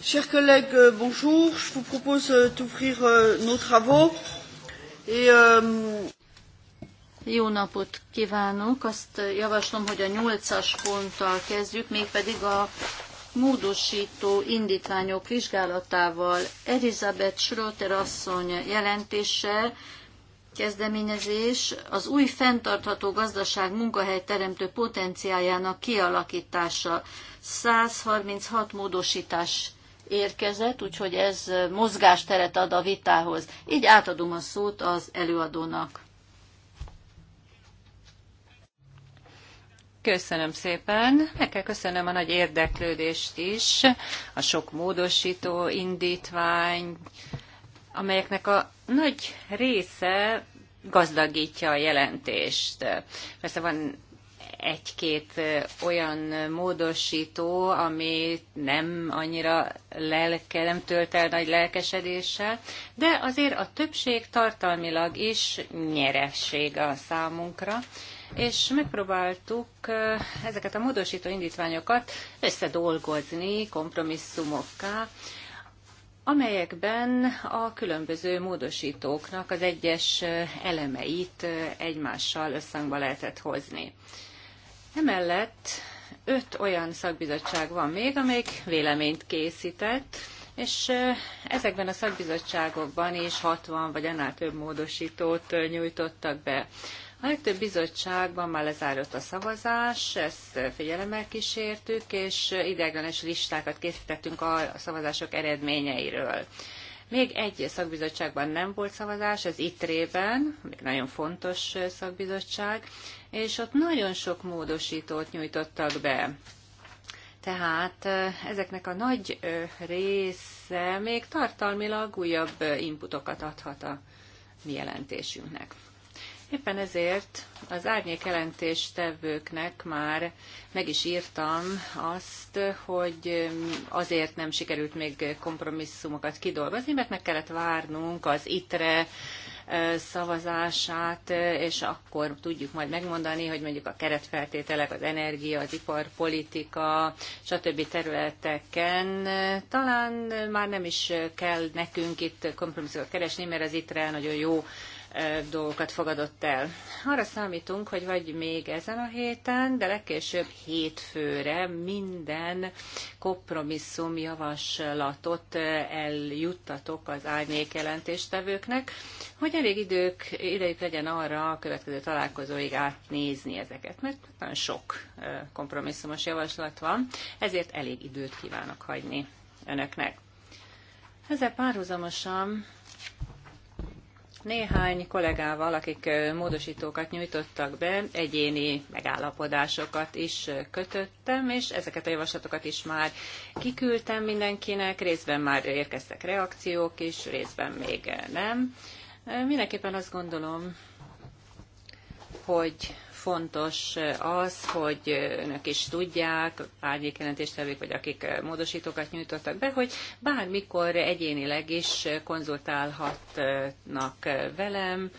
Chers collègues, euh, bonjour. Je vous propose euh, d'ouvrir euh, nos travaux. Et, euh... Jó napot kívánunk! Azt javaslom, hogy a nyolcas ponttal kezdjük, mégpedig a módosító indítványok vizsgálatával. Elizabeth Schröter asszony jelentése, kezdeményezés az új fenntartható gazdaság munkahely teremtő potenciáljának kialakítása. 136 módosítás érkezett, úgyhogy ez mozgásteret ad a vitához. Így átadom a szót az előadónak. Köszönöm szépen. Meg kell köszönöm a nagy érdeklődést is, a sok módosító indítvány, amelyeknek a nagy része gazdagítja a jelentést. Persze van egy-két olyan módosító, ami nem annyira lelke, nem tölt el nagy lelkesedéssel, de azért a többség tartalmilag is nyeresség a számunkra, és megpróbáltuk ezeket a módosító indítványokat összedolgozni kompromisszumokká, amelyekben a különböző módosítóknak az egyes elemeit egymással összhangba lehetett hozni. Emellett öt olyan szakbizottság van még, amelyik véleményt készített, és ezekben a szakbizottságokban is 60 vagy annál több módosítót nyújtottak be. A legtöbb bizottságban már lezárult a szavazás, ezt figyelemmel kísértük, és ideiglenes listákat készítettünk a szavazások eredményeiről. Még egy szakbizottságban nem volt szavazás, ez itt rében, még nagyon fontos szakbizottság, és ott nagyon sok módosítót nyújtottak be. Tehát ezeknek a nagy része még tartalmilag újabb inputokat adhat a mi jelentésünknek. Éppen ezért az árnyék jelentéstevőknek már meg is írtam azt, hogy azért nem sikerült még kompromisszumokat kidolgozni, mert meg kellett várnunk az ITRE szavazását, és akkor tudjuk majd megmondani, hogy mondjuk a keretfeltételek, az energia, az iparpolitika, stb. területeken talán már nem is kell nekünk itt kompromisszokat keresni, mert az itt nagyon jó dolgokat fogadott el. Arra számítunk, hogy vagy még ezen a héten, de legkésőbb hétfőre minden kompromisszum javaslatot eljuttatok az árnyék jelentéstevőknek, hogy elég idők, idejük legyen arra a következő találkozóig átnézni ezeket, mert nagyon sok kompromisszumos javaslat van, ezért elég időt kívánok hagyni önöknek. Ezzel párhuzamosan néhány kollégával, akik módosítókat nyújtottak be, egyéni megállapodásokat is kötöttem, és ezeket a javaslatokat is már kiküldtem mindenkinek, részben már érkeztek reakciók is, részben még nem. Mindenképpen azt gondolom, hogy fontos az, hogy önök is tudják, árnyékjelentéstevők vagy akik módosítókat nyújtottak be, hogy bármikor egyénileg is konzultálhatnak velem,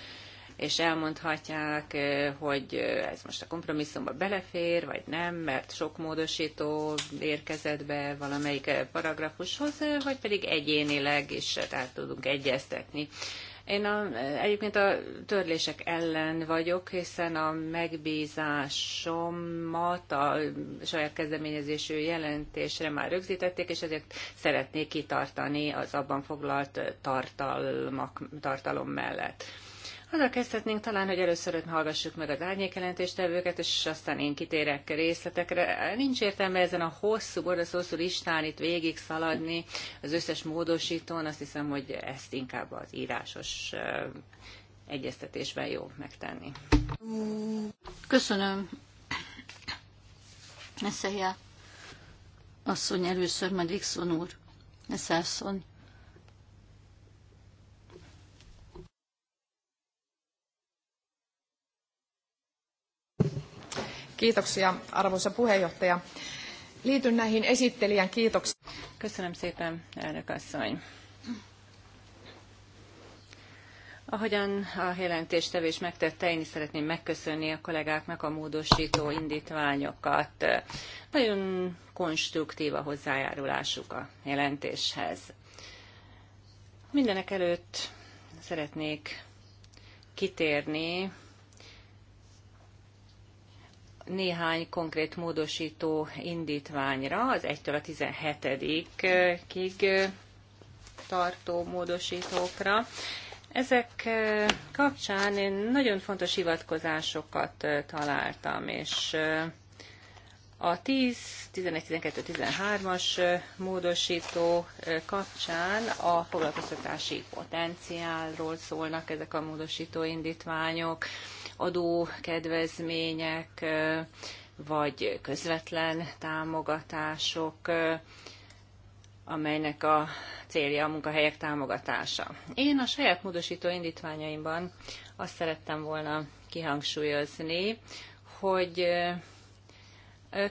és elmondhatják, hogy ez most a kompromisszumba belefér, vagy nem, mert sok módosító érkezett be valamelyik paragrafushoz, vagy pedig egyénileg is el tudunk egyeztetni én a, egyébként a törlések ellen vagyok, hiszen a megbízásomat a saját kezdeményezésű jelentésre már rögzítették, és ezért szeretnék kitartani az abban foglalt tartalmak, tartalom mellett. Azzal kezdhetnénk talán, hogy először hallgassuk meg az árnyékelentéstevőket, és aztán én kitérek részletekre. Nincs értelme ezen a hosszú, borzasztó hosszú listán itt végig szaladni az összes módosítón. Azt hiszem, hogy ezt inkább az írásos egyeztetésben jó megtenni. Köszönöm. Eszeje. Asszony először, majd Vixon úr. Eszelszony. Kiitoksia, arvoisa puheenjohtaja. Liityn näihin esittelijän kiitoksiin. Köszönöm szépen, elnök asszony. Ahogyan a jelentéstevő is megtette, én is szeretném megköszönni a kollégáknak a módosító indítványokat. Nagyon konstruktív a hozzájárulásuk a jelentéshez. Mindenek előtt szeretnék kitérni néhány konkrét módosító indítványra, az 1-től a 17-ig eh, eh, tartó módosítókra. Ezek eh, kapcsán én nagyon fontos hivatkozásokat találtam, és a 10, 11, 12, 13-as módosító kapcsán a foglalkoztatási potenciálról szólnak ezek a módosító indítványok, adókedvezmények, vagy közvetlen támogatások, amelynek a célja a munkahelyek támogatása. Én a saját módosító indítványaimban azt szerettem volna kihangsúlyozni, hogy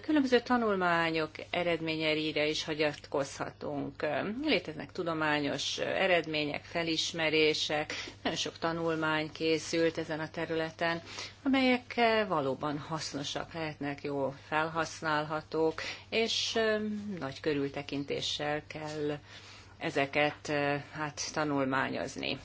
Különböző tanulmányok eredményeire is hagyatkozhatunk. Léteznek tudományos eredmények, felismerések, nagyon sok tanulmány készült ezen a területen, amelyek valóban hasznosak lehetnek, jó felhasználhatók, és nagy körültekintéssel kell ezeket hát tanulmányozni.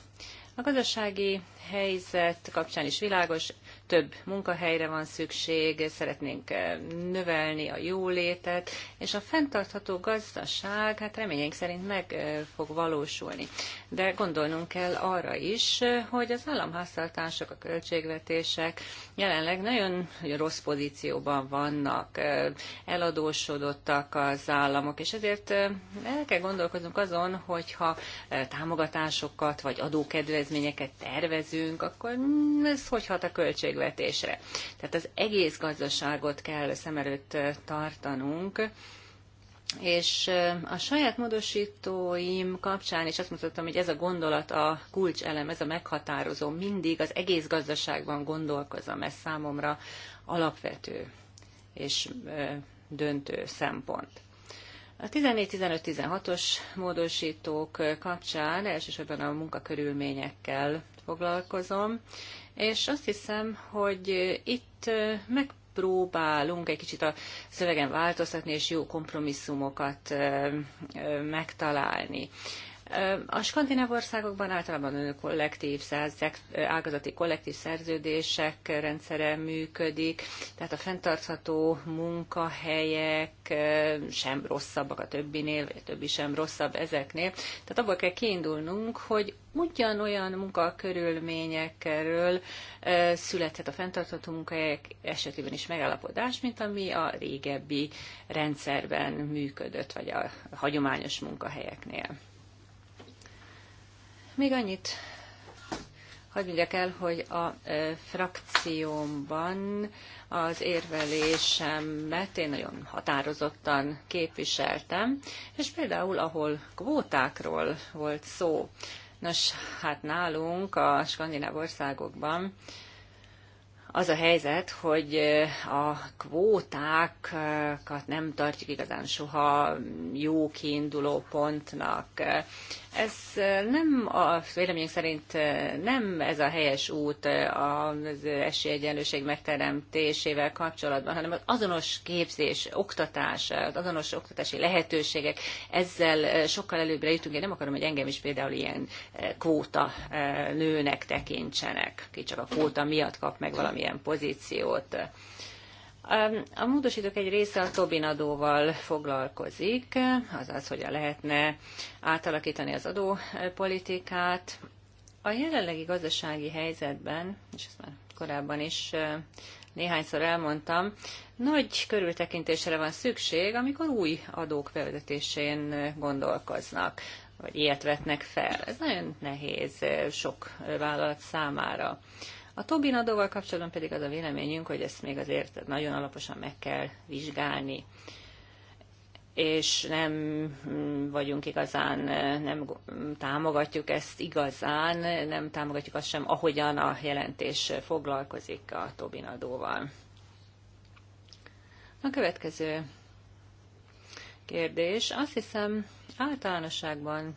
A gazdasági helyzet kapcsán is világos, több munkahelyre van szükség, szeretnénk eh, növelni a jólétet, és a fenntartható gazdaság, hát reményénk szerint meg eh, fog valósulni. De gondolnunk kell arra is, hogy az államháztartások, a költségvetések jelenleg nagyon, nagyon rossz pozícióban vannak, eh, eladósodottak az államok, és ezért el kell gondolkoznunk azon, hogyha támogatásokat vagy adókedvezményeket tervezünk, akkor ez hogy hat a költség költségvetésre. Tehát az egész gazdaságot kell szem előtt tartanunk, és a saját módosítóim kapcsán is azt mutattam, hogy ez a gondolat a kulcselem, ez a meghatározó. Mindig az egész gazdaságban gondolkozom, ez számomra alapvető és döntő szempont. A 14-15-16-os módosítók kapcsán elsősorban a munkakörülményekkel foglalkozom, és azt hiszem, hogy itt meg próbálunk egy kicsit a szövegen változtatni, és jó kompromisszumokat megtalálni. A skandináv országokban általában kollektív, ágazati kollektív szerződések rendszere működik, tehát a fenntartható munkahelyek sem rosszabbak a többinél, vagy a többi sem rosszabb ezeknél. Tehát abból kell kiindulnunk, hogy ugyanolyan munkakörülményekről születhet a fenntartható munkahelyek esetében is megállapodás, mint ami a régebbi rendszerben működött, vagy a hagyományos munkahelyeknél. Még annyit hagyd mondjak el, hogy a e, frakciómban az érvelésemet én nagyon határozottan képviseltem, és például ahol kvótákról volt szó, Nos, hát nálunk a skandináv országokban az a helyzet, hogy e, a kvótákat nem tartjuk igazán soha jó kiinduló pontnak. Ez nem a véleményünk szerint nem ez a helyes út az esélyegyenlőség megteremtésével kapcsolatban, hanem az azonos képzés, oktatás, az azonos oktatási lehetőségek, ezzel sokkal előbbre jutunk. Én nem akarom, hogy engem is például ilyen kvóta nőnek tekintsenek, ki csak a kvóta miatt kap meg valamilyen pozíciót. A módosítók egy része a Tobin adóval foglalkozik, azaz, hogyan lehetne átalakítani az adópolitikát. A jelenlegi gazdasági helyzetben, és ezt már korábban is néhányszor elmondtam, nagy körültekintésre van szükség, amikor új adók bevezetésén gondolkoznak, vagy ilyet vetnek fel. Ez nagyon nehéz sok vállalat számára. A Tobin adóval kapcsolatban pedig az a véleményünk, hogy ezt még azért nagyon alaposan meg kell vizsgálni és nem vagyunk igazán, nem támogatjuk ezt igazán, nem támogatjuk azt sem, ahogyan a jelentés foglalkozik a Tobin adóval. A következő kérdés. Azt hiszem, általánosságban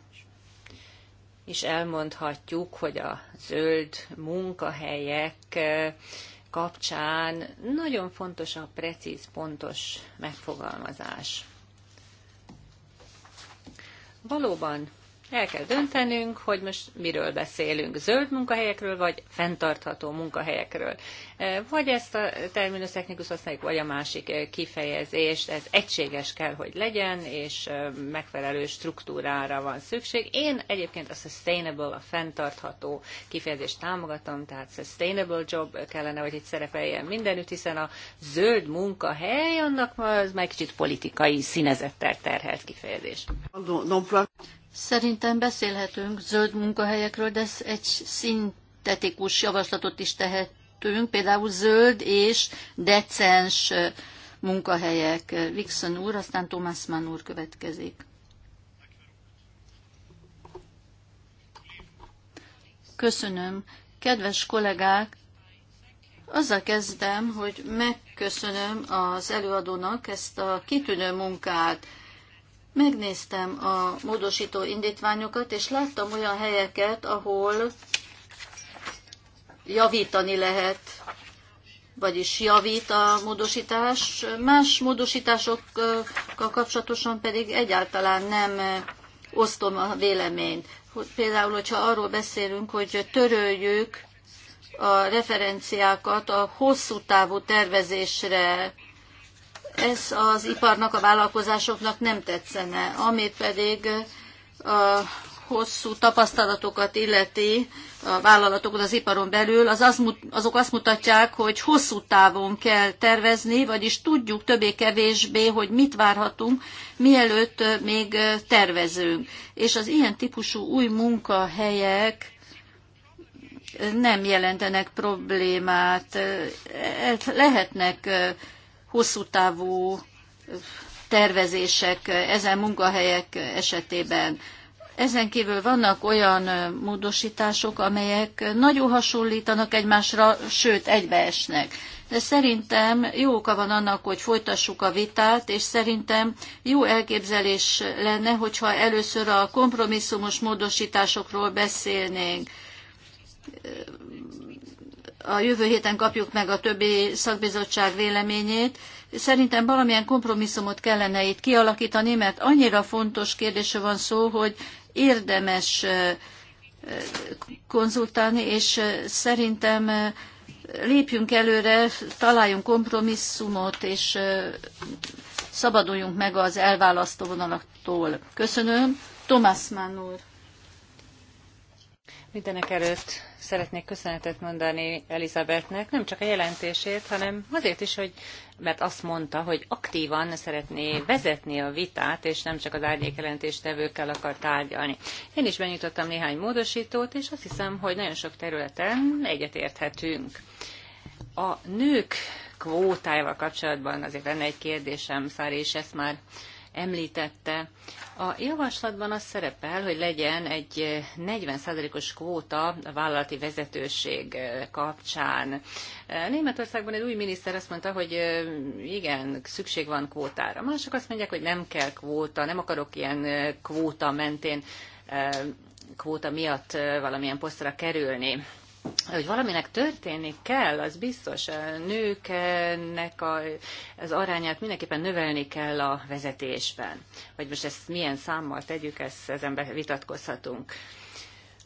és elmondhatjuk, hogy a zöld munkahelyek eh, kapcsán nagyon fontos a precíz, pontos megfogalmazás. Valóban el kell döntenünk, hogy most miről beszélünk, zöld munkahelyekről, vagy fenntartható munkahelyekről. E, vagy ezt a terminus technikus használjuk, vagy a másik e, kifejezést, ez egységes kell, hogy legyen, és e, megfelelő struktúrára van szükség. Én egyébként a sustainable, a fenntartható kifejezést támogatom, tehát sustainable job kellene, hogy itt szerepeljen mindenütt, hiszen a zöld munkahely, annak az már kicsit politikai színezettel terhelt kifejezés. Szerintem beszélhetünk zöld munkahelyekről, de egy szintetikus javaslatot is tehetünk, például zöld és decens munkahelyek. Vixen úr, aztán Thomas Mann úr következik. Köszönöm. Kedves kollégák, azzal kezdem, hogy megköszönöm az előadónak ezt a kitűnő munkát. Megnéztem a módosító indítványokat, és láttam olyan helyeket, ahol javítani lehet, vagyis javít a módosítás, más módosításokkal kapcsolatosan pedig egyáltalán nem osztom a véleményt. Például, hogyha arról beszélünk, hogy töröljük a referenciákat a hosszú távú tervezésre, ez az iparnak, a vállalkozásoknak nem tetszene. Ami pedig a hosszú tapasztalatokat illeti a vállalatokon az iparon belül, az az, azok azt mutatják, hogy hosszú távon kell tervezni, vagyis tudjuk többé-kevésbé, hogy mit várhatunk, mielőtt még tervezünk. És az ilyen típusú új munkahelyek nem jelentenek problémát, e-, lehetnek hosszú távú tervezések ezen munkahelyek esetében. Ezen kívül vannak olyan módosítások, amelyek nagyon hasonlítanak egymásra, sőt egybeesnek. De szerintem jó oka van annak, hogy folytassuk a vitát, és szerintem jó elképzelés lenne, hogyha először a kompromisszumos módosításokról beszélnénk a jövő héten kapjuk meg a többi szakbizottság véleményét. Szerintem valamilyen kompromisszumot kellene itt kialakítani, mert annyira fontos kérdésre van szó, hogy érdemes konzultálni, és szerintem lépjünk előre, találjunk kompromisszumot, és szabaduljunk meg az elválasztó vonalaktól. Köszönöm. Tomás Mann úr. Mindenek előtt szeretnék köszönetet mondani Elizabetnek, nem csak a jelentésért, hanem azért is, hogy, mert azt mondta, hogy aktívan szeretné vezetni a vitát, és nem csak az árnyékjelentéstevőkkel akar tárgyalni. Én is benyújtottam néhány módosítót, és azt hiszem, hogy nagyon sok területen egyetérthetünk. A nők kvótájával kapcsolatban azért lenne egy kérdésem, Szári és ezt már említette. A javaslatban az szerepel, hogy legyen egy 40%-os kvóta a vállalati vezetőség kapcsán. Németországban egy új miniszter azt mondta, hogy igen, szükség van kvótára. Mások azt mondják, hogy nem kell kvóta, nem akarok ilyen kvóta mentén kvóta miatt valamilyen posztra kerülni hogy valaminek történni kell, az biztos. A nőknek a, az arányát mindenképpen növelni kell a vezetésben. Vagy most ezt milyen számmal tegyük, ezt ezen vitatkozhatunk.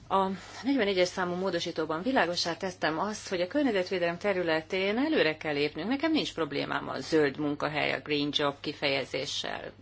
A 41-es számú módosítóban világosá tettem azt, hogy a környezetvédelem területén előre kell lépnünk. Nekem nincs problémám a zöld munkahely, a green job kifejezéssel.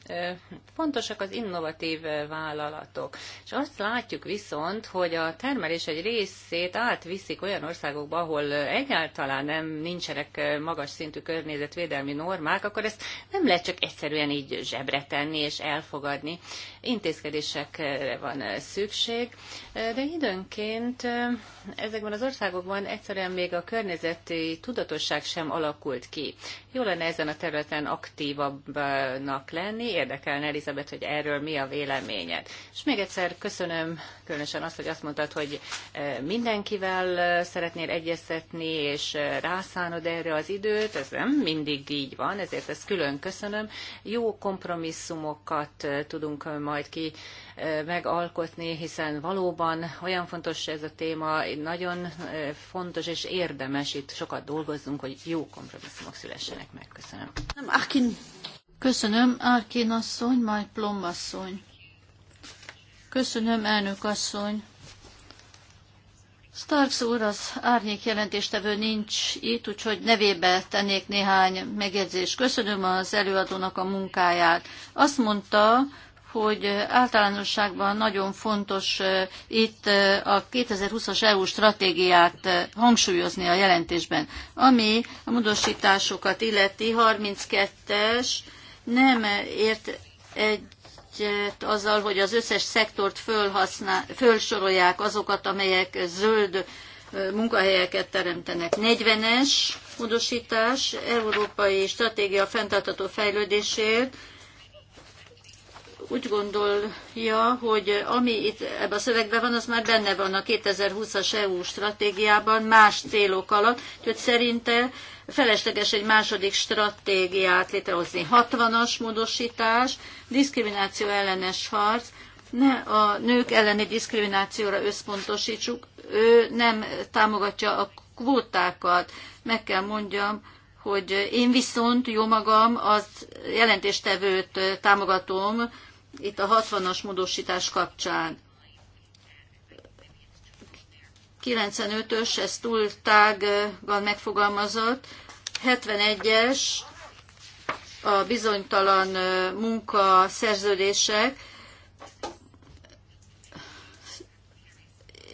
Fontosak az innovatív vállalatok. És azt látjuk viszont, hogy a termelés egy részét átviszik olyan országokba, ahol egyáltalán nem nincsenek magas szintű környezetvédelmi normák, akkor ezt nem lehet csak egyszerűen így zsebre tenni és elfogadni. Intézkedésekre van szükség, de időnként ezekben az országokban egyszerűen még a környezeti tudatosság sem alakult ki. Jó lenne ezen a területen aktívabbnak lenni, érdekelne Elizabeth, hogy erről mi a véleményed. És még egyszer köszönöm különösen azt, hogy azt mondtad, hogy eh, mindenkivel eh, szeretnél egyeztetni, és eh, rászánod erre az időt, ez nem mindig így van, ezért ezt külön köszönöm. Jó kompromisszumokat tudunk majd ki megalkotni, hiszen valóban olyan fontos ez a téma, nagyon fontos és érdemes itt sokat dolgozzunk, hogy jó kompromisszumok szülessenek nincsenek meg. Köszönöm. Nem, Arkin. Köszönöm, Arkin asszony, majd asszony. Köszönöm, elnök asszony. Starks úr, az árnyék jelentéstevő nincs itt, úgyhogy nevébe tennék néhány megjegyzést. Köszönöm az előadónak a munkáját. Azt mondta, hogy általánosságban nagyon fontos itt a 2020-as EU stratégiát hangsúlyozni a jelentésben. Ami a módosításokat illeti, 32-es nem ért egy egyet azzal, hogy az összes szektort fölhasznál, fölsorolják azokat, amelyek zöld munkahelyeket teremtenek. 40-es módosítás, Európai Stratégia fenntartható fejlődésért, úgy gondolja, hogy ami itt ebben a szövegben van, az már benne van a 2020-as EU stratégiában más célok alatt, úgyhogy szerinte felesleges egy második stratégiát létrehozni. 60-as módosítás, diszkrimináció ellenes harc, ne a nők elleni diszkriminációra összpontosítsuk, ő nem támogatja a kvótákat. Meg kell mondjam, hogy én viszont jó magam az jelentéstevőt támogatom, itt a 60-as módosítás kapcsán. 95-ös, ez túl tággal megfogalmazott, 71-es, a bizonytalan munka szerződések.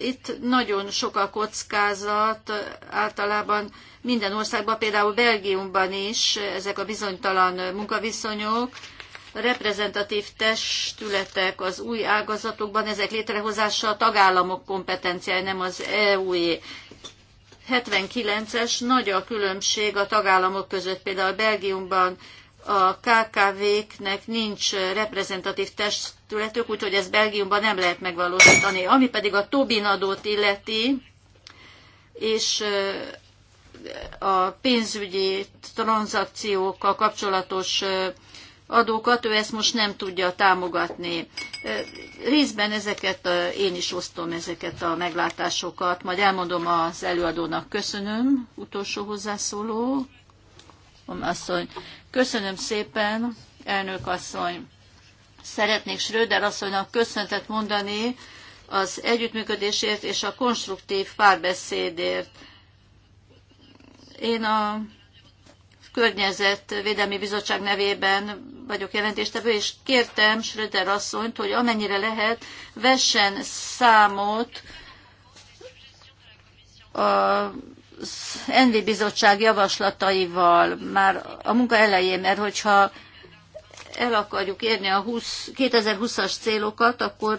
Itt nagyon sok a kockázat, általában minden országban, például Belgiumban is ezek a bizonytalan munkaviszonyok, reprezentatív testületek az új ágazatokban, ezek létrehozása a tagállamok kompetenciája, nem az EU-é. 79-es e. nagy a különbség a tagállamok között, például Belgiumban a KKV-knek nincs reprezentatív testületük, úgyhogy ezt Belgiumban nem lehet megvalósítani. Ami pedig a Tobin adót illeti, és a pénzügyi tranzakciókkal kapcsolatos adókat, ő ezt most nem tudja támogatni. Részben ezeket, én is osztom ezeket a meglátásokat, majd elmondom az előadónak. Köszönöm, utolsó hozzászóló. Asszony. Köszönöm szépen, elnök asszony. Szeretnék Schröder asszonynak köszöntet mondani az együttműködésért és a konstruktív párbeszédért. Én a Környezetvédelmi Bizottság nevében vagyok jelentéstevő, és kértem Schröder asszonyt, hogy amennyire lehet, vessen számot az Envi Bizottság javaslataival már a munka elején, mert hogyha el akarjuk érni a 20, 2020-as célokat, akkor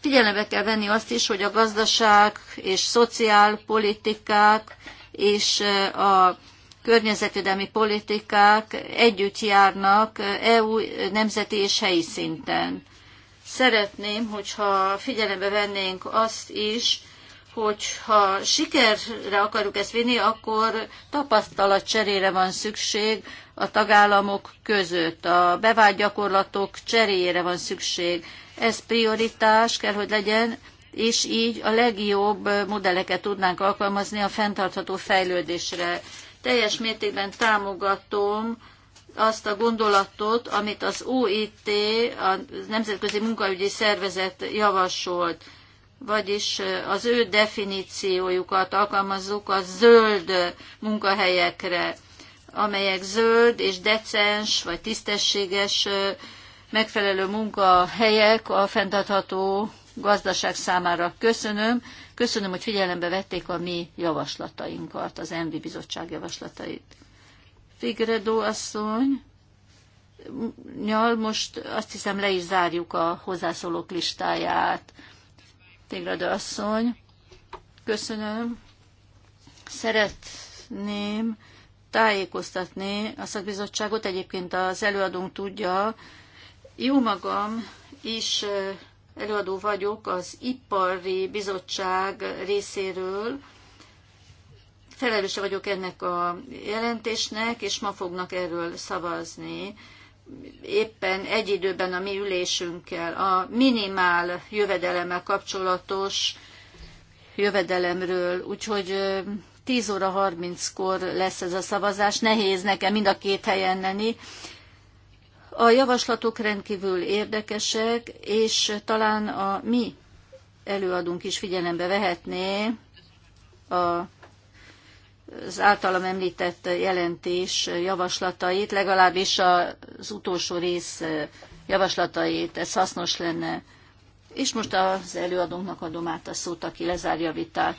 figyelembe kell venni azt is, hogy a gazdaság és szociálpolitikák és a környezetvédelmi politikák együtt járnak EU nemzeti és helyi szinten. Szeretném, hogyha figyelembe vennénk azt is, hogyha sikerre akarjuk ezt vinni, akkor tapasztalat cserére van szükség a tagállamok között. A bevált gyakorlatok cseréjére van szükség. Ez prioritás kell, hogy legyen, és így a legjobb modelleket tudnánk alkalmazni a fenntartható fejlődésre teljes mértékben támogatom azt a gondolatot, amit az OIT, a Nemzetközi Munkaügyi Szervezet javasolt, vagyis az ő definíciójukat alkalmazzuk a zöld munkahelyekre, amelyek zöld és decens vagy tisztességes megfelelő munkahelyek a fenntartható gazdaság számára. Köszönöm. Köszönöm, hogy figyelembe vették a mi javaslatainkat, az MV bizottság javaslatait. Figredó asszony, nyal most azt hiszem le is zárjuk a hozzászólók listáját. Figredó asszony, köszönöm. Szeretném tájékoztatni a szakbizottságot, egyébként az előadónk tudja, jó magam is előadó vagyok az Ipari Bizottság részéről. Felelőse vagyok ennek a jelentésnek, és ma fognak erről szavazni. Éppen egy időben a mi ülésünkkel a minimál jövedelemmel kapcsolatos jövedelemről, úgyhogy 10 óra 30-kor lesz ez a szavazás. Nehéz nekem mind a két helyen lenni, a javaslatok rendkívül érdekesek, és talán a mi előadunk is figyelembe vehetné a, az általam említett jelentés javaslatait, legalábbis az utolsó rész javaslatait, ez hasznos lenne. És most az előadónknak adom át a szót, aki lezárja a vitát.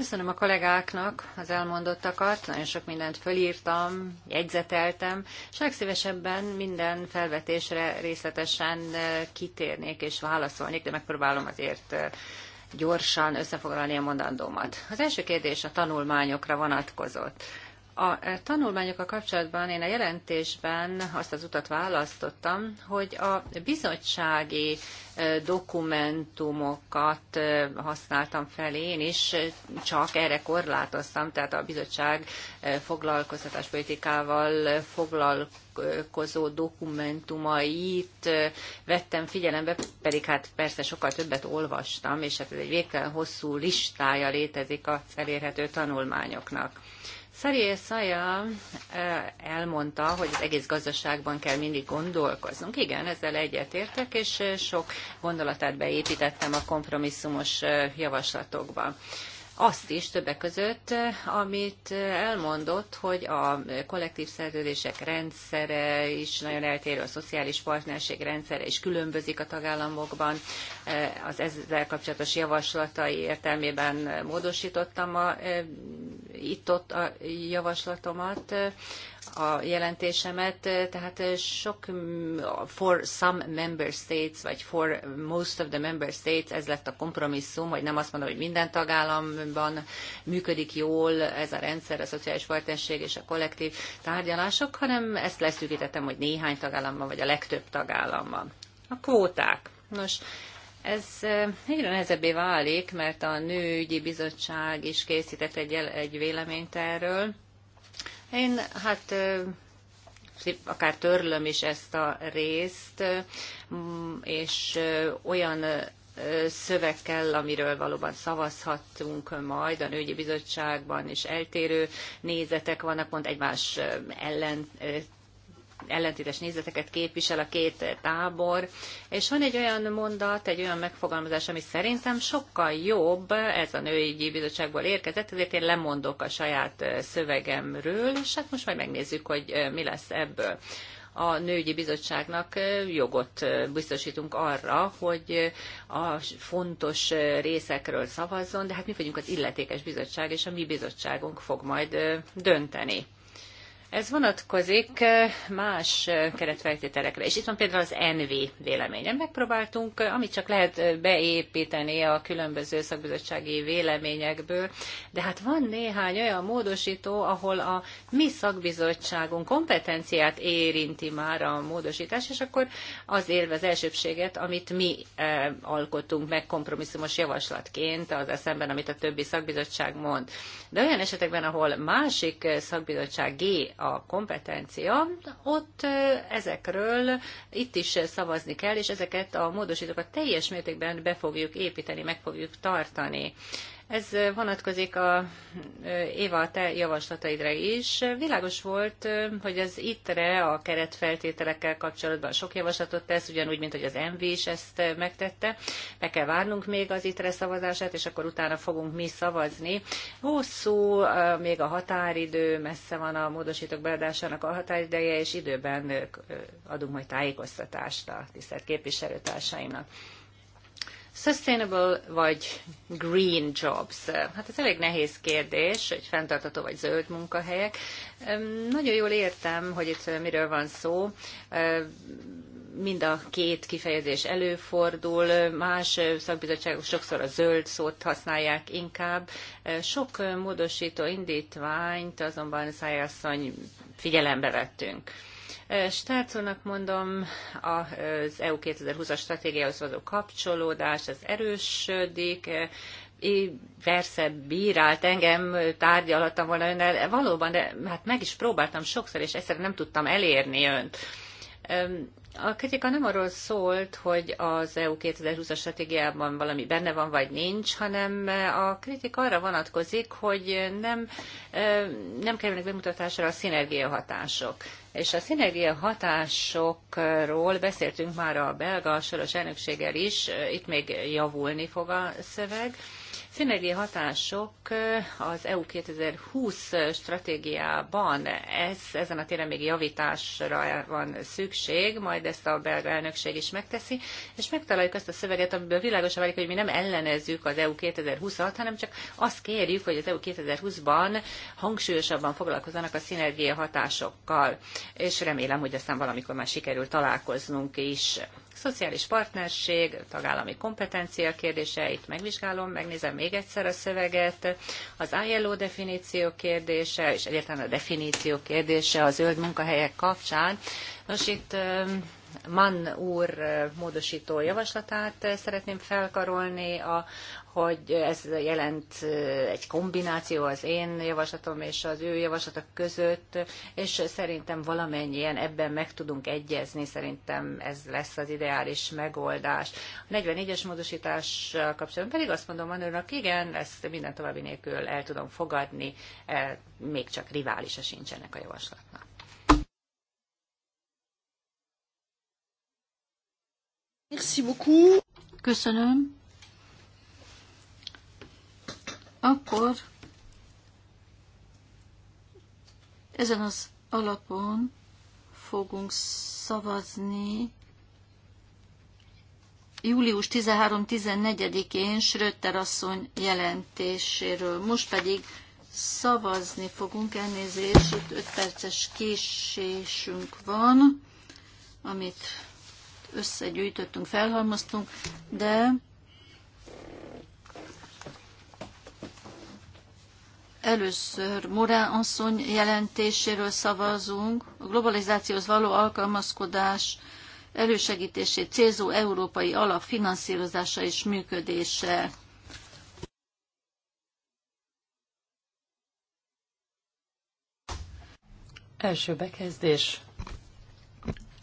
Köszönöm a kollégáknak az elmondottakat, nagyon sok mindent fölírtam, jegyzeteltem, és legszívesebben minden felvetésre részletesen eh, kitérnék és válaszolnék, de megpróbálom azért eh, gyorsan összefoglalni a mondandómat. Az első kérdés a tanulmányokra vonatkozott. A tanulmányokkal kapcsolatban én a jelentésben azt az utat választottam, hogy a bizottsági eh, dokumentumokat eh, használtam fel én is, csak erre korlátoztam, tehát a bizottság eh, foglalkoztatáspolitikával foglalkozó dokumentumait vettem figyelembe, pedig hát persze sokkal többet olvastam, és hát ez egy végtelen hosszú listája létezik az elérhető tanulmányoknak. Szerié Szaja elmondta, hogy az egész gazdaságban kell mindig gondolkoznunk. Igen, ezzel egyetértek, és sok gondolatát beépítettem a kompromisszumos javaslatokba azt is többek között, amit elmondott, hogy a kollektív szerződések rendszere is nagyon eltérő, a szociális partnerség rendszere is különbözik a tagállamokban. Az ezzel kapcsolatos javaslatai értelmében módosítottam a, itt-ott a javaslatomat a jelentésemet, tehát sok for some member states, vagy for most of the member states, ez lett a kompromisszum, hogy nem azt mondom, hogy minden tagállamban működik jól ez a rendszer, a szociális partnerség és a kollektív tárgyalások, hanem ezt leszűkítettem, hogy néhány tagállamban, vagy a legtöbb tagállamban. A kvóták. Nos, ez eh, egyre nehezebbé válik, mert a Nőügyi Bizottság is készített egy, egy véleményt erről, én hát akár törlöm is ezt a részt, és olyan szöveg kell, amiről valóban szavazhatunk majd a nőgyi bizottságban, és eltérő nézetek vannak, pont egymás ellen ellentétes nézeteket képvisel a két tábor, és van egy olyan mondat, egy olyan megfogalmazás, ami szerintem sokkal jobb, ez a női bizottságból érkezett, ezért én lemondok a saját szövegemről, és hát most majd megnézzük, hogy mi lesz ebből a nőgyi bizottságnak jogot biztosítunk arra, hogy a fontos részekről szavazzon, de hát mi vagyunk az illetékes bizottság, és a mi bizottságunk fog majd dönteni. Ez vonatkozik más keretfeltételekre. És itt van például az NV véleményen. Megpróbáltunk, amit csak lehet beépíteni a különböző szakbizottsági véleményekből, de hát van néhány olyan módosító, ahol a mi szakbizottságunk kompetenciát érinti már a módosítás, és akkor az élve az elsőbséget, amit mi alkotunk meg kompromisszumos javaslatként az eszemben, amit a többi szakbizottság mond. De olyan esetekben, ahol másik szakbizottság G a kompetencia, ott ezekről itt is szavazni kell, és ezeket a módosítókat teljes mértékben be fogjuk építeni, meg fogjuk tartani. Ez vonatkozik a Éva te javaslataidra is. Világos volt, hogy az ittre a keretfeltételekkel kapcsolatban sok javaslatot tesz, ugyanúgy, mint hogy az MV is ezt megtette. Be kell várnunk még az ittre szavazását, és akkor utána fogunk mi szavazni. Hosszú, még a határidő, messze van a módosítók beadásának a határideje, és időben adunk majd tájékoztatást a tisztelt képviselőtársaimnak. Sustainable vagy green jobs? Hát ez elég nehéz kérdés, hogy fenntartató vagy zöld munkahelyek. Nagyon jól értem, hogy itt miről van szó. Mind a két kifejezés előfordul, más szakbizottságok sokszor a zöld szót használják inkább. Sok módosító indítványt azonban szájasszony figyelembe vettünk. Stárcolnak mondom, az EU 2020-as stratégiához való kapcsolódás, az erősödik, persze bírált engem, tárgyalhattam volna önnel, valóban, de hát meg is próbáltam sokszor, és egyszerűen nem tudtam elérni önt. A kritika nem arról szólt, hogy az EU 2020-as stratégiában valami benne van, vagy nincs, hanem a kritika arra vonatkozik, hogy nem, nem kerülnek bemutatásra a hatások. És a szinergia hatásokról beszéltünk már a belga soros elnökséggel is, itt még javulni fog a szöveg, Szinergia hatások az EU 2020 stratégiában ez, ezen a téren még javításra van szükség, majd ezt a belga elnökség is megteszi, és megtaláljuk azt a szöveget, amiből világosan válik, hogy mi nem ellenezzük az EU 2020-at, hanem csak azt kérjük, hogy az EU 2020-ban hangsúlyosabban foglalkozzanak a szinergia hatásokkal, és remélem, hogy aztán valamikor már sikerül találkoznunk is. Szociális partnerség, tagállami kompetencia kérdése, itt megvizsgálom, megnézem még egyszer a szöveget, az ILO definíció kérdése, és egyáltalán a definíció kérdése az zöld munkahelyek kapcsán. Nos, itt um, Mann úr uh, módosító javaslatát uh, szeretném felkarolni a, hogy ez jelent egy kombináció az én javaslatom és az ő javaslatok között, és szerintem valamennyien ebben meg tudunk egyezni, szerintem ez lesz az ideális megoldás. A 44-es módosítás kapcsolatban pedig azt mondom Manőrnak, igen, ezt minden további nélkül el tudom fogadni, e, még csak riválisa sincsenek a javaslatnak. Merci beaucoup. Köszönöm akkor ezen az alapon fogunk szavazni július 13-14-én Schröter asszony jelentéséről. Most pedig szavazni fogunk, elnézést, itt 5 perces késésünk van, amit összegyűjtöttünk, felhalmoztunk, de Először Morán asszony jelentéséről szavazunk, a globalizációhoz való alkalmazkodás elősegítését célzó európai alap finanszírozása és működése. Első bekezdés.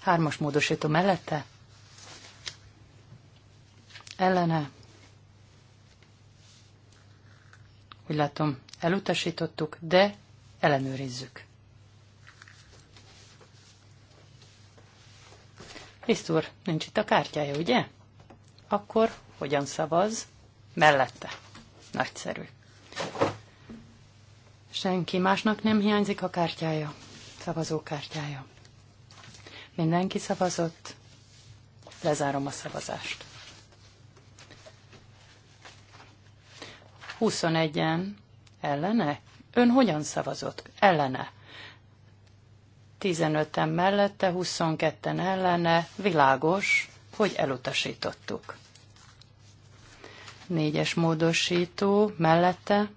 Hármas módosító mellette. Ellene. Úgy látom, elutasítottuk, de ellenőrizzük. Liszt úr, nincs itt a kártyája, ugye? Akkor hogyan szavaz? Mellette. Nagyszerű. Senki másnak nem hiányzik a kártyája, szavazókártyája. Mindenki szavazott. Lezárom a szavazást. 21-en Ellene? Ön hogyan szavazott? Ellene. 15-en mellette, 22-en ellene, világos, hogy elutasítottuk. Négyes módosító mellette,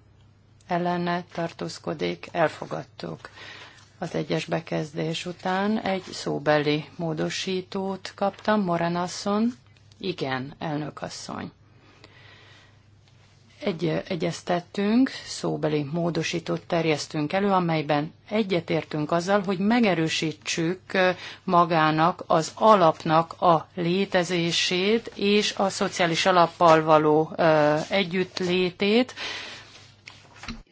ellene tartózkodik, elfogadtuk. Az egyes bekezdés után egy szóbeli módosítót kaptam, Morenasszon, igen, elnökasszony egy, egyeztettünk, szóbeli módosítót terjesztünk elő, amelyben egyetértünk azzal, hogy megerősítsük magának az alapnak a létezését és a szociális alappal való együttlétét.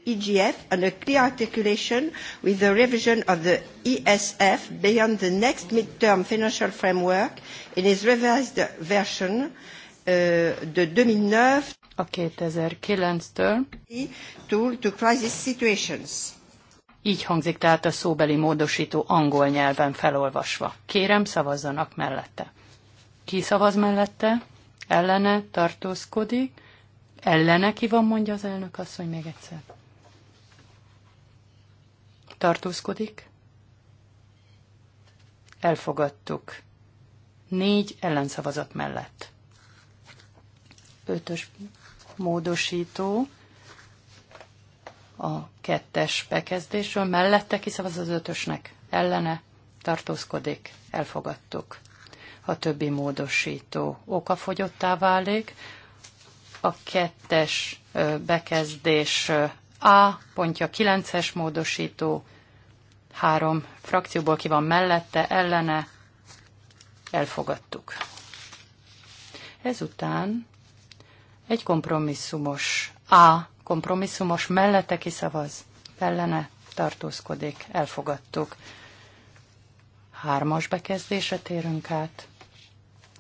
EGF and a clear articulation with the revision of the ESF beyond the next midterm financial framework in its revised version uh, de 2009 a 2009-től. Így hangzik tehát a szóbeli módosító angol nyelven felolvasva. Kérem, szavazzanak mellette. Ki szavaz mellette? Ellene tartózkodik? Ellene ki van, mondja az elnök asszony még egyszer. Tartózkodik? Elfogadtuk. Négy ellenszavazat mellett. Ötös módosító a kettes bekezdésről, mellette kiszavaz az ötösnek, ellene tartózkodik, elfogadtuk. A többi módosító okafogyottá válik, a kettes bekezdés A pontja 9-es módosító, három frakcióból ki van mellette, ellene, elfogadtuk. Ezután egy kompromisszumos A kompromisszumos mellette kiszavaz, ellene tartózkodik, elfogadtuk. Hármas bekezdése térünk át.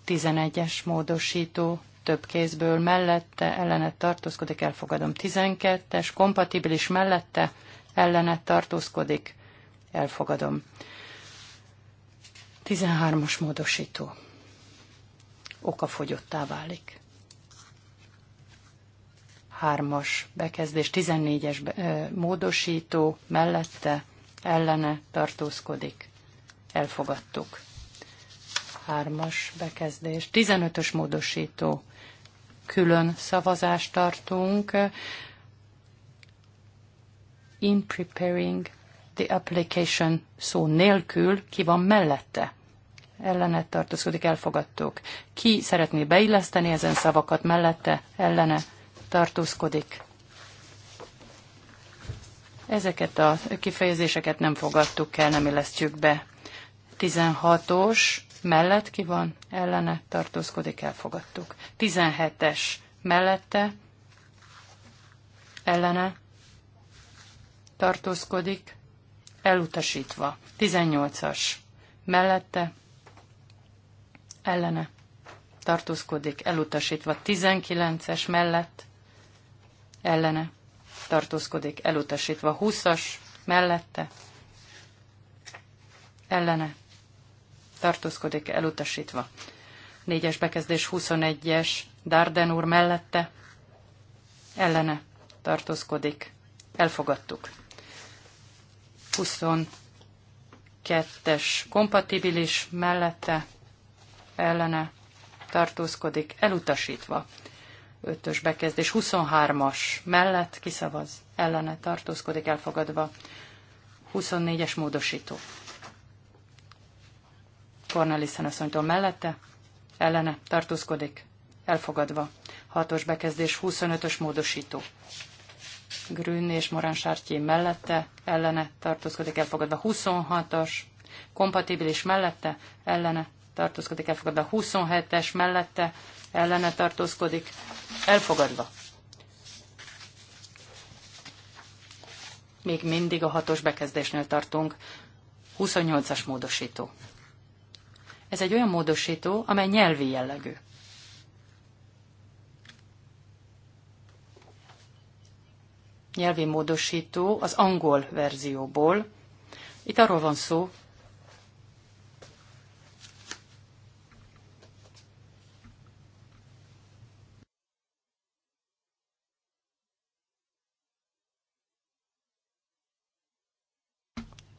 Tizenegyes módosító, több kézből mellette, ellene tartózkodik, elfogadom. Tizenkettes, kompatibilis mellette, ellene tartózkodik, elfogadom. Tizenhármas as módosító. Okafogyottá válik. 3-as bekezdés, 14-es módosító mellette ellene tartózkodik. Elfogadtuk. 3-as bekezdés, 15-ös módosító. Külön szavazást tartunk. In preparing the application szó nélkül ki van mellette ellene tartózkodik, elfogadtuk. Ki szeretné beilleszteni ezen szavakat mellette, ellene tartózkodik. Ezeket a kifejezéseket nem fogadtuk el, nem illesztjük be. 16-os mellett ki van, ellene tartózkodik, elfogadtuk. 17-es mellette, ellene tartózkodik, elutasítva. 18-as mellette, ellene tartózkodik, elutasítva. 19-es mellett, ellene tartózkodik, elutasítva 20-as mellette ellene tartózkodik, elutasítva. 4-es bekezdés 21-es Darden úr mellette ellene tartózkodik, elfogadtuk. 22-es kompatibilis mellette ellene tartózkodik, elutasítva ötös bekezdés 23-as mellett kiszavaz, ellene tartózkodik elfogadva. 24-es módosító. Cornelissen asszonytól mellette, ellene tartózkodik elfogadva. 6-os bekezdés 25-ös módosító. Grün és Morán Sártyé mellette, ellene tartózkodik elfogadva. 26-as kompatibilis mellette, ellene tartózkodik elfogadva. 27-es mellette, ellene tartózkodik, elfogadva. Még mindig a hatos bekezdésnél tartunk, 28-as módosító. Ez egy olyan módosító, amely nyelvi jellegű. Nyelvi módosító az angol verzióból. Itt arról van szó,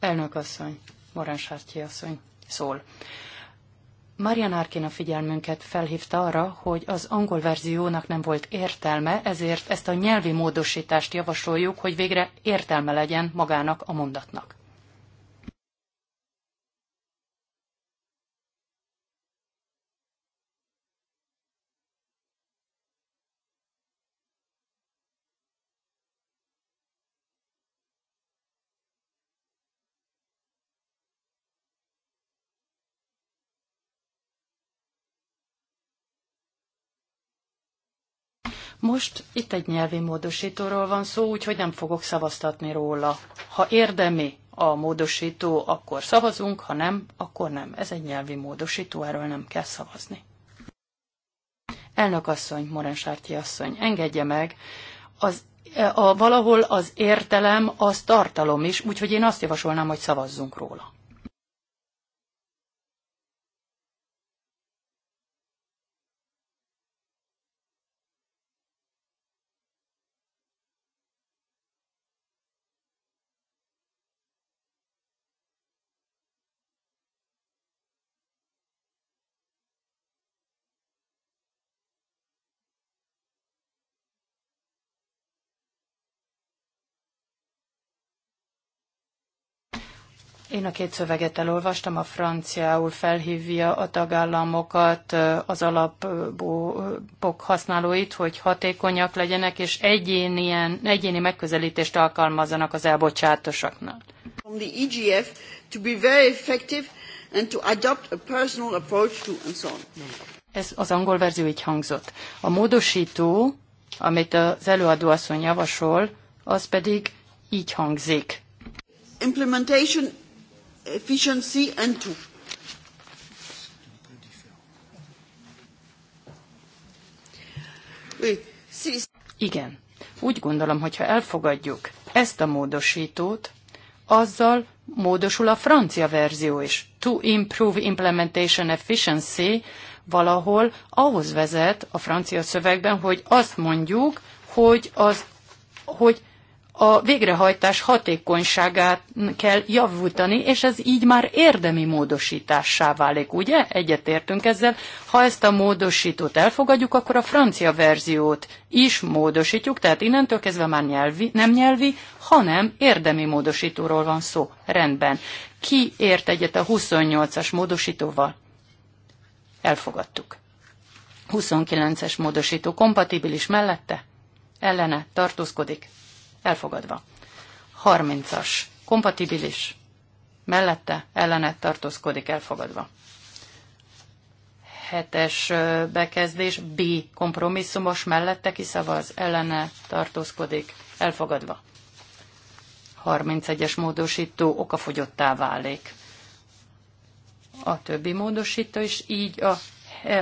Elnök asszony, Morán Sártyi asszony szól. Marian Harkin a figyelmünket felhívta arra, hogy az angol verziónak nem volt értelme, ezért ezt a nyelvi módosítást javasoljuk, hogy végre értelme legyen magának a mondatnak. Most itt egy nyelvi módosítóról van szó, úgyhogy nem fogok szavaztatni róla. Ha érdemi a módosító, akkor szavazunk, ha nem, akkor nem. Ez egy nyelvi módosító, erről nem kell szavazni. Elnök asszony, Morensárti asszony, engedje meg, az, a, valahol az értelem az tartalom is, úgyhogy én azt javasolnám, hogy szavazzunk róla. Én a két szöveget elolvastam, a franciául felhívja a tagállamokat, az alapok használóit, hogy hatékonyak legyenek, és egyéni, egyéni megközelítést alkalmazzanak az elbocsátosaknál. From the EGF to be very effective and to adopt a personal approach to and so on. Ez az angol verzió így hangzott. A módosító, amit az előadó asszony javasol, az pedig így hangzik implementation efficiency and two. Igen. Úgy gondolom, hogyha elfogadjuk ezt a módosítót, azzal módosul a francia verzió is. To improve implementation efficiency valahol ahhoz vezet a francia szövegben, hogy azt mondjuk, hogy, az, hogy a végrehajtás hatékonyságát kell javítani, és ez így már érdemi módosítássá válik, ugye? Egyetértünk ezzel. Ha ezt a módosítót elfogadjuk, akkor a francia verziót is módosítjuk, tehát innentől kezdve már nyelvi, nem nyelvi, hanem érdemi módosítóról van szó. Rendben. Ki ért egyet a 28-as módosítóval? Elfogadtuk. 29-es módosító kompatibilis mellette? Ellene tartózkodik elfogadva. 30-as, kompatibilis, mellette ellenet tartózkodik, elfogadva. 7-es bekezdés, B, kompromisszumos, mellette kiszavaz, ellene tartózkodik, elfogadva. 31-es módosító okafogyottá válik. A többi módosító is így a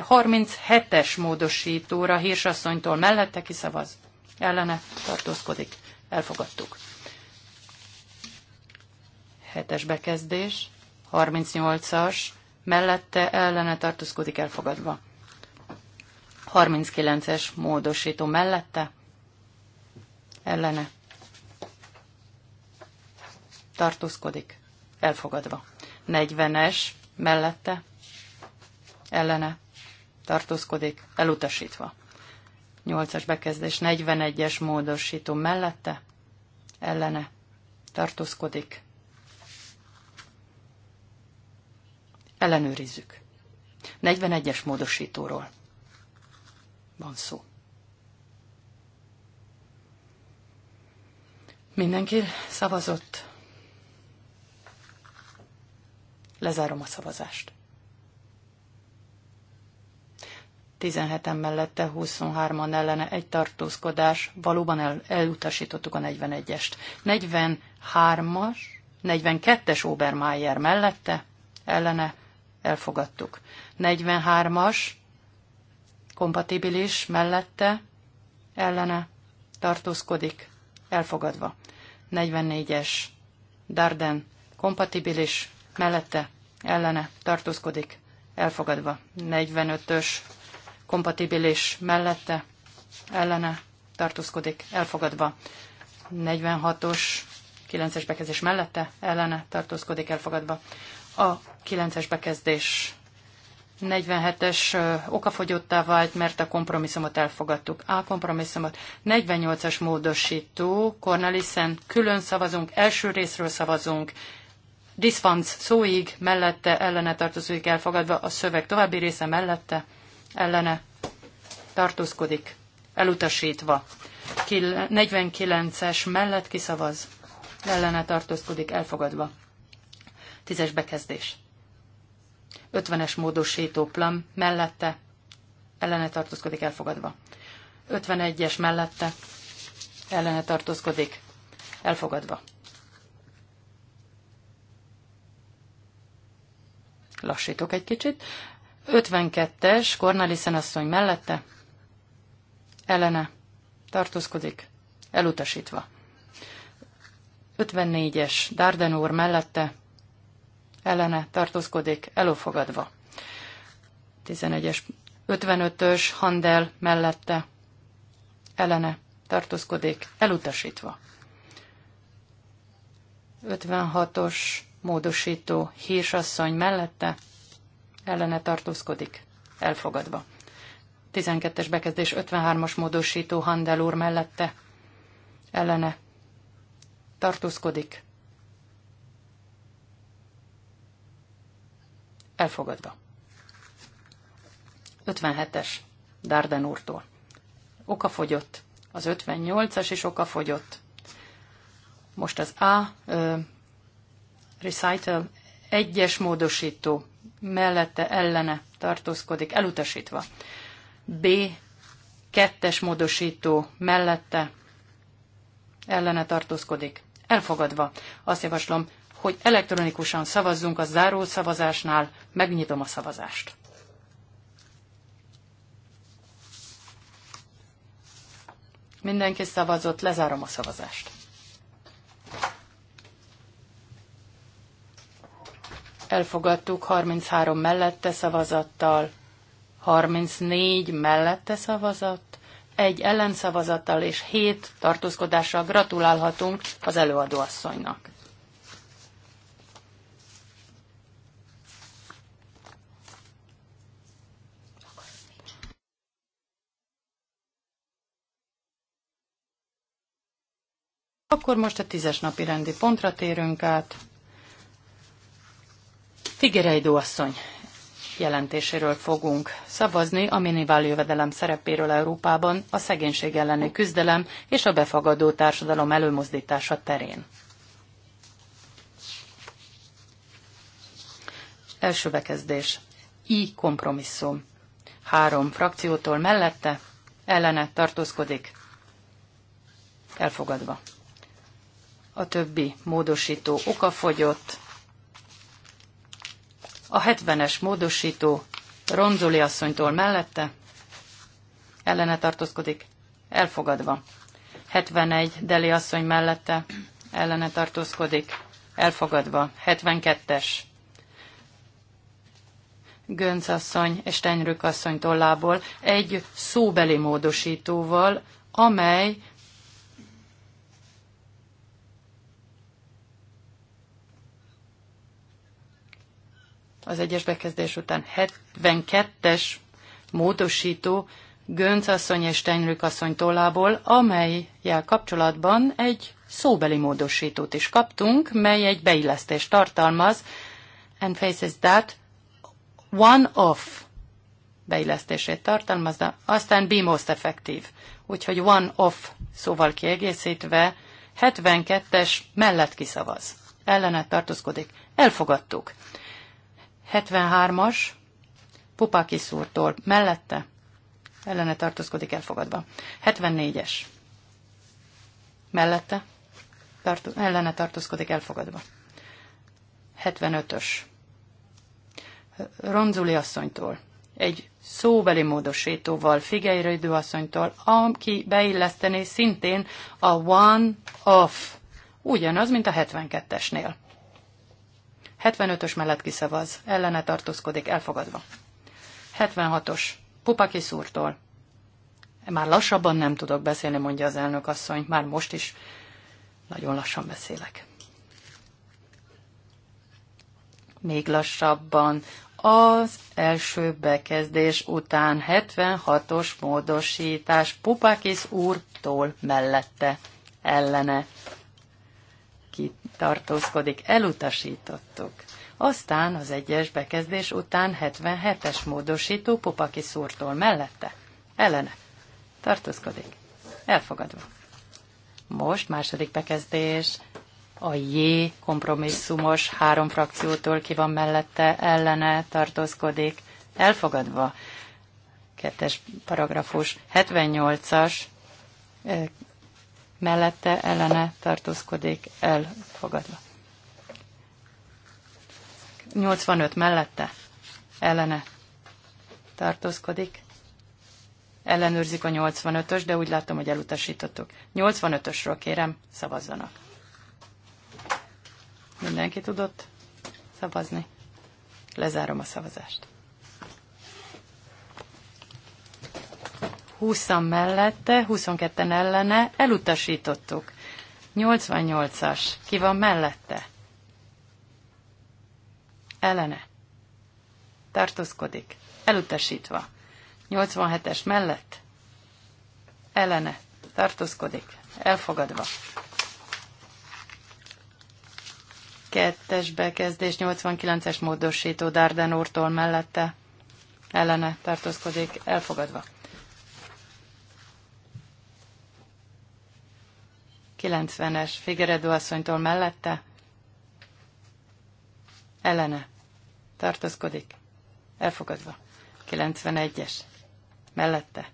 37-es módosítóra hírsasszonytól mellette kiszavaz, ellene tartózkodik, Elfogadtuk. Hetes bekezdés, 38-as, mellette ellene tartózkodik elfogadva. 39-es módosító mellette ellene tartózkodik elfogadva. 40-es mellette ellene tartózkodik elutasítva. 8-as bekezdés 41-es módosító mellette, ellene tartózkodik. Ellenőrizzük. 41-es módosítóról van szó. Mindenki szavazott. Lezárom a szavazást. 17-en mellette, 23-an ellene egy tartózkodás, valóban el, elutasítottuk a 41-est. 43-as, 42-es Obermeier mellette, ellene elfogadtuk. 43-as kompatibilis mellette, ellene tartózkodik, elfogadva. 44-es Darden kompatibilis mellette, ellene tartózkodik, elfogadva. 45-ös kompatibilis mellette, ellene tartózkodik, elfogadva. 46-os 9-es bekezdés mellette, ellene tartózkodik, elfogadva. A 9-es bekezdés 47-es okafogyottá vált, mert a kompromisszumot elfogadtuk. A kompromisszumot 48-as módosító, Cornelissen külön szavazunk, első részről szavazunk, diszfanc szóig, mellette ellene tartozik elfogadva, a szöveg további része mellette ellene tartózkodik, elutasítva. 49-es mellett kiszavaz, ellene tartózkodik, elfogadva. 10-es bekezdés. 50-es módosító plan mellette, ellene tartózkodik, elfogadva. 51-es mellette, ellene tartózkodik, elfogadva. Lassítok egy kicsit. 52-es Cornelissen asszony mellette ellene tartózkodik, elutasítva. 54-es Darden úr mellette ellene tartózkodik, elofogadva. 11-es 55-ös Handel mellette ellene tartózkodik, elutasítva. 56-os módosító hírsasszony mellette ellene tartózkodik, elfogadva. 12-es bekezdés 53-as módosító Handel úr mellette, ellene tartózkodik, elfogadva. 57-es Darden úrtól. Oka fogyott. Az 58-as is oka fogyott. Most az A uh, recital egyes módosító mellette ellene tartózkodik, elutasítva. B. Kettes módosító mellette ellene tartózkodik, elfogadva. Azt javaslom, hogy elektronikusan szavazzunk a záró szavazásnál, megnyitom a szavazást. Mindenki szavazott, lezárom a szavazást. elfogadtuk 33 mellette szavazattal, 34 mellette szavazat, egy ellenszavazattal és 7 tartózkodással gratulálhatunk az előadóasszonynak. Akkor most a tízes napi rendi pontra térünk át. Figyereidó asszony jelentéséről fogunk szavazni, a minimál jövedelem szerepéről Európában, a szegénység elleni küzdelem és a befogadó társadalom előmozdítása terén. Első bekezdés. I kompromisszum. Három frakciótól mellette, ellene tartózkodik. Elfogadva. A többi módosító okafogyott, a 70-es módosító Ronzoli asszonytól mellette ellene tartózkodik, elfogadva. 71 Deli asszony mellette ellene tartózkodik, elfogadva. 72-es Gönc asszony és Tenyrük asszony tollából egy szóbeli módosítóval, amely az egyes bekezdés után 72-es módosító Gönc asszony és Tenyrük asszony tollából, amelyel kapcsolatban egy szóbeli módosítót is kaptunk, mely egy beillesztést tartalmaz, and faces that one-off beillesztését tartalmazza, aztán be most effective. Úgyhogy one-off szóval kiegészítve 72-es mellett kiszavaz. Ellenet tartózkodik. Elfogadtuk. 73-as Pupakis szúrtól mellette ellene tartózkodik elfogadva. 74-es mellette tartó, ellene tartózkodik elfogadva. 75-ös Ronzuli asszonytól egy szóbeli módosítóval Figeiridő asszonytól, aki beillesztené szintén a one-off, ugyanaz, mint a 72-esnél. 75-ös mellett kiszavaz, ellene tartózkodik, elfogadva. 76-os, Pupakis úrtól. Már lassabban nem tudok beszélni, mondja az elnök asszony, már most is nagyon lassan beszélek. Még lassabban, az első bekezdés után 76-os módosítás Pupakis úrtól mellette ellene tartózkodik, elutasítottuk. Aztán az egyes bekezdés után 77-es módosító Popaki szúrtól mellette. Ellene. Tartózkodik. Elfogadva. Most második bekezdés. A J kompromisszumos három frakciótól ki van mellette, ellene tartózkodik. Elfogadva. Kettes paragrafus. 78-as mellette ellene tartózkodik elfogadva. 85 mellette ellene tartózkodik. Ellenőrzik a 85-ös, de úgy látom, hogy elutasítottuk. 85-ösről kérem, szavazzanak. Mindenki tudott szavazni? Lezárom a szavazást. 20-an mellette, 22-en ellene, elutasítottuk. 88-as, ki van mellette? Ellene. Tartózkodik. Elutasítva. 87-es mellett. Ellene. Tartózkodik. Elfogadva. Kettes bekezdés, 89-es módosító Darden úrtól mellette. Ellene. Tartózkodik. Elfogadva. 90-es Figueredo asszonytól mellette, ellene, tartozkodik, elfogadva. 91-es, mellette,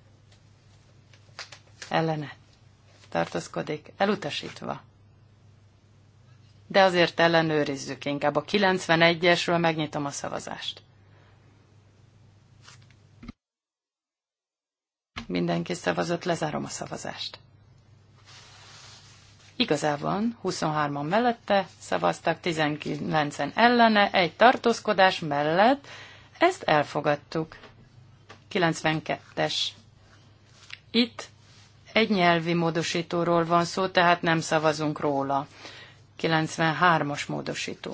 ellene, tartozkodik, elutasítva. De azért ellenőrizzük inkább. A 91-esről megnyitom a szavazást. Mindenki szavazott, lezárom a szavazást. Igazában 23-an mellette szavaztak, 19-en ellene, egy tartózkodás mellett. Ezt elfogadtuk. 92-es. Itt egy nyelvi módosítóról van szó, tehát nem szavazunk róla. 93-as módosító.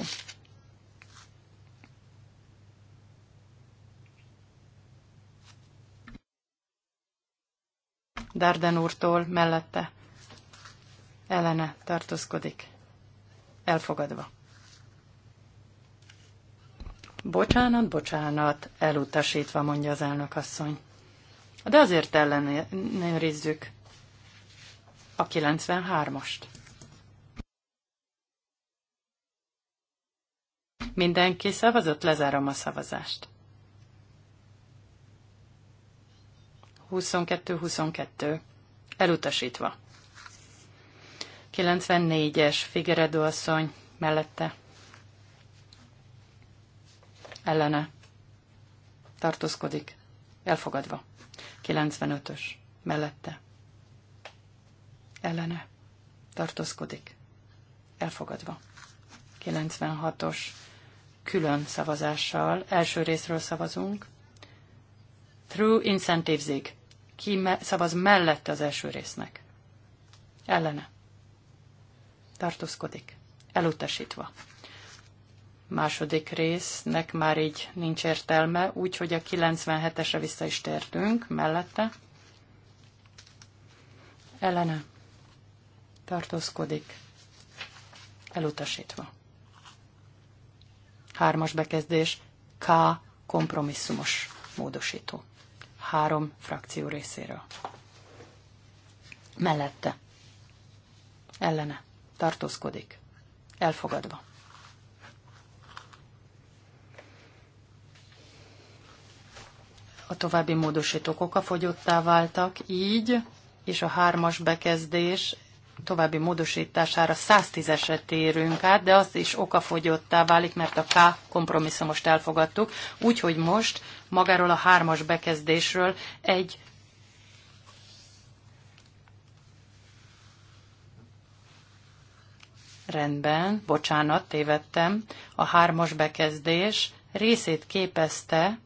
Darden úrtól mellette ellene tartózkodik, elfogadva. Bocsánat, bocsánat, elutasítva, mondja az elnök asszony. De azért ellenőrizzük a 93-ast. Mindenki szavazott, lezárom a szavazást. 22-22. Elutasítva. 94-es Figeredő asszony mellette. Ellene. Tartózkodik. Elfogadva. 95-ös mellette. Ellene. Tartózkodik. Elfogadva. 96-os külön szavazással. Első részről szavazunk. Through incentives -ig. Ki me- szavaz mellette az első résznek? Ellene tartózkodik, elutasítva. Második résznek már így nincs értelme, úgyhogy a 97-esre vissza is tértünk, mellette. Ellene tartózkodik, elutasítva. Hármas bekezdés, K kompromisszumos módosító. Három frakció részéről. Mellette. Ellene tartózkodik. Elfogadva. A további módosítók fogyottá váltak, így, és a hármas bekezdés további módosítására 110-esre térünk át, de az is okafogyottá válik, mert a K kompromisszumost elfogadtuk, úgyhogy most magáról a hármas bekezdésről egy Rendben, bocsánat, tévedtem. A hármas bekezdés részét képezte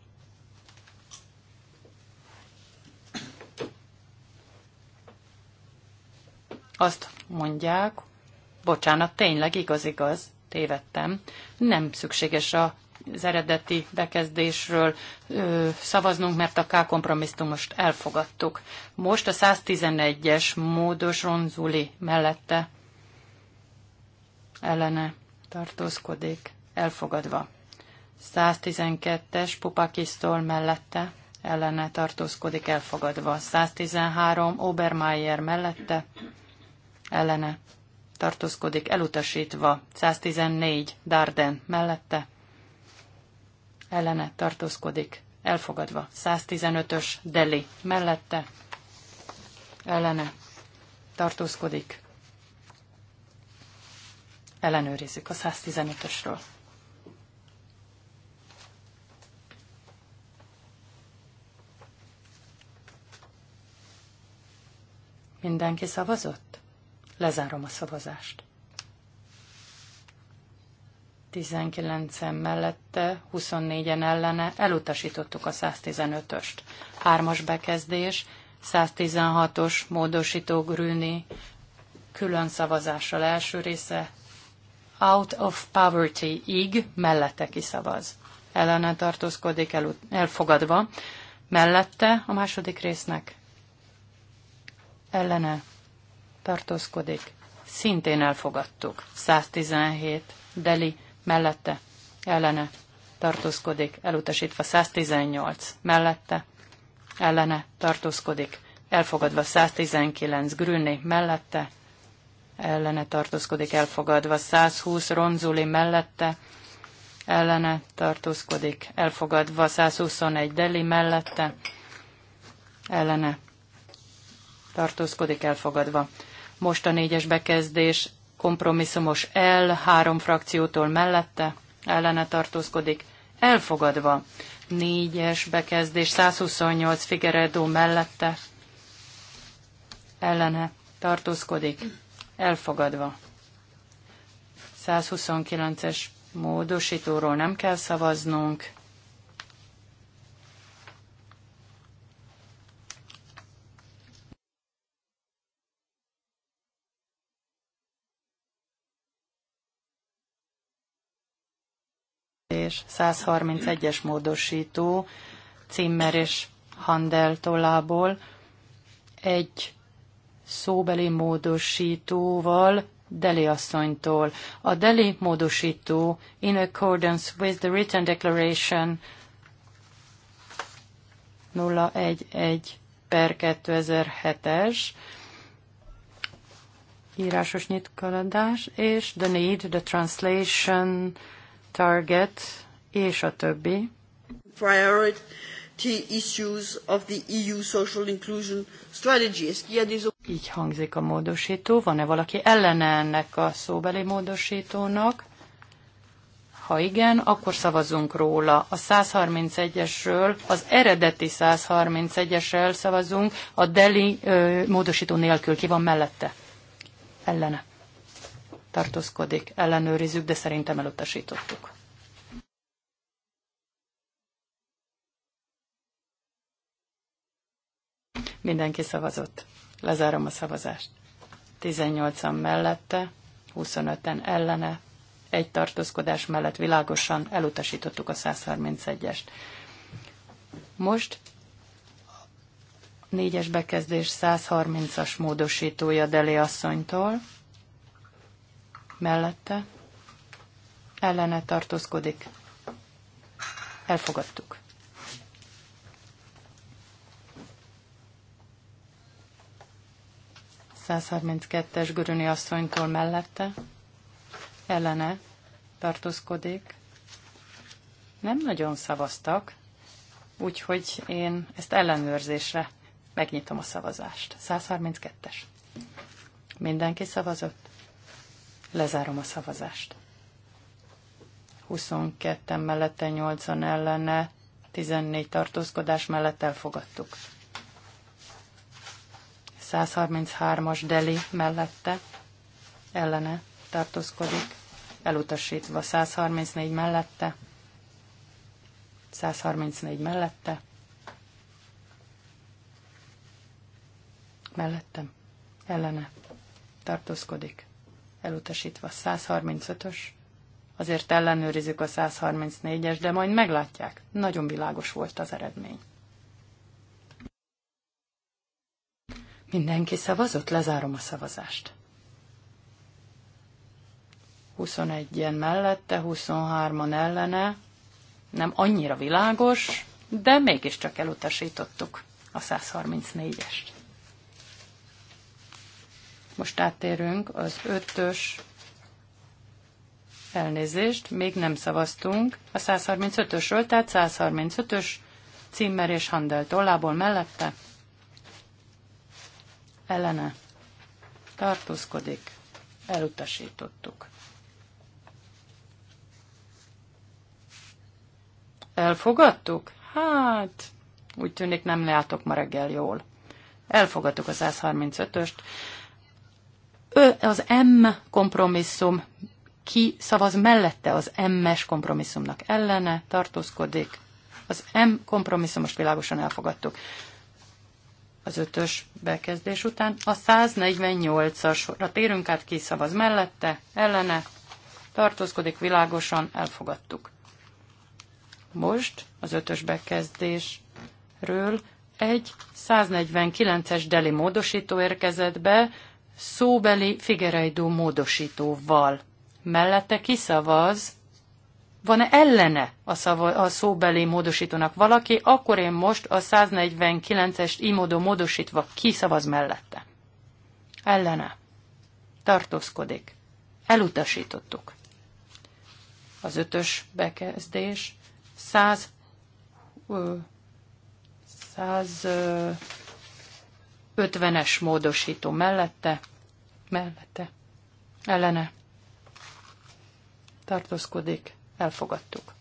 Azt mondják, bocsánat, tényleg igaz, igaz, tévedtem. Nem szükséges a az eredeti bekezdésről ö, szavaznunk, mert a K kompromisszumost elfogadtuk. Most a 111-es módos ronzuli mellette ellene tartózkodik, elfogadva. 112-es Pupakisztól mellette ellene tartózkodik, elfogadva. 113 Obermeier mellette ellene tartózkodik, elutasítva. 114 Darden mellette ellene tartózkodik, elfogadva. 115-ös Deli mellette ellene tartózkodik, ellenőrizzük a 115-ösről. Mindenki szavazott? Lezárom a szavazást. 19-en mellette, 24-en ellene elutasítottuk a 115-öst. Hármas bekezdés, 116-os módosító Grüni külön szavazással első része out of poverty-ig mellette kiszavaz. Ellene tartózkodik el, elfogadva. Mellette a második résznek ellene tartózkodik. Szintén elfogadtuk. 117 deli mellette ellene tartózkodik, elutasítva 118 mellette ellene tartózkodik, elfogadva 119 grünné mellette ellene tartózkodik elfogadva, 120 Ronzuli mellette ellene tartózkodik elfogadva, 121 Deli mellette ellene tartózkodik elfogadva. Most a négyes bekezdés kompromisszumos L három frakciótól mellette ellene tartózkodik elfogadva. Négyes bekezdés 128 Figueredo mellette ellene tartózkodik elfogadva. 129-es módosítóról nem kell szavaznunk. És 131-es módosító címmer és Handel tollából egy szóbeli módosítóval Deli asszonytól. A Deli módosító in accordance with the written declaration 011 per 2007-es írásos nyitkaladás, és the need, the translation, target, és a többi. Priority key issues of the EU social inclusion strategy. Így hangzik a módosító. Van-e valaki ellene ennek a szóbeli módosítónak? Ha igen, akkor szavazunk róla. A 131-esről, az eredeti 131-esről szavazunk, a deli ö, módosító nélkül ki van mellette? Ellene. Tartózkodik. Ellenőrizzük, de szerintem elutasítottuk. Mindenki szavazott. Lezárom a szavazást. 18-an mellette, 25-en ellene, egy tartózkodás mellett világosan elutasítottuk a 131-est. Most négyes bekezdés 130-as módosítója Deli asszonytól, mellette ellene tartózkodik. Elfogadtuk. 132-es Görüni asszonytól mellette, ellene tartózkodik. Nem nagyon szavaztak, úgyhogy én ezt ellenőrzésre megnyitom a szavazást. 132-es. Mindenki szavazott? Lezárom a szavazást. 22 mellette, 8-an ellene, 14 tartózkodás mellett elfogadtuk. 133-as Deli mellette ellene tartózkodik, elutasítva 134 mellette, 134 mellette, mellettem, ellene tartózkodik, elutasítva 135-ös, azért ellenőrizzük a 134-es, de majd meglátják, nagyon világos volt az eredmény. Mindenki szavazott? Lezárom a szavazást. 21-en mellette, 23-an ellene. Nem annyira világos, de mégiscsak elutasítottuk a 134-est. Most áttérünk az 5-ös elnézést, még nem szavaztunk a 135-ösről, tehát 135-ös címmer és handel tollából mellette ellene tartózkodik, elutasítottuk. Elfogadtuk? Hát, úgy tűnik nem látok ma reggel jól. Elfogadtuk a 135-öst. Ő az M kompromisszum ki szavaz mellette az M-es kompromisszumnak ellene, tartózkodik. Az M most világosan elfogadtuk az ötös bekezdés után. A 148-asra térünk át, ki szavaz mellette, ellene, tartózkodik világosan, elfogadtuk. Most az ötös bekezdésről egy 149-es deli módosító érkezett be, szóbeli Figereidó módosítóval. Mellette kiszavaz van-e ellene a, szava, a szóbeli módosítónak valaki, akkor én most a 149-est imódó módosítva kiszavaz mellette. Ellene. Tartózkodik. Elutasítottuk. Az ötös bekezdés 100, 150-es módosító mellette, mellette, ellene tartózkodik Elfogadtuk.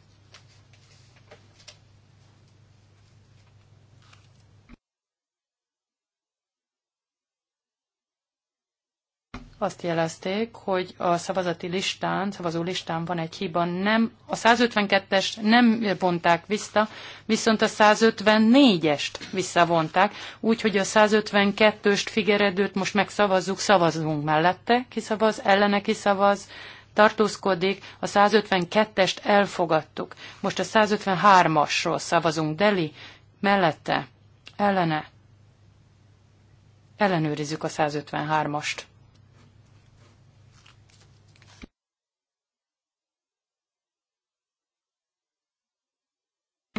azt jelezték, hogy a szavazati listán, szavazó listán van egy hiba, nem, a 152-es nem vonták vissza, viszont a 154-est visszavonták, úgyhogy a 152-öst figyeredőt most megszavazzuk, szavazzunk mellette, kiszavaz, ellene kiszavaz, tartózkodik, a 152-est elfogadtuk. Most a 153-asról szavazunk. Deli, mellette, ellene. Ellenőrizzük a 153-ast.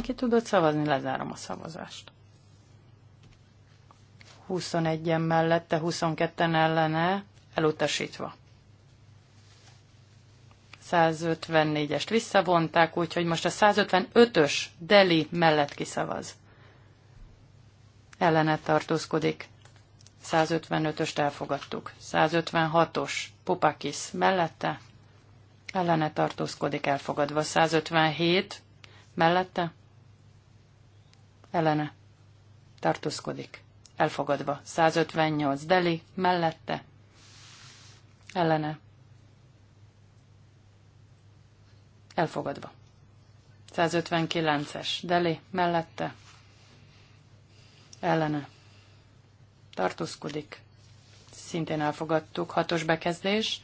Ki tudott szavazni, lezárom a szavazást. 21-en mellette, 22-en ellene, elutasítva. 154-est visszavonták, úgyhogy most a 155-ös Deli mellett kiszavaz. Ellenet tartózkodik. 155-öst elfogadtuk. 156-os Popakis mellette. Ellenet tartózkodik elfogadva. 157 mellette. Ellene tartózkodik elfogadva. 158 Deli mellette. Ellene Elfogadva. 159-es. Deli mellette. Ellene. Tartózkodik. Szintén elfogadtuk. Hatos bekezdés.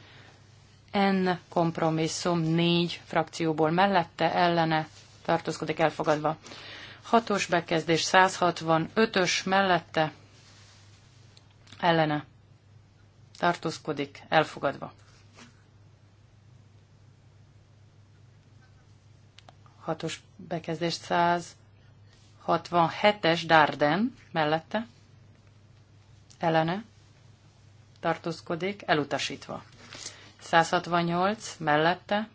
N kompromisszum négy frakcióból mellette, ellene, tartózkodik elfogadva. Hatos bekezdés 165-ös mellette, ellene, tartózkodik elfogadva. 6-os bekezdés 167-es Darden mellette ellene tartózkodik, elutasítva. 168 mellette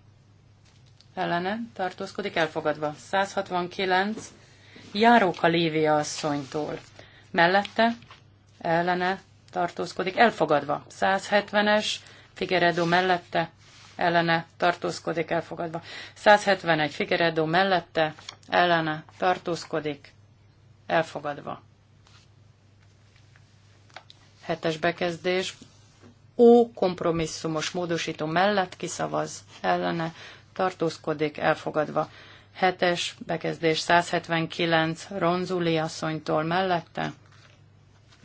ellene tartózkodik, elfogadva. 169 Járóka Lévia asszonytól mellette ellene tartózkodik, elfogadva. 170-es Figueredo mellette ellene tartózkodik elfogadva. 171 Figueredo mellette ellene tartózkodik elfogadva. Hetes bekezdés. Ó kompromisszumos módosító mellett kiszavaz ellene tartózkodik elfogadva. Hetes bekezdés 179 Ronzuli asszonytól mellette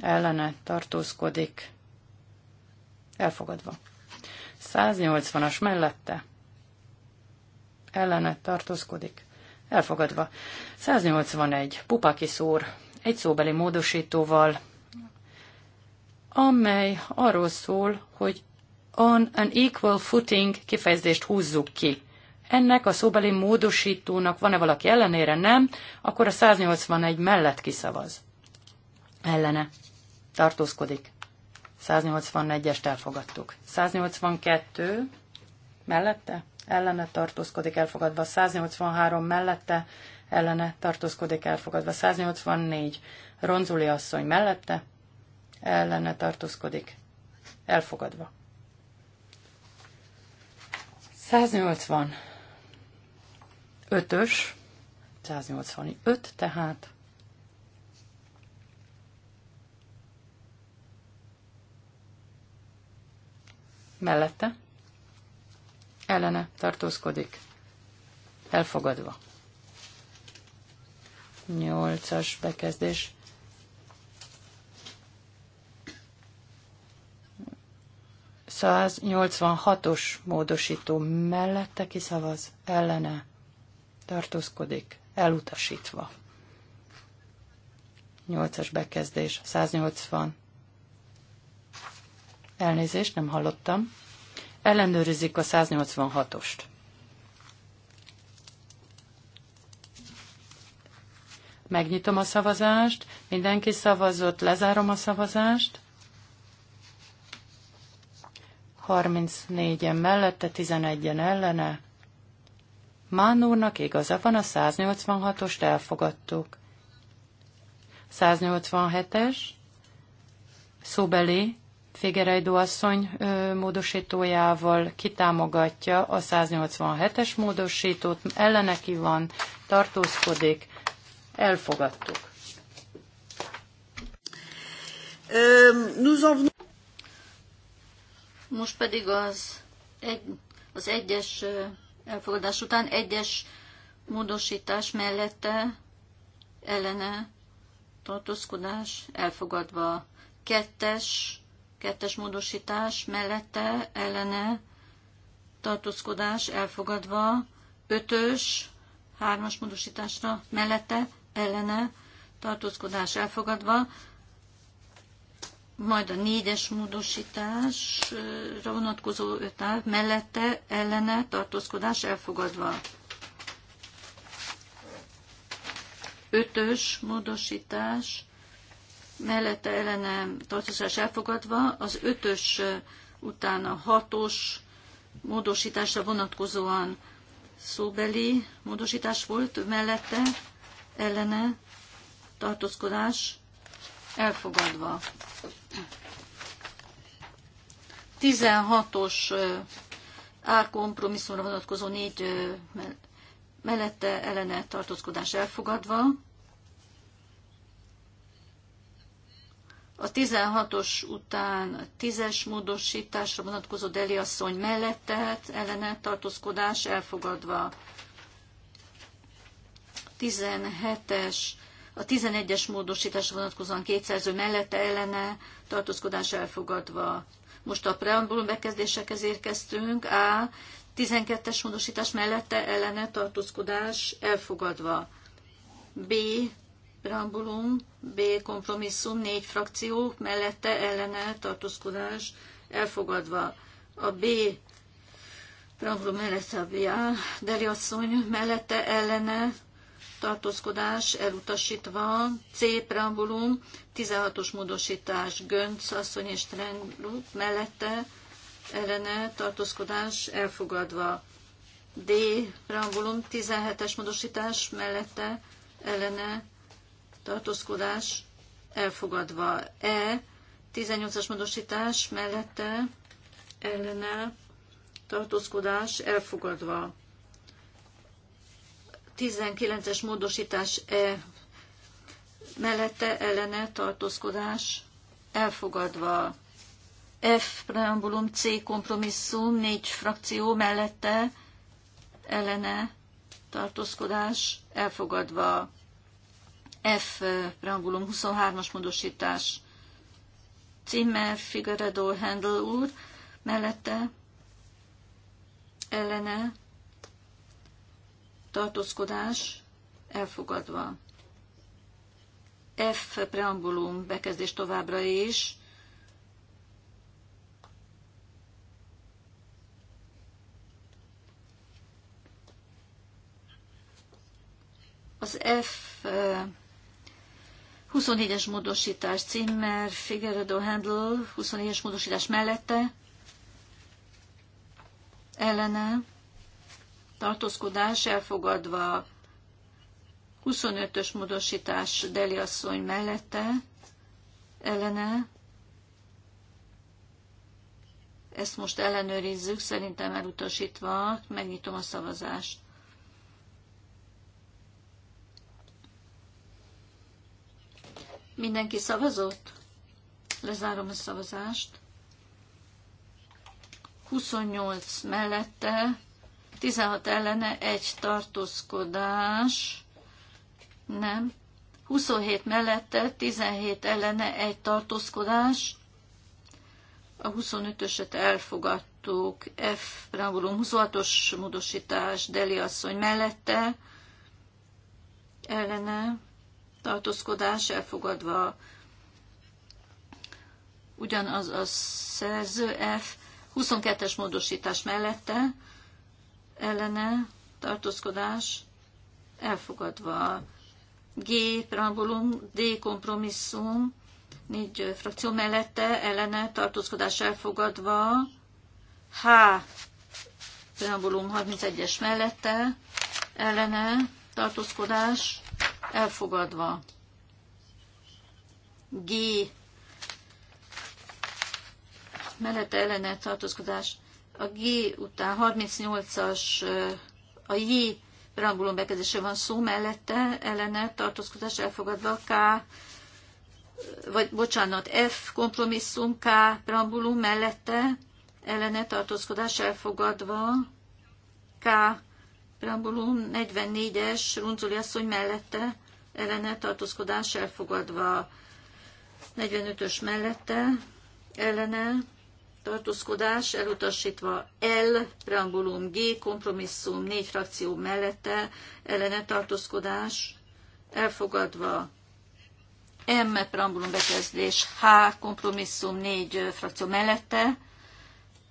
ellene tartózkodik elfogadva. 180-as mellette Ellenet tartózkodik. Elfogadva. 181. Pupaki szór. Egy szóbeli módosítóval, amely arról szól, hogy on an equal footing kifejezést húzzuk ki. Ennek a szóbeli módosítónak van-e valaki ellenére? Nem. Akkor a 181 mellett kiszavaz. Ellene. Tartózkodik. 181-est elfogadtuk. 182 mellette ellene tartózkodik elfogadva, 183 mellette ellene tartózkodik elfogadva, 184 Ronzuli asszony mellette ellene tartózkodik elfogadva. 180 5-ös, 185 tehát mellette, ellene tartózkodik, elfogadva. Nyolcas bekezdés. 86 os módosító mellette kiszavaz, ellene tartózkodik, elutasítva. Nyolcas bekezdés, 180 Elnézést, nem hallottam. Ellenőrizik a 186-ost. Megnyitom a szavazást, mindenki szavazott, lezárom a szavazást. 34-en mellette, 11-en ellene. Mán úrnak igaza van, a 186-ost elfogadtuk. 187-es, szóbeli Fégerejdó asszony módosítójával kitámogatja a 187-es módosítót, ellene ki van, tartózkodik, elfogadtuk. Most pedig az, egy, az egyes elfogadás után egyes módosítás mellette ellene tartózkodás elfogadva. Kettes kettes módosítás mellette ellene tartózkodás elfogadva, ötös, hármas módosításra mellette ellene tartózkodás elfogadva, majd a négyes módosításra vonatkozó öt áll, mellette ellene tartózkodás elfogadva. Ötös módosítás mellette ellene tartozás elfogadva, az ötös után a hatos módosításra vonatkozóan szóbeli módosítás volt, mellette ellene tartózkodás elfogadva. 16-os árkompromisszumra vonatkozó négy mellette ellene tartózkodás elfogadva, A 16-os után 10-es módosításra vonatkozó Deli asszony mellette ellene tartózkodás elfogadva. 17-es a 11-es módosításra vonatkozóan két mellette ellene tartózkodás elfogadva. Most a preambulum bekezdésekhez érkeztünk. A 12-es módosítás mellette ellene tartózkodás elfogadva. B preambulum, B kompromisszum, négy frakció, mellette ellene tartózkodás elfogadva. A B preambulum mellette a BA, Deli asszony mellette ellene tartózkodás elutasítva, C preambulum, 16-os módosítás, Gönc asszony és Trendrup mellette ellene tartózkodás elfogadva. D preambulum, 17-es módosítás mellette ellene tartózkodás elfogadva. E 18-as módosítás mellette ellene tartózkodás elfogadva. 19-es módosítás E mellette ellene tartózkodás elfogadva. F preambulum C kompromisszum, négy frakció mellette ellene tartózkodás elfogadva. F preambulum 23-as módosítás címe Figueredo Handel úr, mellette ellene tartózkodás elfogadva. F preambulum bekezdés továbbra is. Az F 24-es módosítás címmel, Figueredo Handel, 24-es módosítás mellette, ellene, tartózkodás elfogadva, 25-ös módosítás Deli asszony mellette, ellene, ezt most ellenőrizzük, szerintem elutasítva, megnyitom a szavazást. Mindenki szavazott? Lezárom a szavazást. 28 mellette, 16 ellene, egy tartózkodás, nem, 27 mellette, 17 ellene, egy tartózkodás, a 25-öset elfogadtuk, F Rangulum 26-os módosítás, Deli asszony mellette, ellene, tartózkodás elfogadva ugyanaz a szerző F 22-es módosítás mellette ellene tartózkodás elfogadva G preambulum, D kompromisszum, négy frakció mellette ellene tartózkodás elfogadva, H preambulum 31-es mellette ellene tartózkodás elfogadva. G. Mellette ellene tartózkodás. A G után 38-as, a J ranguló bekezdése van szó, mellette ellene tartózkodás elfogadva. K vagy bocsánat, F kompromisszum, K preambulum mellette, ellene tartózkodás elfogadva, K preambulum 44-es Runzuli asszony mellette, ellene tartózkodás elfogadva 45-ös mellette ellene tartózkodás elutasítva L, preambulum G, kompromisszum négy frakció mellette ellene tartózkodás elfogadva M, preambulum bekezdés H, kompromisszum négy frakció mellette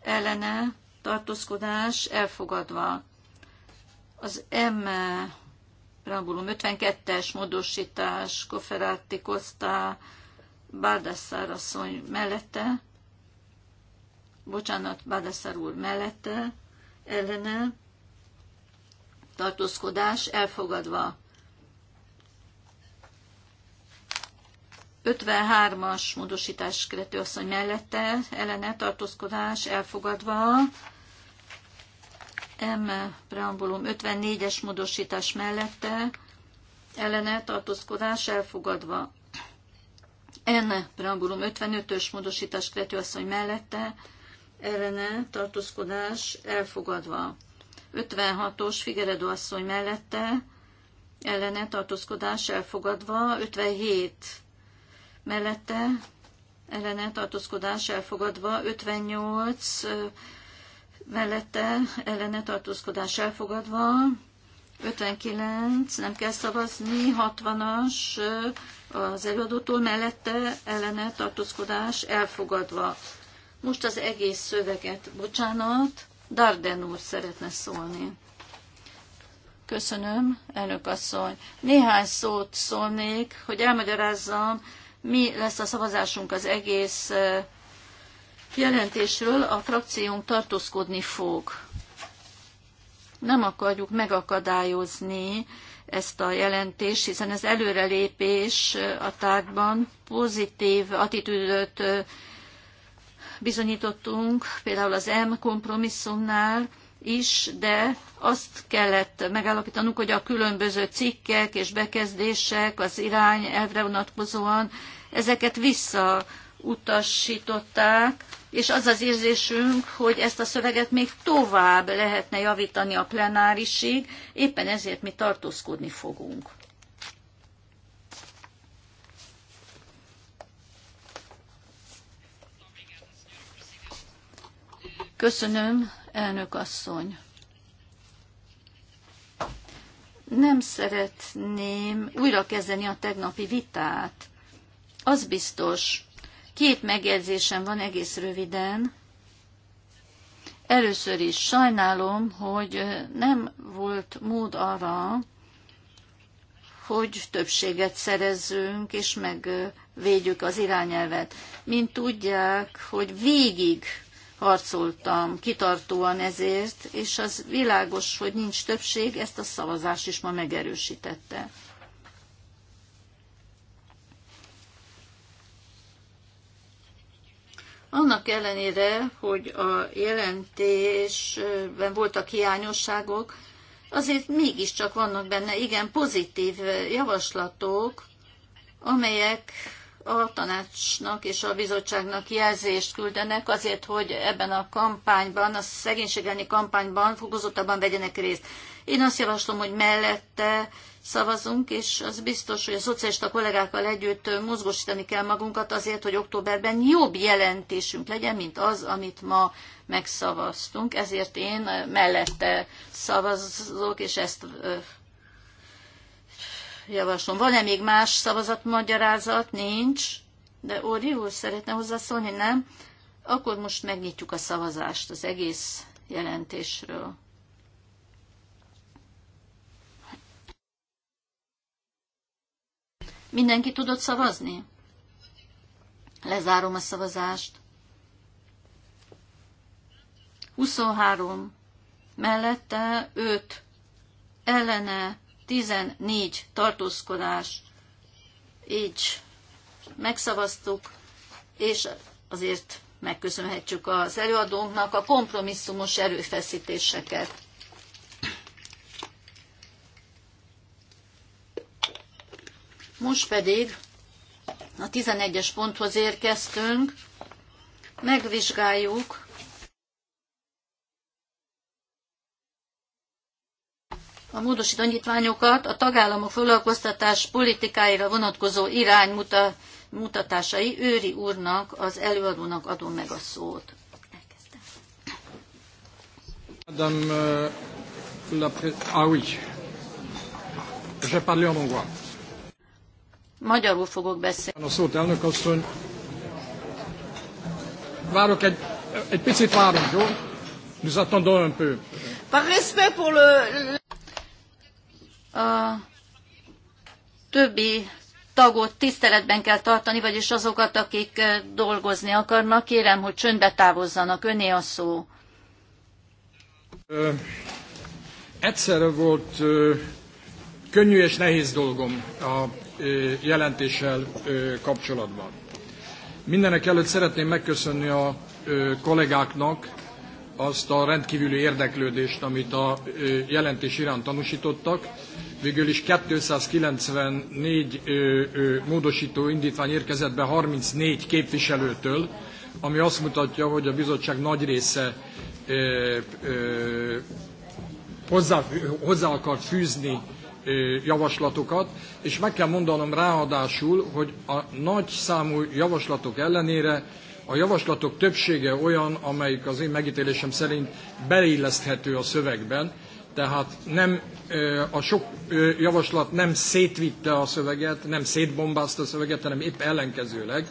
ellene tartózkodás elfogadva az M preambulum 52-es módosítás, Koferáti Kosztá, Bárdászár asszony mellette, bocsánat, Bárdászár úr mellette, ellene, tartózkodás elfogadva. 53-as módosítás krető asszony mellette, ellene tartózkodás elfogadva, M preambulum 54-es módosítás mellette ellene tartózkodás elfogadva. N preambulum 55-ös módosítás kretőasszony mellette ellene tartózkodás elfogadva. 56-os Figeredo asszony mellette ellene tartózkodás elfogadva, 57 mellette ellene tartózkodás elfogadva, 58 mellette ellene tartózkodás elfogadva, 59, nem kell szavazni, 60-as az előadótól mellette ellene tartózkodás elfogadva. Most az egész szöveget, bocsánat, Darden úr szeretne szólni. Köszönöm, elnök asszony. Néhány szót szólnék, hogy elmagyarázzam, mi lesz a szavazásunk az egész jelentésről a frakciónk tartózkodni fog. Nem akarjuk megakadályozni ezt a jelentést, hiszen ez előrelépés a tárgyban pozitív attitűdöt bizonyítottunk, például az M kompromisszumnál is, de azt kellett megállapítanunk, hogy a különböző cikkek és bekezdések az irány elvre vonatkozóan ezeket visszautasították, és az az érzésünk, hogy ezt a szöveget még tovább lehetne javítani a plenárisig, éppen ezért mi tartózkodni fogunk. Köszönöm, elnök asszony. Nem szeretném újra kezdeni a tegnapi vitát. Az biztos, Két megjegyzésem van egész röviden. Először is sajnálom, hogy nem volt mód arra, hogy többséget szerezzünk, és megvédjük az irányelvet. Mint tudják, hogy végig harcoltam kitartóan ezért, és az világos, hogy nincs többség, ezt a szavazás is ma megerősítette. Annak ellenére, hogy a jelentésben voltak hiányosságok, azért mégiscsak vannak benne igen pozitív javaslatok, amelyek a tanácsnak és a bizottságnak jelzést küldenek azért, hogy ebben a kampányban, a szegénység elleni kampányban fokozottabban vegyenek részt. Én azt javaslom, hogy mellette szavazunk, és az biztos, hogy a szocialista kollégákkal együtt mozgósítani kell magunkat azért, hogy októberben jobb jelentésünk legyen, mint az, amit ma megszavaztunk. Ezért én mellette szavazok, és ezt javaslom. Van-e még más szavazatmagyarázat? Nincs. De Óri úr szeretne hozzászólni, nem? Akkor most megnyitjuk a szavazást az egész jelentésről. Mindenki tudott szavazni? Lezárom a szavazást. 23 mellette 5 ellene 14 tartózkodás. Így megszavaztuk, és azért megköszönhetjük az előadónknak a kompromisszumos erőfeszítéseket. Most pedig a 11-es ponthoz érkeztünk, megvizsgáljuk a módosítanyítványokat a tagállamok foglalkoztatás politikáira vonatkozó iránymutatásai őri úrnak, az előadónak adom meg a szót. Madame euh, la ah oui, j'ai parlé en hongrois. Magyarul fogok beszélni. A szót, elnök asszony. Várok egy, egy picit várunk, jó? Nous attendons un peu. Par respect pour le... A többi tagot tiszteletben kell tartani, vagyis azokat, akik eh, dolgozni akarnak. Kérem, hogy csöndbe távozzanak. Öné a szó. Ö, egyszerre volt ö, könnyű és nehéz dolgom a jelentéssel kapcsolatban. Mindenek előtt szeretném megköszönni a kollégáknak azt a rendkívüli érdeklődést, amit a jelentés irán tanúsítottak. Végül is 294 módosító indítvány érkezett be 34 képviselőtől, ami azt mutatja, hogy a bizottság nagy része hozzá, hozzá akart fűzni javaslatokat, és meg kell mondanom ráadásul, hogy a nagy számú javaslatok ellenére a javaslatok többsége olyan, amelyik az én megítélésem szerint beilleszthető a szövegben, tehát nem, a sok javaslat nem szétvitte a szöveget, nem szétbombázta a szöveget, hanem épp ellenkezőleg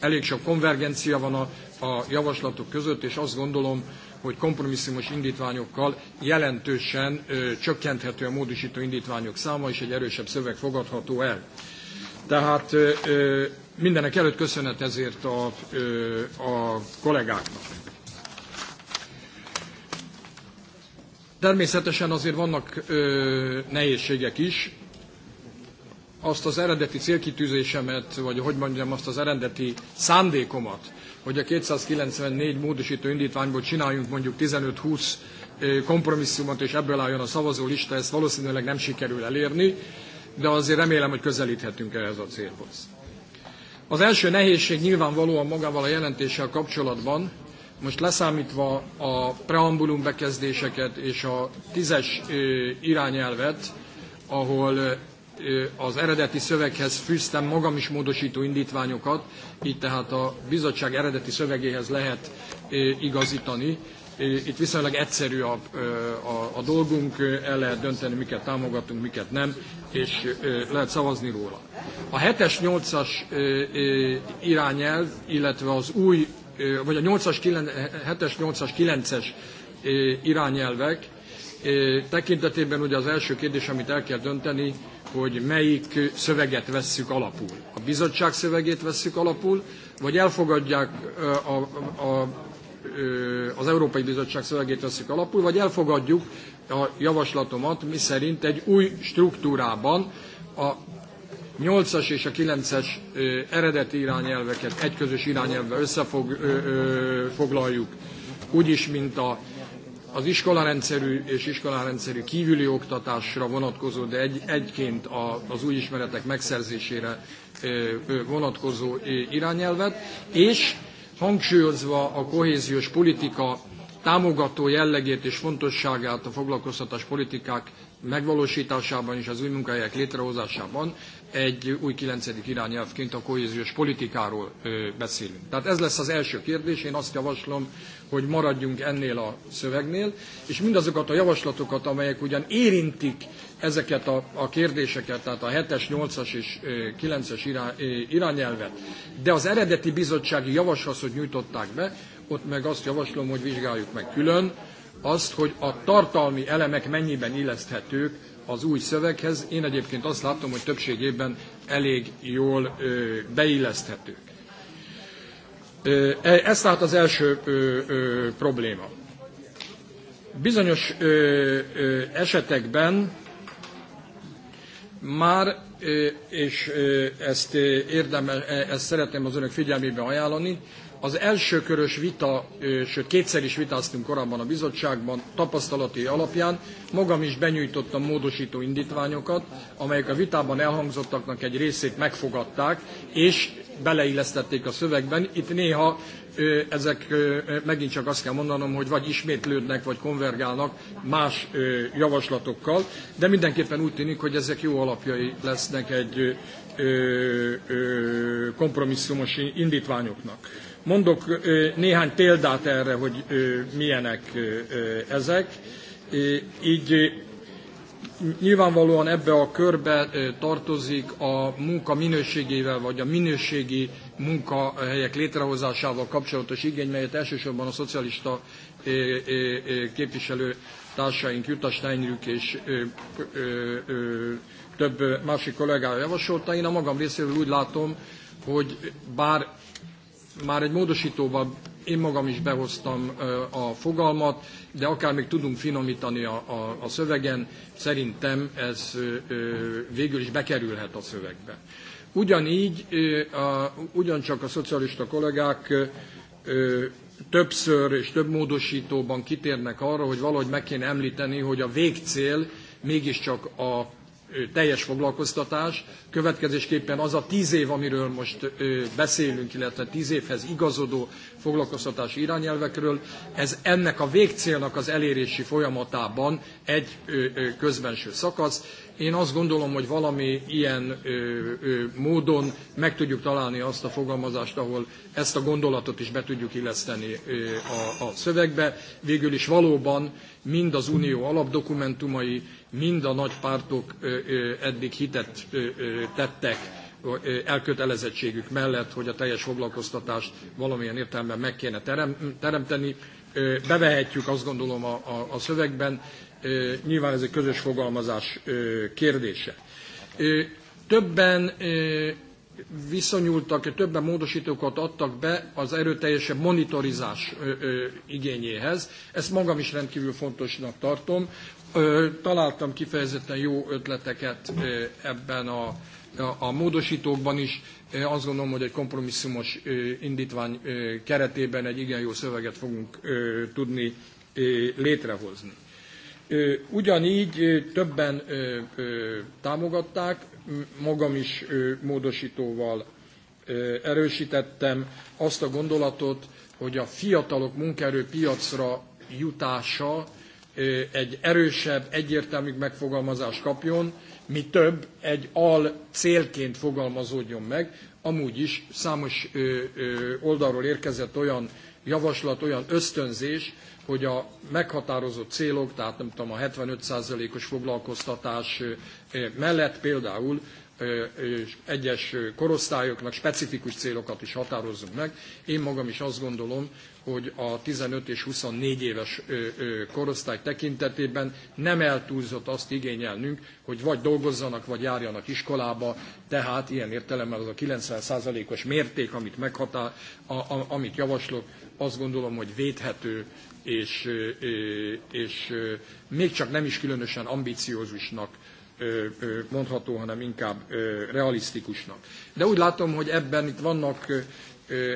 elég sok konvergencia van a, a javaslatok között, és azt gondolom, hogy kompromisszumos indítványokkal jelentősen ö, csökkenthető a módosító indítványok száma, és egy erősebb szöveg fogadható el. Tehát ö, mindenek előtt köszönet ezért a, ö, a kollégáknak. Természetesen azért vannak ö, nehézségek is. Azt az eredeti célkitűzésemet, vagy hogy mondjam, azt az eredeti szándékomat, hogy a 294 módosító indítványból csináljunk mondjuk 15-20 kompromisszumot, és ebből álljon a szavazólista, ezt valószínűleg nem sikerül elérni, de azért remélem, hogy közelíthetünk ehhez a célhoz. Az első nehézség nyilvánvalóan magával a jelentéssel kapcsolatban, most leszámítva a preambulum bekezdéseket és a tízes irányelvet, ahol az eredeti szöveghez fűztem magam is módosító indítványokat, így tehát a bizottság eredeti szövegéhez lehet igazítani. Itt viszonylag egyszerű a, a, a dolgunk, el lehet dönteni, miket támogatunk, miket nem, és lehet szavazni róla. A 7-es, 8-as irányelv, illetve az új, vagy a 8-as, 7-es, 8-as, 9-es irányelvek Tekintetében ugye az első kérdés, amit el kell dönteni, hogy melyik szöveget vesszük alapul. A bizottság szövegét vesszük alapul, vagy elfogadják a, a, az Európai Bizottság szövegét vesszük alapul, vagy elfogadjuk a javaslatomat, mi szerint egy új struktúrában a 8-as és a 9-es eredeti irányelveket egy közös irányelvbe összefoglaljuk, úgyis, mint a az iskolarendszerű és iskolarendszerű kívüli oktatásra vonatkozó, de egy, egyként a, az új ismeretek megszerzésére vonatkozó irányelvet, és hangsúlyozva a kohéziós politika támogató jellegét és fontosságát a foglalkoztatás politikák megvalósításában és az új munkahelyek létrehozásában, egy új kilencedik irányelvként a kohéziós politikáról beszélünk. Tehát ez lesz az első kérdés, én azt javaslom, hogy maradjunk ennél a szövegnél, és mindazokat a javaslatokat, amelyek ugyan érintik ezeket a, a kérdéseket, tehát a 7-es, 8-as és 9-es irányelvet, de az eredeti bizottsági javaslatot nyújtották be, ott meg azt javaslom, hogy vizsgáljuk meg külön, azt, hogy a tartalmi elemek mennyiben illeszthetők az új szöveghez. Én egyébként azt látom, hogy többségében elég jól beilleszthető. E, ez tehát az első probléma. Bizonyos esetekben már, és ezt, érdemel, e, ezt szeretném az önök figyelmébe ajánlani, az első körös vita, sőt kétszer is vitáztunk korábban a bizottságban, tapasztalati alapján magam is benyújtottam módosító indítványokat, amelyek a vitában elhangzottaknak egy részét megfogadták, és beleillesztették a szövegben. Itt néha ezek megint csak azt kell mondanom, hogy vagy ismétlődnek, vagy konvergálnak más javaslatokkal, de mindenképpen úgy tűnik, hogy ezek jó alapjai lesznek egy kompromisszumos indítványoknak. Mondok néhány példát erre, hogy milyenek ezek. Így nyilvánvalóan ebbe a körbe tartozik a munka minőségével, vagy a minőségi munkahelyek létrehozásával kapcsolatos igény, melyet elsősorban a szocialista képviselő társaink Jutta Steinrück és több másik kollégája javasolta. Én a magam részéről úgy látom, hogy bár már egy módosítóban én magam is behoztam a fogalmat, de akár még tudunk finomítani a, a, a szövegen, szerintem ez végül is bekerülhet a szövegbe. Ugyanígy, a, ugyancsak a szocialista kollégák többször és több módosítóban kitérnek arra, hogy valahogy meg kéne említeni, hogy a végcél mégiscsak a teljes foglalkoztatás, következésképpen az a tíz év, amiről most beszélünk, illetve tíz évhez igazodó foglalkoztatási irányelvekről, ez ennek a végcélnak az elérési folyamatában egy közbenső szakasz. Én azt gondolom, hogy valami ilyen módon meg tudjuk találni azt a fogalmazást, ahol ezt a gondolatot is be tudjuk illeszteni a, szövegbe. Végül is valóban mind az unió alapdokumentumai, mind a nagy pártok eddig hitet tettek elkötelezettségük mellett, hogy a teljes foglalkoztatást valamilyen értelemben meg kéne teremteni. Bevehetjük azt gondolom a, a, a szövegben, nyilván ez egy közös fogalmazás kérdése. Többen viszonyultak, többen módosítókat adtak be az erőteljesebb monitorizás igényéhez. Ezt magam is rendkívül fontosnak tartom, Találtam kifejezetten jó ötleteket ebben a, a, a módosítókban is. Azt gondolom, hogy egy kompromisszumos indítvány keretében egy igen jó szöveget fogunk tudni létrehozni. Ugyanígy többen támogatták, magam is módosítóval erősítettem azt a gondolatot, hogy a fiatalok munkaerőpiacra jutása egy erősebb, egyértelmű megfogalmazást kapjon, mi több, egy al célként fogalmazódjon meg. Amúgy is számos oldalról érkezett olyan javaslat, olyan ösztönzés, hogy a meghatározott célok, tehát nem tudom, a 75%-os foglalkoztatás mellett például egyes korosztályoknak specifikus célokat is határozzunk meg. Én magam is azt gondolom, hogy a 15 és 24 éves korosztály tekintetében nem eltúlzott azt igényelnünk, hogy vagy dolgozzanak, vagy járjanak iskolába, tehát ilyen értelemben az a 90%-os mérték, amit, meghatál, a, a, amit javaslok, azt gondolom, hogy védhető és, és még csak nem is különösen ambiciózusnak mondható, hanem inkább realisztikusnak. De úgy látom, hogy ebben itt vannak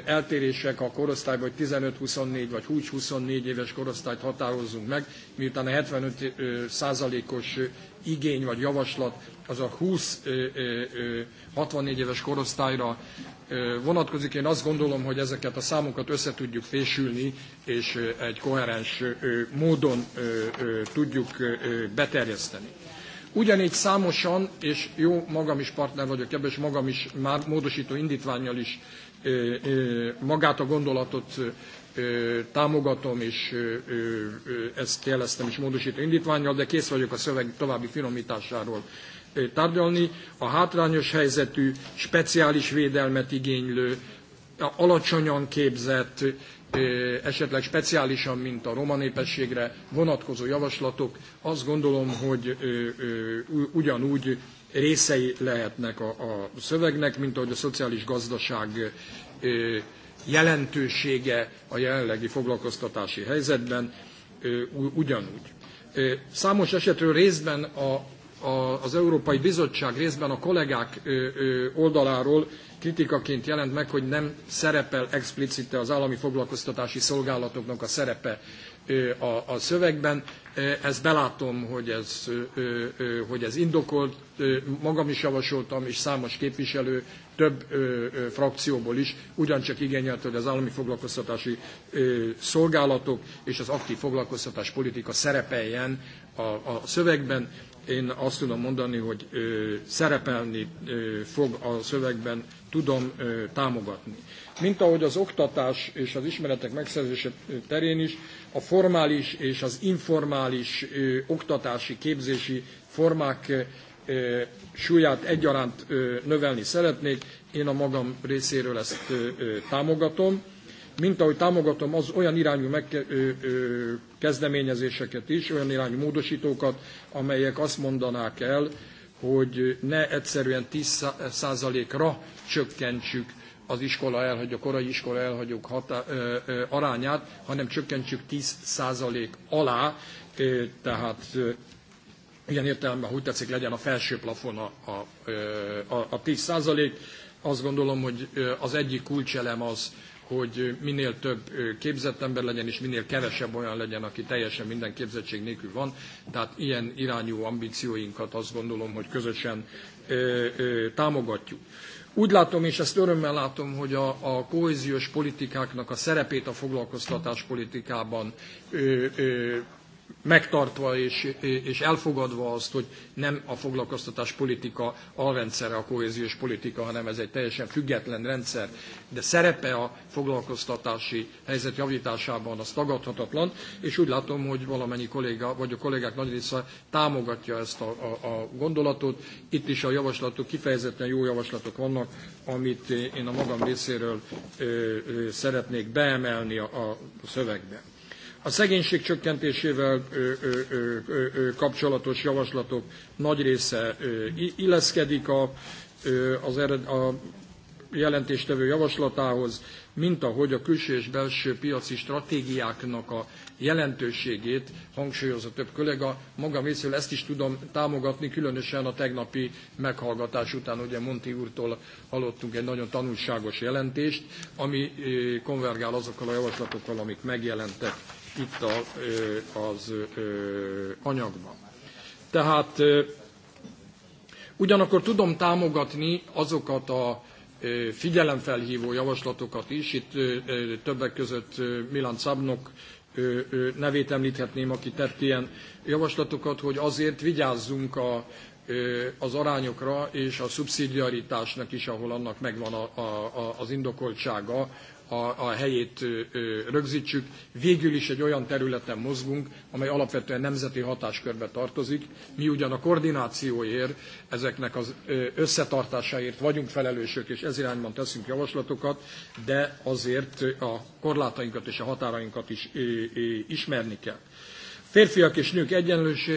eltérések a korosztályban, vagy 15-24, vagy 20-24 éves korosztályt határozzunk meg, miután a 75 százalékos igény vagy javaslat az a 20-64 éves korosztályra vonatkozik. Én azt gondolom, hogy ezeket a számokat össze tudjuk fésülni, és egy koherens módon tudjuk beterjeszteni. Ugyanígy számosan, és jó magam is partner vagyok ebben, és magam is már módosító indítványjal is magát a gondolatot támogatom, és ezt jeleztem is módosító indítványjal, de kész vagyok a szöveg további finomításáról tárgyalni. A hátrányos helyzetű, speciális védelmet igénylő, alacsonyan képzett, esetleg speciálisan, mint a roma népességre vonatkozó javaslatok, azt gondolom, hogy ugyanúgy részei lehetnek a, szövegnek, mint ahogy a szociális gazdaság jelentősége a jelenlegi foglalkoztatási helyzetben ugyanúgy. Számos esetről részben a az Európai Bizottság részben a kollégák oldaláról kritikaként jelent meg, hogy nem szerepel explicite az állami foglalkoztatási szolgálatoknak a szerepe a, szövegben. Ezt belátom, hogy ez, hogy ez indokolt, magam is javasoltam, és számos képviselő több frakcióból is ugyancsak igényelt, hogy az állami foglalkoztatási szolgálatok és az aktív foglalkoztatás politika szerepeljen a, a szövegben én azt tudom mondani, hogy ö, szerepelni ö, fog a szövegben, tudom ö, támogatni. Mint ahogy az oktatás és az ismeretek megszerzése terén is, a formális és az informális ö, oktatási, képzési formák ö, súlyát egyaránt ö, növelni szeretnék. Én a magam részéről ezt ö, ö, támogatom mint ahogy támogatom az olyan irányú megke, ö, ö, kezdeményezéseket is, olyan irányú módosítókat, amelyek azt mondanák el, hogy ne egyszerűen 10%-ra csökkentsük az iskola elhagyó, korai iskola elhagyók hatá, ö, ö, arányát, hanem csökkentsük 10% alá, ö, tehát ö, ilyen értelemben, hogy tetszik, legyen a felső plafon a, a, a, a 10%. Azt gondolom, hogy az egyik kulcselem az, hogy minél több képzett ember legyen, és minél kevesebb olyan legyen, aki teljesen minden képzettség nélkül van. Tehát ilyen irányú ambícióinkat azt gondolom, hogy közösen támogatjuk. Úgy látom, és ezt örömmel látom, hogy a, a kohéziós politikáknak a szerepét a foglalkoztatáspolitikában ö, ö, megtartva és, és elfogadva azt, hogy nem a foglalkoztatás politika alrendszere a kohéziós politika, hanem ez egy teljesen független rendszer, de szerepe a foglalkoztatási helyzet javításában az tagadhatatlan, és úgy látom, hogy valamennyi kolléga, vagy a kollégák nagy része támogatja ezt a, a, a gondolatot. Itt is a javaslatok, kifejezetten jó javaslatok vannak, amit én a magam részéről ö, ö, szeretnék beemelni a, a szövegbe. A szegénység csökkentésével kapcsolatos javaslatok nagy része illeszkedik a, az a jelentéstevő javaslatához, mint ahogy a külső és belső piaci stratégiáknak a jelentőségét hangsúlyozza több kollega. Magam részéről ezt is tudom támogatni, különösen a tegnapi meghallgatás után, ugye Monti úrtól hallottunk egy nagyon tanulságos jelentést, ami konvergál azokkal a javaslatokkal, amik megjelentek itt a, az anyagban. Tehát ugyanakkor tudom támogatni azokat a figyelemfelhívó javaslatokat is, itt többek között Milan Szabnok nevét említhetném, aki tett ilyen javaslatokat, hogy azért vigyázzunk a, az arányokra és a szubszidiaritásnak is, ahol annak megvan a, a, az indokoltsága, a, a helyét ö, rögzítsük. Végül is egy olyan területen mozgunk, amely alapvetően nemzeti hatáskörbe tartozik. Mi ugyan a koordinációért, ezeknek az összetartásáért vagyunk felelősök, és ez irányban teszünk javaslatokat, de azért a korlátainkat és a határainkat is ö, ismerni kell. Férfiak és nők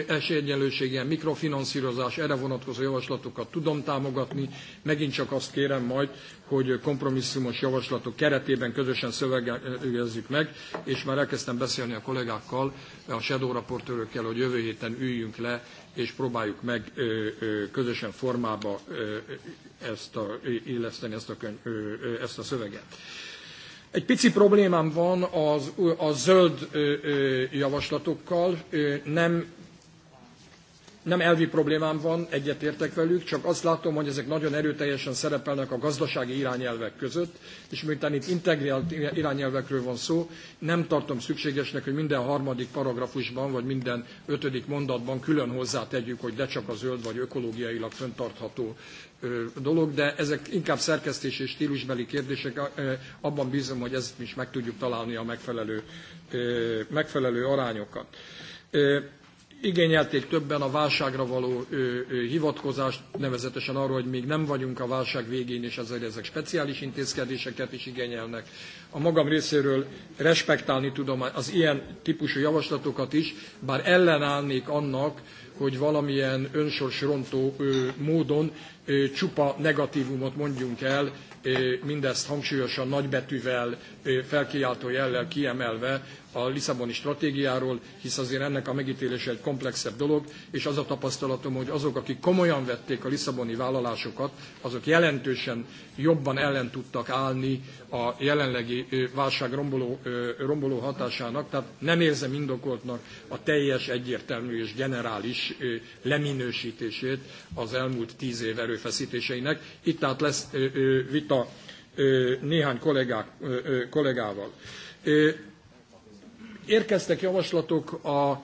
esélyegyenlősége, mikrofinanszírozás, erre vonatkozó javaslatokat tudom támogatni. Megint csak azt kérem majd, hogy kompromisszumos javaslatok keretében közösen szövegezzük meg, és már elkezdtem beszélni a kollégákkal, a shadow raportőrökkel, hogy jövő héten üljünk le, és próbáljuk meg közösen formába ezt a, illeszteni ezt a, könyv, ezt a szöveget. Egy pici problémám van az, a zöld javaslatokkal. nem nem elvi problémám van, egyetértek velük, csak azt látom, hogy ezek nagyon erőteljesen szerepelnek a gazdasági irányelvek között, és miután itt integrált irányelvekről van szó, nem tartom szükségesnek, hogy minden harmadik paragrafusban, vagy minden ötödik mondatban külön hozzá tegyük, hogy de csak a zöld vagy ökológiailag föntartható dolog, de ezek inkább szerkesztés és stílusbeli kérdések, abban bízom, hogy ezt is meg tudjuk találni a megfelelő, megfelelő arányokat igényelték többen a válságra való ö, ö, hivatkozást, nevezetesen arról, hogy még nem vagyunk a válság végén, és ezért ezek speciális intézkedéseket is igényelnek. A magam részéről respektálni tudom az ilyen típusú javaslatokat is, bár ellenállnék annak, hogy valamilyen önsorsrontó ö, módon ö, csupa negatívumot mondjunk el, ö, mindezt hangsúlyosan nagybetűvel, ö, felkiáltó jellel kiemelve, a Lisszaboni stratégiáról, hisz azért ennek a megítélése egy komplexebb dolog, és az a tapasztalatom, hogy azok, akik komolyan vették a Lisszaboni vállalásokat, azok jelentősen jobban ellen tudtak állni a jelenlegi válság romboló, romboló hatásának, tehát nem érzem indokoltnak a teljes, egyértelmű és generális leminősítését az elmúlt tíz év erőfeszítéseinek. Itt tehát lesz vita néhány kollégák, kollégával. Érkeztek javaslatok a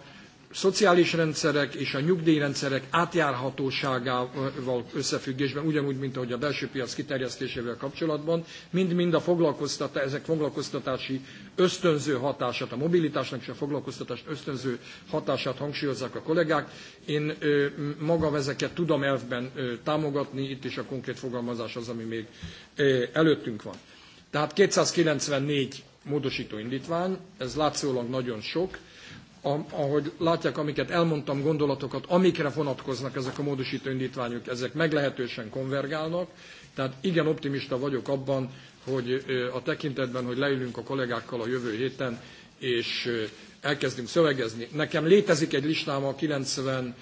szociális rendszerek és a nyugdíjrendszerek átjárhatóságával összefüggésben, ugyanúgy, mint ahogy a belső piac kiterjesztésével kapcsolatban, mind-mind a foglalkoztatá, ezek foglalkoztatási ösztönző hatását, a mobilitásnak és a foglalkoztatást ösztönző hatását hangsúlyozzák a kollégák. Én maga magam ezeket tudom elfben támogatni, itt is a konkrét fogalmazás az, ami még előttünk van. Tehát 294 módosító indítvány, ez látszólag nagyon sok, ahogy látják, amiket elmondtam, gondolatokat, amikre vonatkoznak ezek a módosító indítványok, ezek meglehetősen konvergálnak, tehát igen optimista vagyok abban, hogy a tekintetben, hogy leülünk a kollégákkal a jövő héten, és elkezdünk szövegezni. Nekem létezik egy listám a 90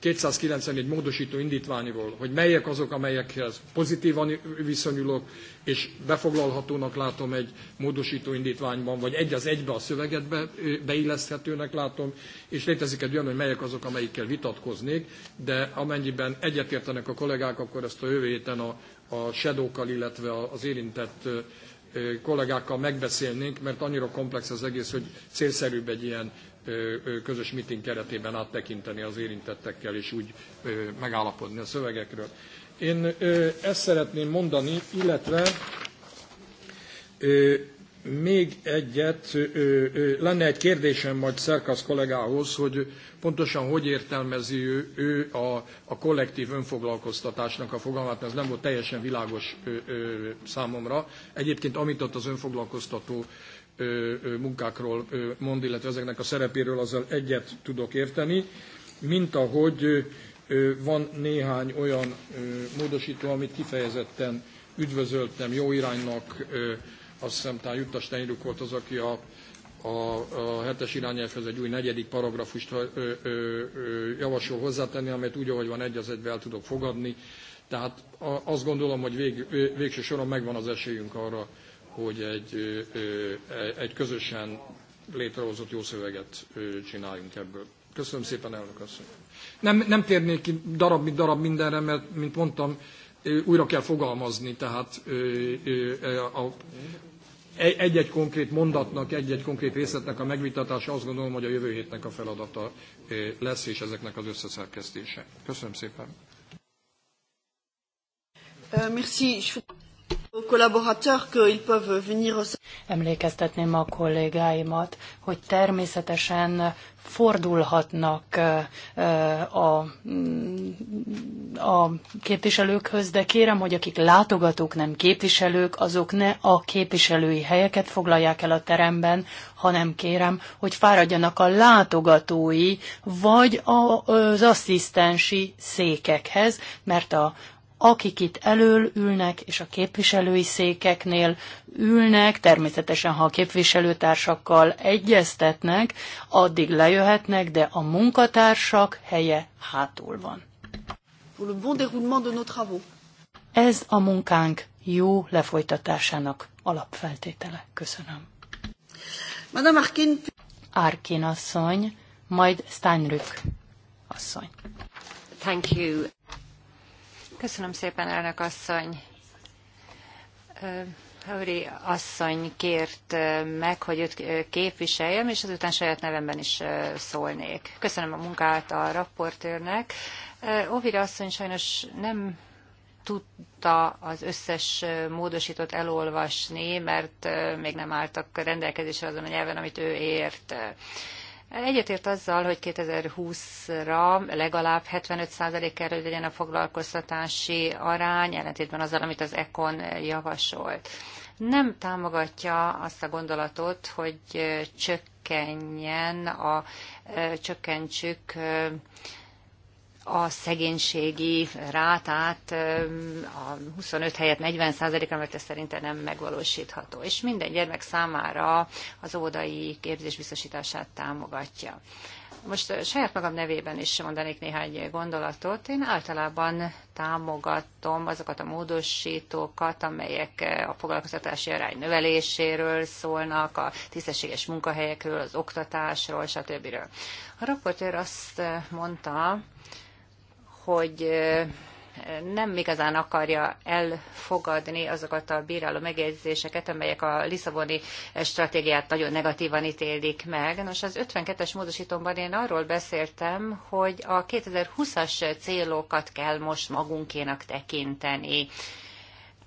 294 módosító indítványról, hogy melyek azok, amelyekhez pozitívan viszonyulok, és befoglalhatónak látom egy módosító indítványban, vagy egy az egybe a szöveget be, beilleszthetőnek látom, és létezik egy olyan, hogy melyek azok, amelyikkel vitatkoznék, de amennyiben egyetértenek a kollégák, akkor ezt a jövő héten a, a shadow illetve az érintett kollégákkal megbeszélnénk, mert annyira komplex az egész, hogy célszerűbb egy ilyen közös meeting keretében áttekinteni az érintettekkel, és úgy megállapodni a szövegekről. Én ezt szeretném mondani, illetve még egyet, lenne egy kérdésem majd Szerkasz kollégához, hogy pontosan hogy értelmezi ő, ő a, a kollektív önfoglalkoztatásnak a fogalmát, mert ez nem volt teljesen világos számomra. Egyébként amit ott az önfoglalkoztató munkákról mond, illetve ezeknek a szerepéről, azzal egyet tudok érteni, mint ahogy van néhány olyan módosító, amit kifejezetten üdvözöltem jó iránynak, azt hiszem talán Juttas Tenyruk volt az, aki a, a, a hetes irányelvhez egy új negyedik paragrafust ö, ö, ö, javasol hozzátenni, amelyet úgy, ahogy van egy az egybe el tudok fogadni. Tehát azt gondolom, hogy vég, végső soron megvan az esélyünk arra, hogy egy, e, egy közösen létrehozott jó szöveget csináljunk ebből. Köszönöm szépen, elnök asszony. Nem, nem térnék ki darab, mint darab mindenre, mert, mint mondtam, újra kell fogalmazni, tehát e, e, egy-egy konkrét mondatnak, egy-egy konkrét részletnek a megvitatása azt gondolom, hogy a jövő hétnek a feladata lesz, és ezeknek az összeszerkesztése. Köszönöm szépen. Merci. Emlékeztetném a kollégáimat, hogy természetesen fordulhatnak a, mm, a képviselőkhöz, de kérem, hogy akik látogatók nem képviselők, azok ne a képviselői helyeket foglalják el a teremben, hanem kérem, hogy fáradjanak a látogatói vagy az asszisztensi székekhez, mert a akik itt elől ülnek, és a képviselői székeknél ülnek, természetesen, ha a képviselőtársakkal egyeztetnek, addig lejöhetnek, de a munkatársak helye hátul van. Ez a munkánk jó lefolytatásának alapfeltétele. Köszönöm. Madame Arkin. Arkin asszony, majd Steinrück asszony. Thank you. Köszönöm szépen, elnök asszony. Hauri asszony kért meg, hogy őt képviseljem, és azután saját nevemben is szólnék. Köszönöm a munkát a rapportőrnek. Ovira asszony sajnos nem tudta az összes módosítót elolvasni, mert még nem álltak rendelkezésre azon a nyelven, amit ő ért. Egyetért azzal, hogy 2020-ra legalább 75% kell, hogy legyen a foglalkoztatási arány, ellentétben azzal, amit az ECON javasolt. Nem támogatja azt a gondolatot, hogy csökkenjen a, csökkentsük a szegénységi rátát a 25 helyett 40 ra mert ez szerintem nem megvalósítható. És minden gyermek számára az ódai képzés biztosítását támogatja. Most saját magam nevében is mondanék néhány gondolatot. Én általában támogatom azokat a módosítókat, amelyek a foglalkoztatási arány növeléséről szólnak, a tisztességes munkahelyekről, az oktatásról, stb. A raportőr azt mondta, hogy nem igazán akarja elfogadni azokat a bíráló megjegyzéseket, amelyek a Lisszaboni stratégiát nagyon negatívan ítélik meg. Nos, az 52-es módosítomban én arról beszéltem, hogy a 2020-as célokat kell most magunkénak tekinteni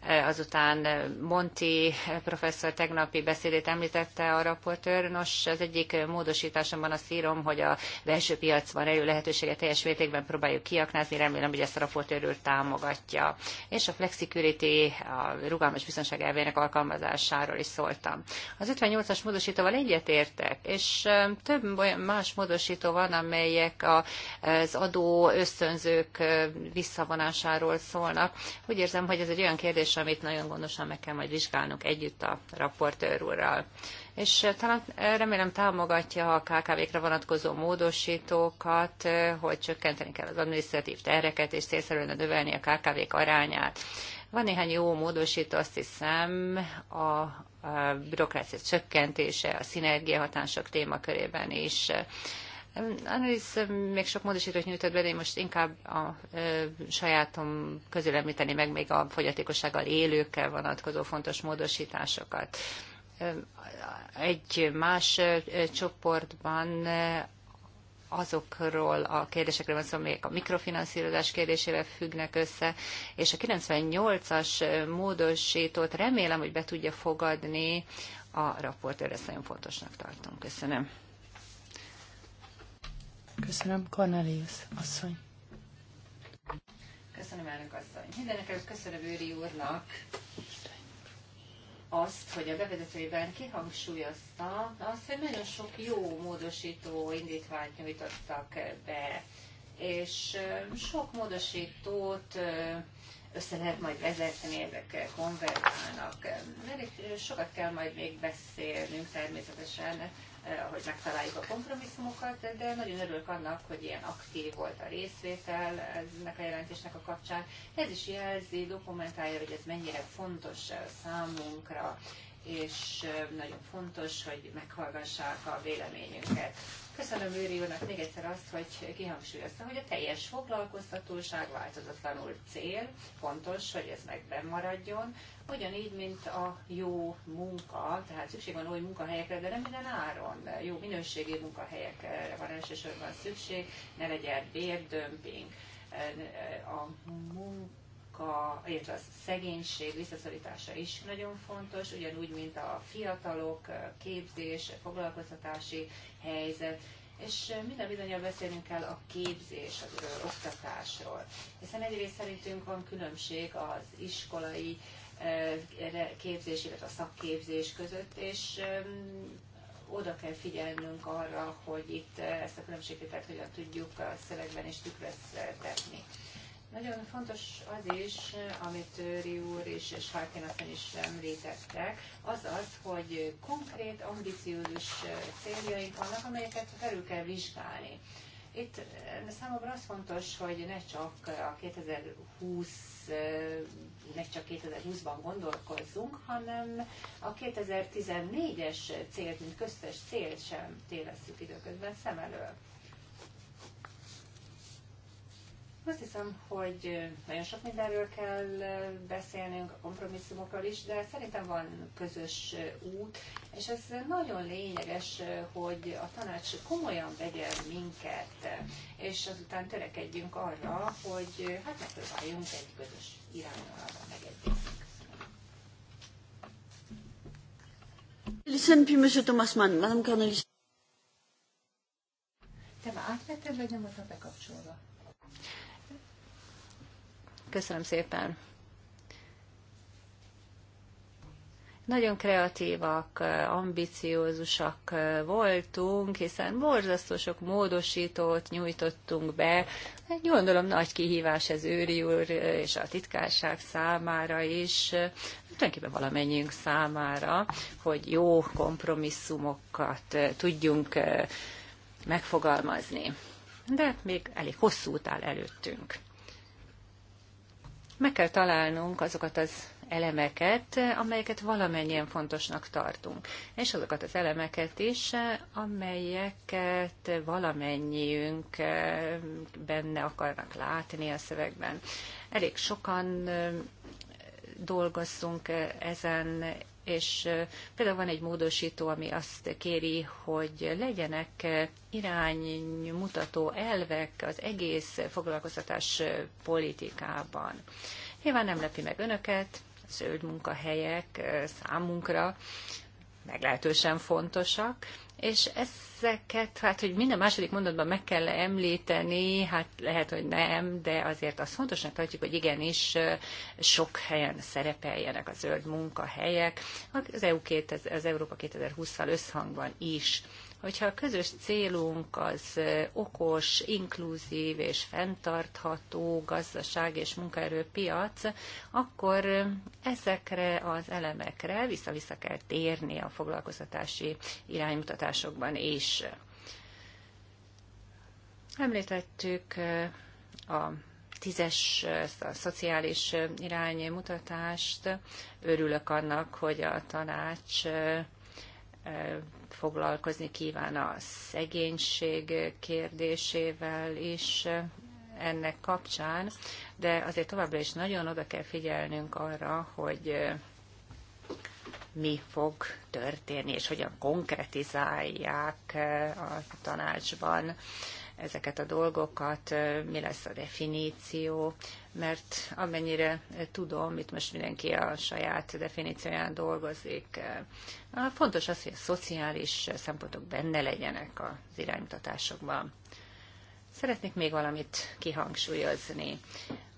azután eh, Monti eh, professzor tegnapi beszédét említette a raportőr. Nos, az egyik módosításomban azt írom, hogy a belső piacban elő lehetőséget teljes mértékben próbáljuk kiaknázni, remélem, hogy ezt a raportőr támogatja. És a flexicurity, a rugalmas biztonság elvének alkalmazásáról is szóltam. Az 58-as módosítóval egyetértek, és eh, több más módosító van, amelyek az adó összönzők visszavonásáról szólnak. Úgy érzem, hogy ez egy olyan kérdés, kérdés, amit nagyon gondosan meg kell majd vizsgálnunk együtt a raportőr úrral. És eh, talán eh, remélem támogatja a KKV-kra vonatkozó módosítókat, eh, hogy csökkenteni kell az adminisztratív terreket, és célszerűen növelni a KKV-k arányát. Van néhány jó módosító, azt hiszem, a, a bürokrácia csökkentése, a szinergiahatások témakörében is. Annelies még sok módosítót nyújtott be, de én most inkább a ö, sajátom közül említeni meg még a fogyatékossággal élőkkel vonatkozó fontos módosításokat. Egy más csoportban azokról a kérdésekről van szó, amelyek a mikrofinanszírozás kérdésével függnek össze, és a 98-as módosítót remélem, hogy be tudja fogadni a raportőr, ezt nagyon fontosnak tartom. Köszönöm. Köszönöm, Cornelius asszony. Köszönöm, elnök asszony. előtt köszönöm Őri úrnak azt, hogy a bevezetőjében kihangsúlyozta azt, hogy nagyon sok jó módosító indítványt nyújtottak be, és sok módosítót össze lehet majd vezetni, ezek konvertálnak. Elég sokat kell majd még beszélnünk természetesen Eh, hogy megtaláljuk a kompromisszumokat, de nagyon örülök annak, hogy ilyen aktív volt a részvétel ennek a jelentésnek a kapcsán. Ez is jelzi, dokumentálja, hogy ez mennyire fontos eh, számunkra, és eh, nagyon fontos, hogy meghallgassák a véleményünket. Köszönöm Őri úrnak még egyszer azt, hogy kihangsúlyoztam, hogy a teljes foglalkoztatóság változatlanul cél, fontos, hogy ez megben maradjon, ugyanígy, mint a jó munka, tehát szükség van új munkahelyekre, de nem minden áron. Jó minőségi munkahelyekre van elsősorban szükség, ne legyen bérdömping, a munka a, illetve a szegénység visszaszorítása is nagyon fontos, ugyanúgy, mint a fiatalok képzés, foglalkoztatási helyzet, és minden bizonyal beszélnünk kell a képzés, az oktatásról. Hiszen egyrészt szerintünk van különbség az iskolai képzés, illetve a szakképzés között, és oda kell figyelnünk arra, hogy itt ezt a különbségtételt hogyan tudjuk a szövegben is tükröztetni. Nagyon fontos az is, amit Őri úr és, és is említettek, az az, hogy konkrét, ambiciózus céljaink vannak, amelyeket felül kell vizsgálni. Itt számomra az fontos, hogy ne csak a 2020 ne csak 2020-ban gondolkozzunk, hanem a 2014-es célt, mint köztes célt sem tévesszük időközben szem elől. Azt hiszem, hogy nagyon sok mindenről kell beszélnünk, a kompromisszumokról is, de szerintem van közös út, és ez nagyon lényeges, hogy a tanács komolyan vegye minket, és azután törekedjünk arra, hogy hát megpróbáljunk egy közös irányvonalban megegyezni. Listen, puis Monsieur Thomas Mann, Madame Cornelis. Te már átvetted, vagy nem volt bekapcsolva? Köszönöm szépen. Nagyon kreatívak, ambiciózusak voltunk, hiszen borzasztó sok módosítót nyújtottunk be. Gondolom nagy kihívás ez Őri úr és a titkárság számára is, tulajdonképpen valamennyiünk számára, hogy jó kompromisszumokat tudjunk eh, megfogalmazni. De még elég hosszú utál előttünk. Meg kell találnunk azokat az elemeket, amelyeket valamennyien fontosnak tartunk, és azokat az elemeket is, amelyeket valamennyiünk eh, benne akarnak látni a szövegben. Elég sokan eh, dolgozzunk eh, ezen, és például van egy módosító, ami azt kéri, hogy legyenek iránymutató elvek az egész foglalkoztatás politikában. Nyilván nem lepi meg önöket, zöld munkahelyek számunkra, meglehetősen fontosak, és ezeket, hát hogy minden második mondatban meg kell említeni, hát lehet, hogy nem, de azért azt fontosnak tartjuk, hogy igenis sok helyen szerepeljenek a zöld munkahelyek, az, EU 2000, az Európa 2020-szal összhangban is. Hogyha a közös célunk az okos, inkluzív és fenntartható gazdaság és munkaerőpiac, akkor ezekre az elemekre vissza-vissza kell térni a foglalkoztatási iránymutatásokban is. Említettük a tízes a szociális iránymutatást. Örülök annak, hogy a tanács foglalkozni kíván a szegénység kérdésével is ennek kapcsán, de azért továbbra is nagyon oda kell figyelnünk arra, hogy mi fog történni, és hogyan konkretizálják a tanácsban ezeket a dolgokat, mi lesz a definíció, mert amennyire tudom, itt most mindenki a saját definícióján dolgozik. Fontos az, hogy a szociális szempontok benne legyenek az iránymutatásokban. Szeretnék még valamit kihangsúlyozni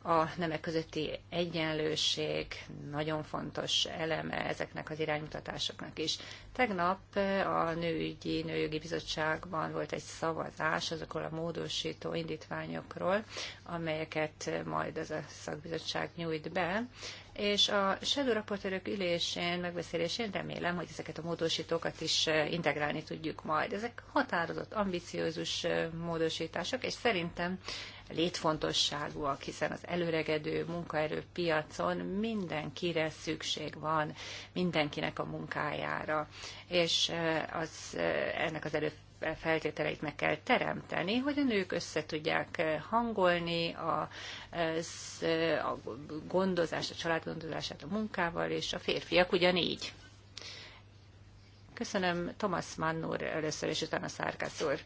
a nemek közötti egyenlőség nagyon fontos eleme ezeknek az iránymutatásoknak is. Tegnap eh, a Nőügyi, Nőjogi Bizottságban volt egy szavazás azokról a módosító indítványokról, amelyeket majd ez a szakbizottság nyújt be, és a shadow raportőrök ülésén, megbeszélésén remélem, hogy ezeket a módosítókat is eh, integrálni tudjuk majd. Ezek határozott, ambiciózus eh, módosítások, és szerintem létfontosságúak, hiszen az előregedő munkaerőpiacon mindenkire szükség van, mindenkinek a munkájára, és eh, az, eh, ennek az elő feltételeit meg kell teremteni, hogy a nők össze tudják eh, hangolni a, a gondozást, a családgondozását a munkával, és a férfiak ugyanígy. Köszönöm Thomas Mann úr először, és utána Szárkász úr.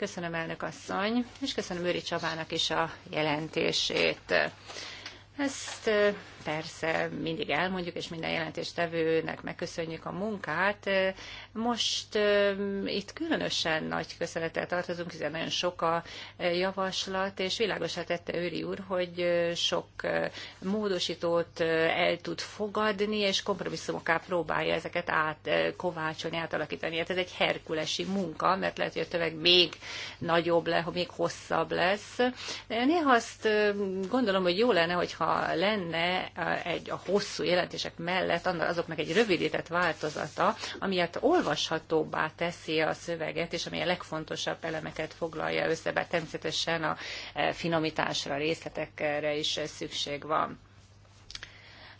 Köszönöm elnök asszony, és köszönöm Őri Csabának is a jelentését. Ezt persze mindig elmondjuk, és minden jelentéstevőnek megköszönjük a munkát. Most itt különösen nagy köszönettel tartozunk, hiszen nagyon sok a javaslat, és világosá tette Őri úr, hogy sok módosítót el tud fogadni, és kompromisszumokká próbálja ezeket átkovácsolni, átalakítani. Hát ez egy herkulesi munka, mert lehet, hogy a töveg még nagyobb, le, még hosszabb lesz. Néha azt gondolom, hogy jó lenne, hogyha lenne egy a hosszú jelentések mellett azoknak egy rövidített változata, amiatt hát olvashatóbbá teszi a szöveget, és ami a legfontosabb elemeket foglalja össze, bár természetesen a e, finomításra, részletekre is szükség van.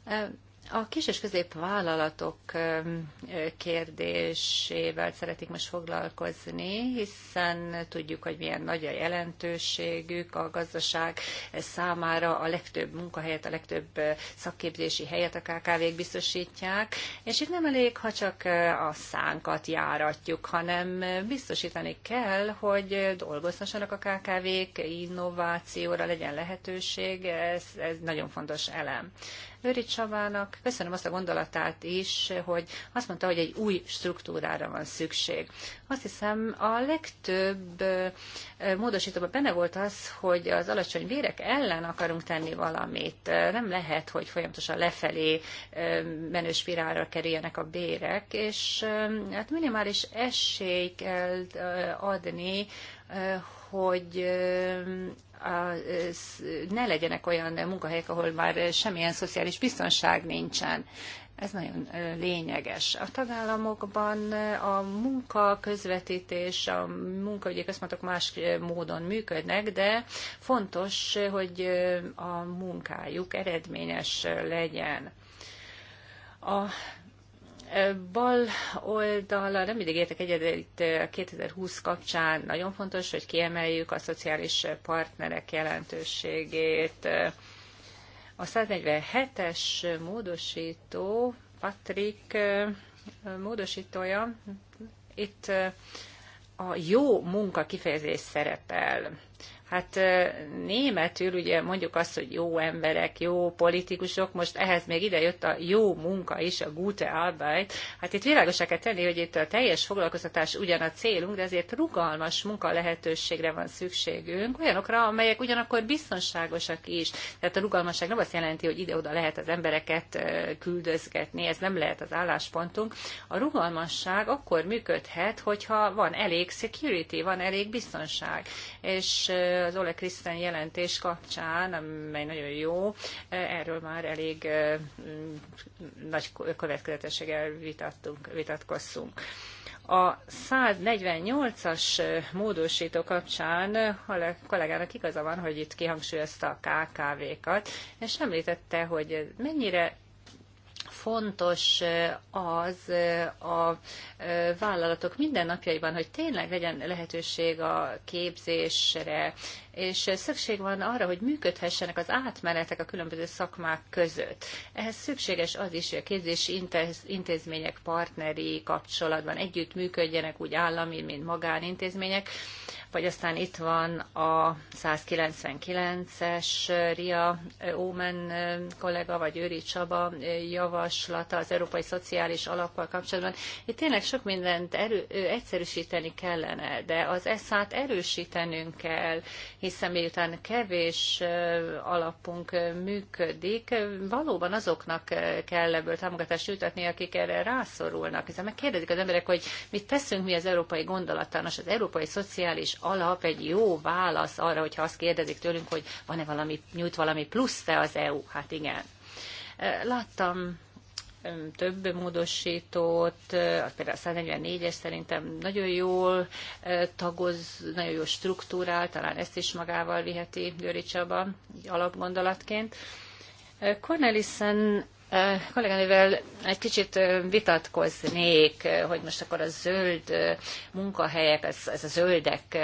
E, a kis és középvállalatok kérdésével szeretik most foglalkozni, hiszen tudjuk, hogy milyen nagy a jelentőségük a gazdaság számára, a legtöbb munkahelyet, a legtöbb szakképzési helyet a KKV-k biztosítják, és itt nem elég, ha csak a szánkat járatjuk, hanem biztosítani kell, hogy dolgozhassanak a KKV-k, innovációra legyen lehetőség, ez, ez nagyon fontos elem. Lőri Csavának. Köszönöm azt a gondolatát is, hogy azt mondta, hogy egy új struktúrára van szükség. Azt hiszem, a legtöbb módosítóban benne volt az, hogy az alacsony bérek ellen akarunk tenni valamit. Nem lehet, hogy folyamatosan lefelé menő spirálra kerüljenek a bérek, és hát minimális esély kell adni, hogy ne legyenek olyan munkahelyek, ahol már semmilyen szociális biztonság nincsen. Ez nagyon lényeges. A tagállamokban a munka közvetítés, a ugye központok más módon működnek, de fontos, hogy a munkájuk eredményes legyen. A bal oldalra nem mindig értek egyet, de itt 2020 kapcsán nagyon fontos, hogy kiemeljük a szociális partnerek jelentőségét. A 147-es módosító, Patrik módosítója, itt a jó munka kifejezés szerepel. Hát németül ugye mondjuk azt, hogy jó emberek, jó politikusok, most ehhez még ide jött a jó munka is, a gute Arbeit. Hát itt világosá kell tenni, hogy itt a teljes foglalkoztatás ugyan a célunk, de ezért rugalmas munka lehetőségre van szükségünk, olyanokra, amelyek ugyanakkor biztonságosak is. Tehát a rugalmasság nem azt jelenti, hogy ide-oda lehet az embereket küldözgetni, ez nem lehet az álláspontunk. A rugalmasság akkor működhet, hogyha van elég security, van elég biztonság. És az Ole Krisztán jelentés kapcsán, amely nagyon jó, erről már elég nagy következetességgel vitattunk, vitatkozzunk. A 148-as módosító kapcsán a kollégának igaza van, hogy itt kihangsúlyozta a KKV-kat, és említette, hogy mennyire fontos eh, az eh, a eh, vállalatok mindennapjaiban, hogy tényleg legyen lehetőség a képzésre, és szükség van arra, hogy működhessenek az átmenetek a különböző szakmák között. Ehhez szükséges az is, hogy a képzési intézmények partneri kapcsolatban együtt működjenek, úgy állami, mint magánintézmények, vagy aztán itt van a 199-es Ria Omen kollega, vagy Őri Csaba javaslata az Európai Szociális Alappal kapcsolatban. Itt tényleg sok mindent erő, egyszerűsíteni kellene, de az eszát erősítenünk kell, hiszen miután kevés alapunk működik, valóban azoknak kell ebből támogatást jutatni, akik erre rászorulnak. Hiszen megkérdezik az emberek, hogy mit teszünk mi az európai gondolattal. Nos, az európai szociális alap egy jó válasz arra, hogyha azt kérdezik tőlünk, hogy van-e valami, nyújt valami plusz-e az EU. Hát igen. Láttam több módosítót, például a 144-es szerintem nagyon jól tagoz, nagyon jó struktúrál, talán ezt is magával viheti Győri Csaba, így alapgondolatként. Cornelissen kolléganővel egy kicsit vitatkoznék, hogy most akkor a zöld munkahelyek, ez, ez a zöldek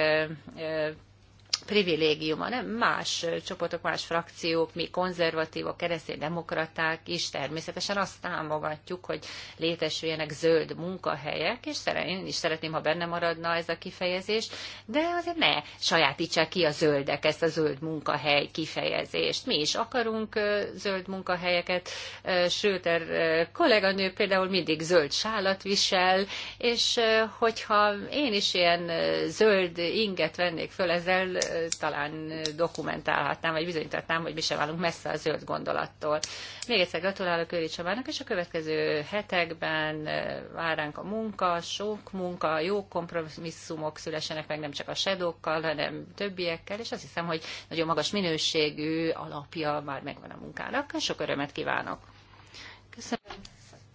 privilégiuma, nem más csoportok, más frakciók, mi konzervatívok, keresztény demokraták is természetesen azt támogatjuk, hogy létesüljenek zöld munkahelyek, és én is szeretném, ha benne maradna ez a kifejezés, de azért ne sajátítsák ki a zöldek ezt a zöld munkahely kifejezést. Mi is akarunk zöld munkahelyeket, sőt, kolléganő például mindig zöld sálat visel, és hogyha én is ilyen zöld inget vennék föl ezzel, talán dokumentálhatnám, vagy bizonyíthatnám, hogy mi sem állunk messze a zöld gondolattól. Még egyszer gratulálok Őri Csabának, és a következő hetekben eh, vár ránk a munka, sok munka, jó kompromisszumok szülesenek meg nem csak a sedokkal, hanem többiekkel, és azt hiszem, hogy nagyon magas minőségű alapja már megvan a munkának. Sok örömet kívánok! Köszönöm.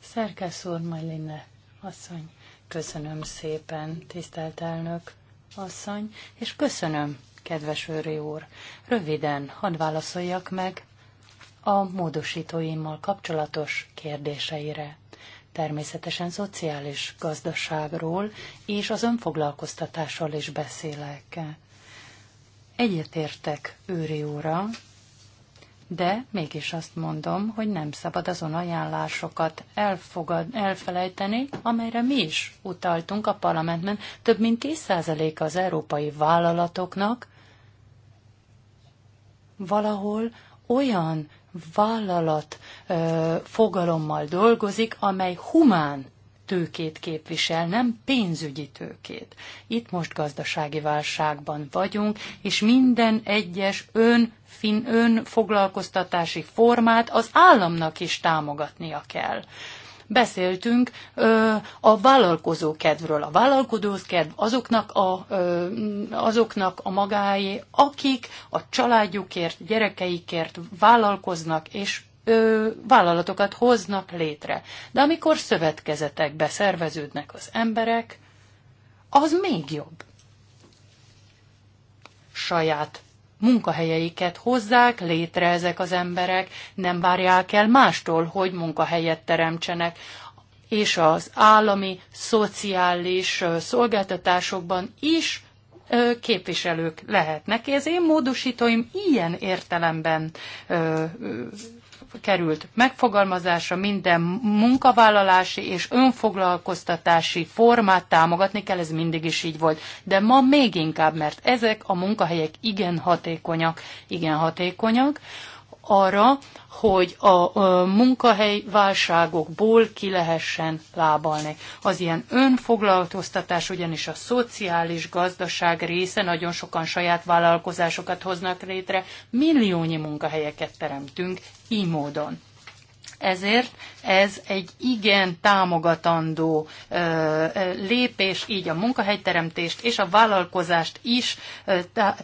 Szerkesz úr, Majlinne, asszony, köszönöm szépen, tisztelt elnök, asszony, és köszönöm kedves őri úr. Röviden, hadd válaszoljak meg a módosítóimmal kapcsolatos kérdéseire. Természetesen szociális gazdaságról és az önfoglalkoztatásról is beszélek. Egyetértek őri úra, de mégis azt mondom, hogy nem szabad azon ajánlásokat elfogad, elfelejteni, amelyre mi is utaltunk a parlamentben. Több mint 10% az európai vállalatoknak valahol olyan vállalat ö, fogalommal dolgozik, amely humán tőkét képvisel, nem pénzügyi tőkét. Itt most gazdasági válságban vagyunk, és minden egyes ön, fin, foglalkoztatási formát az államnak is támogatnia kell beszéltünk a vállalkozó kedvről. A vállalkozó kedv azoknak a, azoknak a magáé, akik a családjukért, gyerekeikért vállalkoznak és ö, vállalatokat hoznak létre. De amikor szövetkezetekbe szerveződnek az emberek, az még jobb. Saját munkahelyeiket hozzák létre ezek az emberek, nem várják el mástól, hogy munkahelyet teremtsenek és az állami, szociális szolgáltatásokban is képviselők lehetnek. Ez én módosítóim ilyen értelemben került megfogalmazásra minden munkavállalási és önfoglalkoztatási formát támogatni kell, ez mindig is így volt. De ma még inkább, mert ezek a munkahelyek igen hatékonyak, igen hatékonyak arra, hogy a munkahely válságokból ki lehessen lábalni. Az ilyen önfoglalkoztatás ugyanis a szociális gazdaság része, nagyon sokan saját vállalkozásokat hoznak létre, milliónyi munkahelyeket teremtünk így módon ezért ez egy igen támogatandó lépés, így a munkahelyteremtést és a vállalkozást is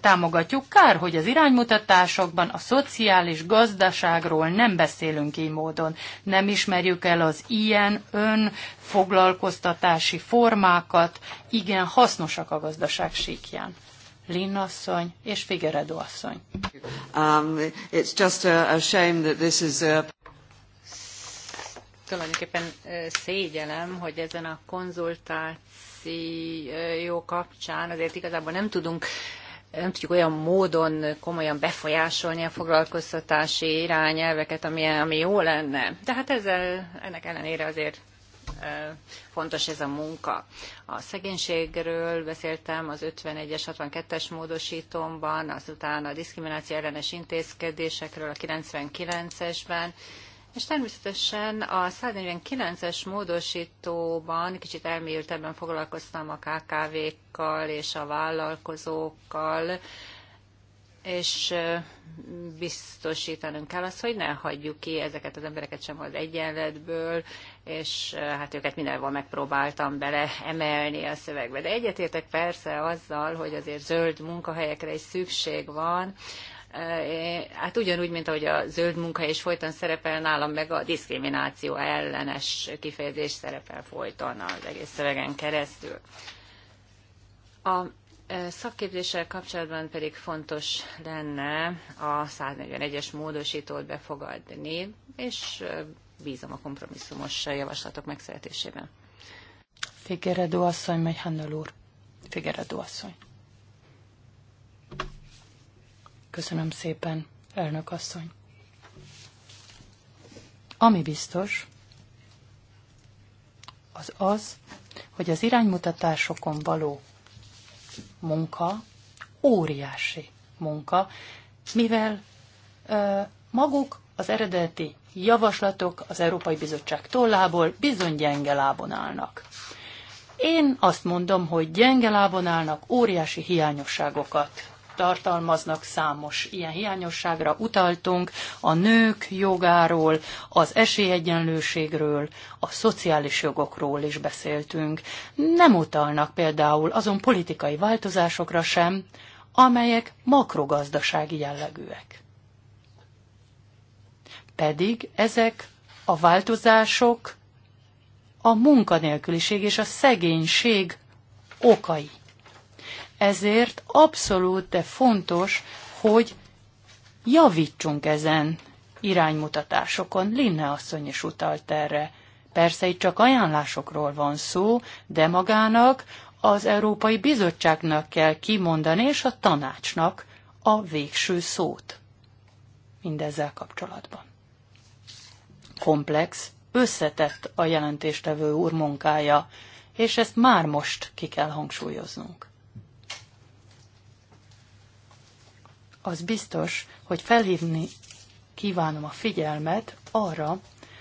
támogatjuk. Kár, hogy az iránymutatásokban a szociális gazdaságról nem beszélünk így módon. Nem ismerjük el az ilyen önfoglalkoztatási formákat, igen hasznosak a gazdaság síkján. Linnasszony és Figueredo asszony. Um, it's just a, a shame that this is a tulajdonképpen szégyelem, hogy ezen a konzultáció kapcsán azért igazából nem tudunk nem tudjuk olyan módon komolyan befolyásolni a foglalkoztatási irányelveket, ami, ami jó lenne. De hát ezzel, ennek ellenére azért fontos ez a munka. A szegénységről beszéltem az 51-es, 62-es módosítomban, azután a diszkrimináció ellenes intézkedésekről a 99-esben, és természetesen a 149-es módosítóban kicsit elmélyültebben foglalkoztam a KKV-kkal és a vállalkozókkal, és biztosítanunk kell azt, hogy ne hagyjuk ki ezeket az embereket sem az egyenletből, és hát őket mindenhol megpróbáltam bele emelni a szövegbe. De egyetértek persze azzal, hogy azért zöld munkahelyekre is szükség van, Eh, hát ugyanúgy, mint ahogy a zöld munka is folyton szerepel nálam, meg a diszkrimináció ellenes kifejezés szerepel folyton az egész szövegen keresztül. A eh, szakképzéssel kapcsolatban pedig fontos lenne a 141-es módosítót befogadni, és eh, bízom a kompromisszumos javaslatok megszületésében. Figueredo asszony, megy Hannel úr. Figueredo asszony. Köszönöm szépen, elnök asszony. Ami biztos, az az, hogy az iránymutatásokon való munka óriási munka, mivel ö, maguk az eredeti javaslatok az Európai Bizottság tollából bizony gyenge lábon állnak. Én azt mondom, hogy gyenge lábon állnak, óriási hiányosságokat tartalmaznak, számos ilyen hiányosságra utaltunk, a nők jogáról, az esélyegyenlőségről, a szociális jogokról is beszéltünk. Nem utalnak például azon politikai változásokra sem, amelyek makrogazdasági jellegűek. Pedig ezek a változások a munkanélküliség és a szegénység okai ezért abszolút, de fontos, hogy javítsunk ezen iránymutatásokon. Linne asszony is utalt erre. Persze itt csak ajánlásokról van szó, de magának, az Európai Bizottságnak kell kimondani, és a tanácsnak a végső szót mindezzel kapcsolatban. Komplex, összetett a jelentéstevő úr munkája, és ezt már most ki kell hangsúlyoznunk. az biztos, hogy felhívni kívánom a figyelmet arra,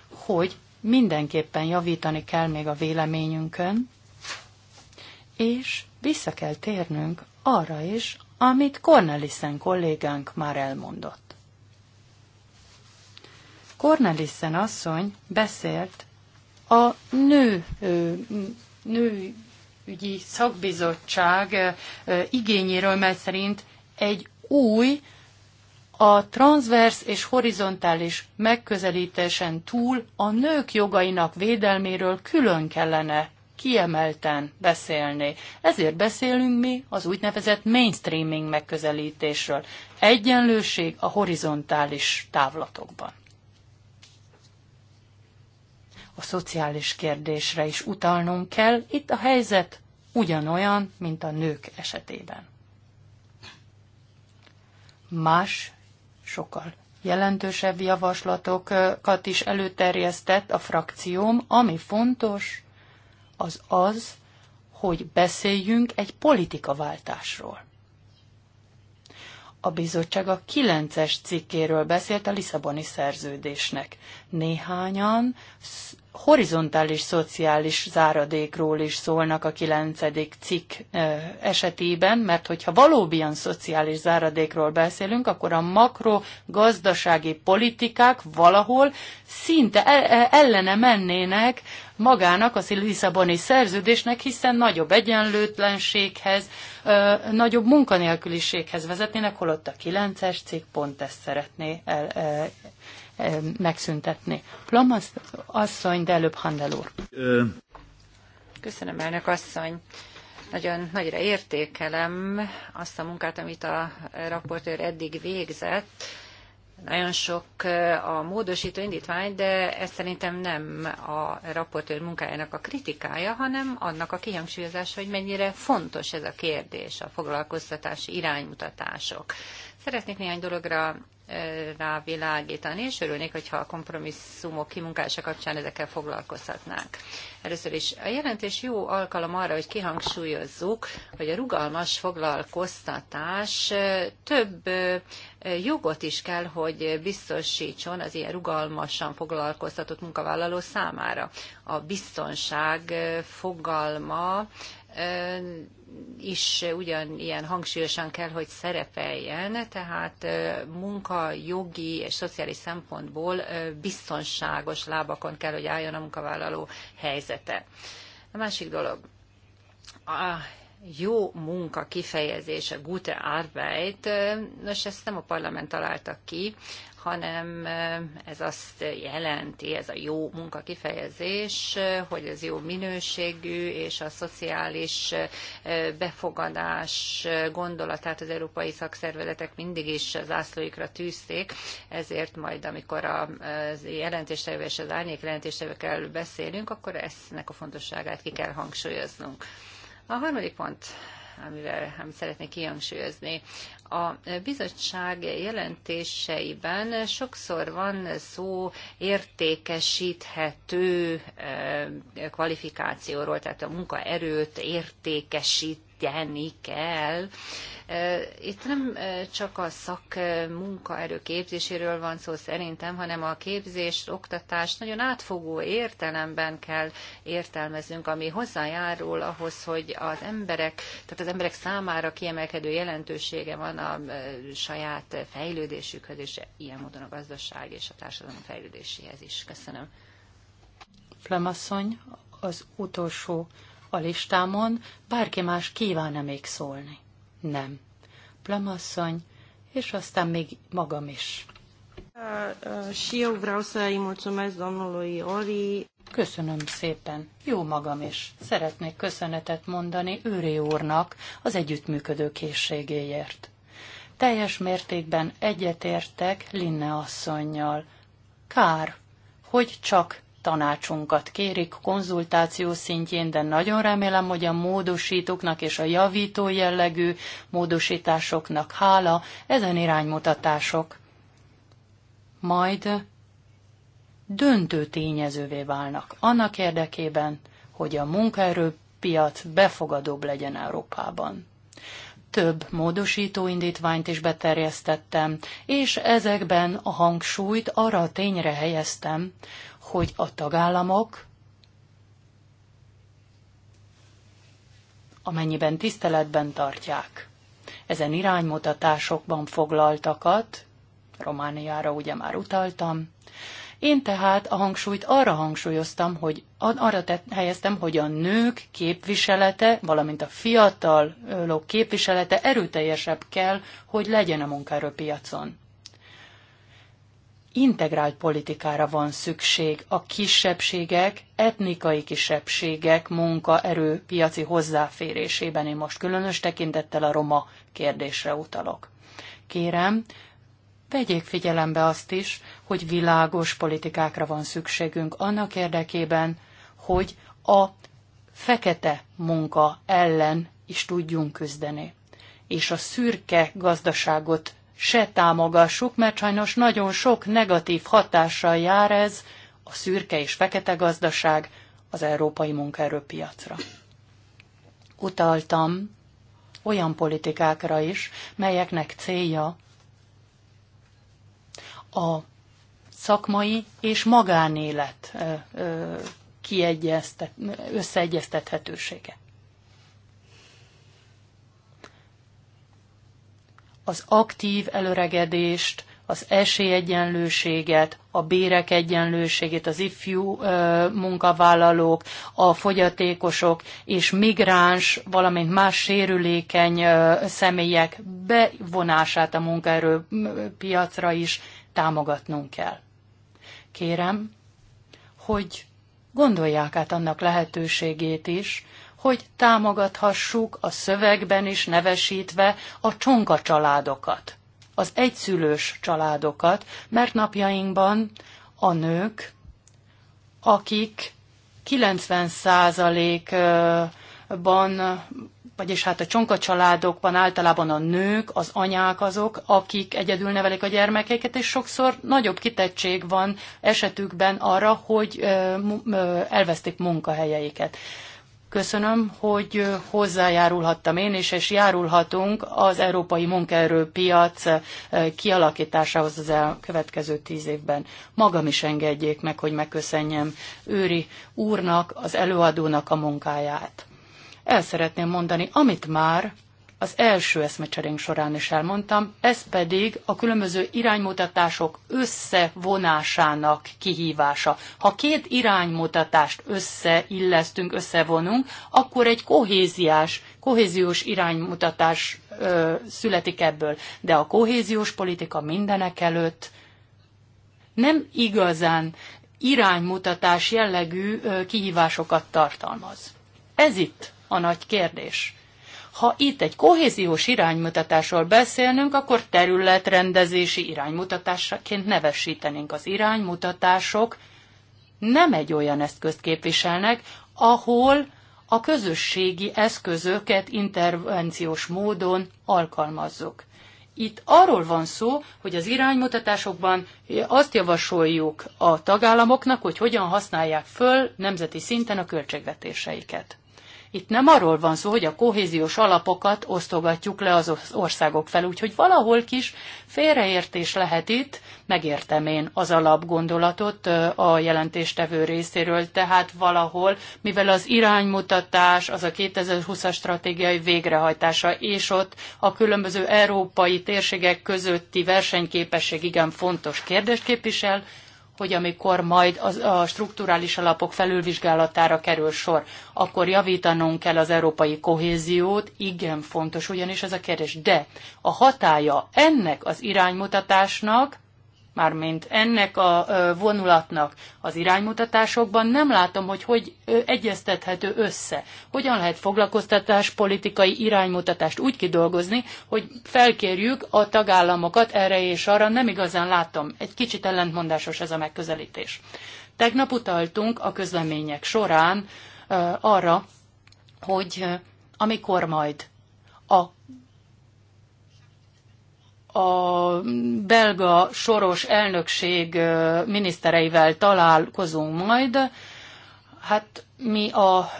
hogy mindenképpen javítani kell még a véleményünkön, és vissza kell térnünk arra is, amit Cornelissen kollégánk már elmondott. Cornelissen asszony beszélt a nő, nőügyi szakbizottság igényéről, mert szerint egy új, a transzvers és horizontális megközelítésen túl a nők jogainak védelméről külön kellene kiemelten beszélni. Ezért beszélünk mi az úgynevezett mainstreaming megközelítésről. Egyenlőség a horizontális távlatokban. A szociális kérdésre is utalnunk kell, itt a helyzet ugyanolyan, mint a nők esetében más, sokkal jelentősebb javaslatokat is előterjesztett a frakcióm. Ami fontos, az az, hogy beszéljünk egy politikaváltásról. A bizottság a kilences cikkéről beszélt a Lisszaboni szerződésnek néhányan horizontális szociális záradékról is szólnak a kilencedik cikk esetében, mert hogyha valóban szociális záradékról beszélünk, akkor a makrogazdasági politikák valahol szinte e, e, ellene mennének magának a Lisszaboni szerződésnek, hiszen nagyobb egyenlőtlenséghez, nagyobb munkanélküliséghez vezetnének, holott a kilences es cikk pont ezt szeretné el, e, megszüntetni. Plamasz asszony, de előbb Handel úr. Köszönöm, elnök asszony. Nagyon nagyra értékelem azt a munkát, amit a raportőr eddig végzett. Nagyon sok a módosító indítvány, de ez szerintem nem a raportőr munkájának a kritikája, hanem annak a kihangsúlyozása, hogy mennyire fontos ez a kérdés, a foglalkoztatási iránymutatások. Szeretnék néhány dologra rávilágítani, és örülnék, hogyha a kompromisszumok kimunkása kapcsán ezekkel foglalkozhatnánk. Először is a jelentés jó alkalom arra, hogy kihangsúlyozzuk, hogy a rugalmas foglalkoztatás több jogot is kell, hogy biztosítson az ilyen rugalmasan foglalkoztatott munkavállaló számára. A biztonság fogalma is ugyanilyen hangsúlyosan kell, hogy szerepeljen, tehát munka, jogi és szociális szempontból biztonságos lábakon kell, hogy álljon a munkavállaló helyzete. A másik dolog, a jó munka kifejezése, gute Arbeit, nos ezt nem a parlament találta ki, hanem eh, ez azt jelenti, ez a jó munka kifejezés, eh, hogy ez jó minőségű, és a szociális eh, befogadás gondolatát az európai szakszervezetek mindig is az ászlóikra tűzték, ezért majd, amikor a jelentéstevő és az árnyék jelentéstevőkkel beszélünk, akkor ezt a fontosságát ki kell hangsúlyoznunk. A harmadik pont, amivel, amit szeretnék kihangsúlyozni. A bizottság jelentéseiben sokszor van szó értékesíthető eh, kvalifikációról, tehát a munkaerőt értékesít segíteni kell. Itt nem csak a szakmunkaerő képzéséről van szó szerintem, hanem a képzés oktatás. nagyon átfogó értelemben kell értelmezünk, ami hozzájárul ahhoz, hogy az emberek, tehát az emberek számára kiemelkedő jelentősége van a saját fejlődésükhöz, és ilyen módon a gazdaság és a társadalom fejlődéséhez is. Köszönöm. Flemasszony, az utolsó a listámon. Bárki más kíván-e még szólni? Nem. Plamasszony, és aztán még magam is. Köszönöm szépen. Jó magam is. Szeretnék köszönetet mondani Őri úrnak az együttműködő készségéért. Teljes mértékben egyetértek Linne asszonynal. Kár, hogy csak tanácsunkat kérik konzultáció szintjén, de nagyon remélem, hogy a módosítóknak és a javító jellegű módosításoknak hála ezen iránymutatások majd döntő tényezővé válnak annak érdekében, hogy a munkaerőpiac befogadóbb legyen Európában több módosító indítványt is beterjesztettem, és ezekben a hangsúlyt arra a tényre helyeztem, hogy a tagállamok, amennyiben tiszteletben tartják ezen iránymutatásokban foglaltakat, Romániára ugye már utaltam, én tehát a hangsúlyt arra hangsúlyoztam, hogy arra tett, helyeztem, hogy a nők képviselete, valamint a fiatalok képviselete erőteljesebb kell, hogy legyen a munkaerőpiacon integrált politikára van szükség a kisebbségek, etnikai kisebbségek munkaerő piaci hozzáférésében. Én most különös tekintettel a roma kérdésre utalok. Kérem, vegyék figyelembe azt is, hogy világos politikákra van szükségünk annak érdekében, hogy a fekete munka ellen is tudjunk küzdeni. És a szürke gazdaságot se támogassuk, mert sajnos nagyon sok negatív hatással jár ez a szürke és fekete gazdaság az európai munkaerőpiacra. Utaltam olyan politikákra is, melyeknek célja a szakmai és magánélet kiegyeztet, összeegyeztethetősége. Az aktív előregedést, az esélyegyenlőséget, a bérek egyenlőségét, az ifjú munkavállalók, a fogyatékosok és migráns, valamint más sérülékeny személyek bevonását a munkaerőpiacra is támogatnunk kell. Kérem, hogy gondolják át annak lehetőségét is, hogy támogathassuk a szövegben is nevesítve a csonka családokat, az egyszülős családokat, mert napjainkban a nők, akik 90 családokban, vagyis hát a csonka családokban általában a nők, az anyák azok, akik egyedül nevelik a gyermekeiket, és sokszor nagyobb kitettség van esetükben arra, hogy elvesztik munkahelyeiket. Köszönöm, hogy hozzájárulhattam én is, és járulhatunk az európai munkaerőpiac kialakításához az elkövetkező tíz évben. Magam is engedjék meg, hogy megköszönjem Őri úrnak, az előadónak a munkáját el szeretném mondani, amit már az első eszmecserénk során is elmondtam, ez pedig a különböző iránymutatások összevonásának kihívása. Ha két iránymutatást összeillesztünk, összevonunk, akkor egy kohéziás, kohéziós iránymutatás ö, születik ebből. De a kohéziós politika mindenek előtt nem igazán iránymutatás jellegű ö, kihívásokat tartalmaz. Ez itt a nagy kérdés. Ha itt egy kohéziós iránymutatásról beszélnünk, akkor területrendezési iránymutatásként nevesítenénk. Az iránymutatások nem egy olyan eszközt képviselnek, ahol a közösségi eszközöket intervenciós módon alkalmazzuk. Itt arról van szó, hogy az iránymutatásokban azt javasoljuk a tagállamoknak, hogy hogyan használják föl nemzeti szinten a költségvetéseiket. Itt nem arról van szó, hogy a kohéziós alapokat osztogatjuk le az országok fel, úgyhogy valahol kis félreértés lehet itt, megértem én az alapgondolatot a jelentéstevő részéről, tehát valahol, mivel az iránymutatás, az a 2020-as stratégiai végrehajtása, és ott a különböző európai térségek közötti versenyképesség igen fontos kérdést képvisel, hogy amikor majd a, a strukturális alapok felülvizsgálatára kerül sor, akkor javítanunk kell az európai kohéziót, igen fontos ugyanis ez a kérdés. De a hatája ennek az iránymutatásnak mármint ennek a vonulatnak az iránymutatásokban nem látom, hogy hogy egyeztethető össze. Hogyan lehet foglalkoztatás politikai iránymutatást úgy kidolgozni, hogy felkérjük a tagállamokat erre és arra, nem igazán látom. Egy kicsit ellentmondásos ez a megközelítés. Tegnap utaltunk a közlemények során arra, hogy amikor majd a a belga soros elnökség minisztereivel találkozunk majd. Hát mi a,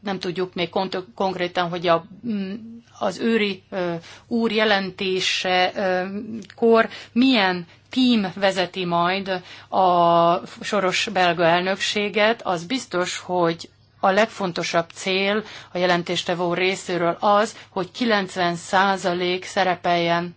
nem tudjuk még konkrétan, hogy a, az őri úr jelentése kor milyen tím vezeti majd a soros belga elnökséget, az biztos, hogy a legfontosabb cél a jelentéstevő részéről az, hogy 90% szerepeljen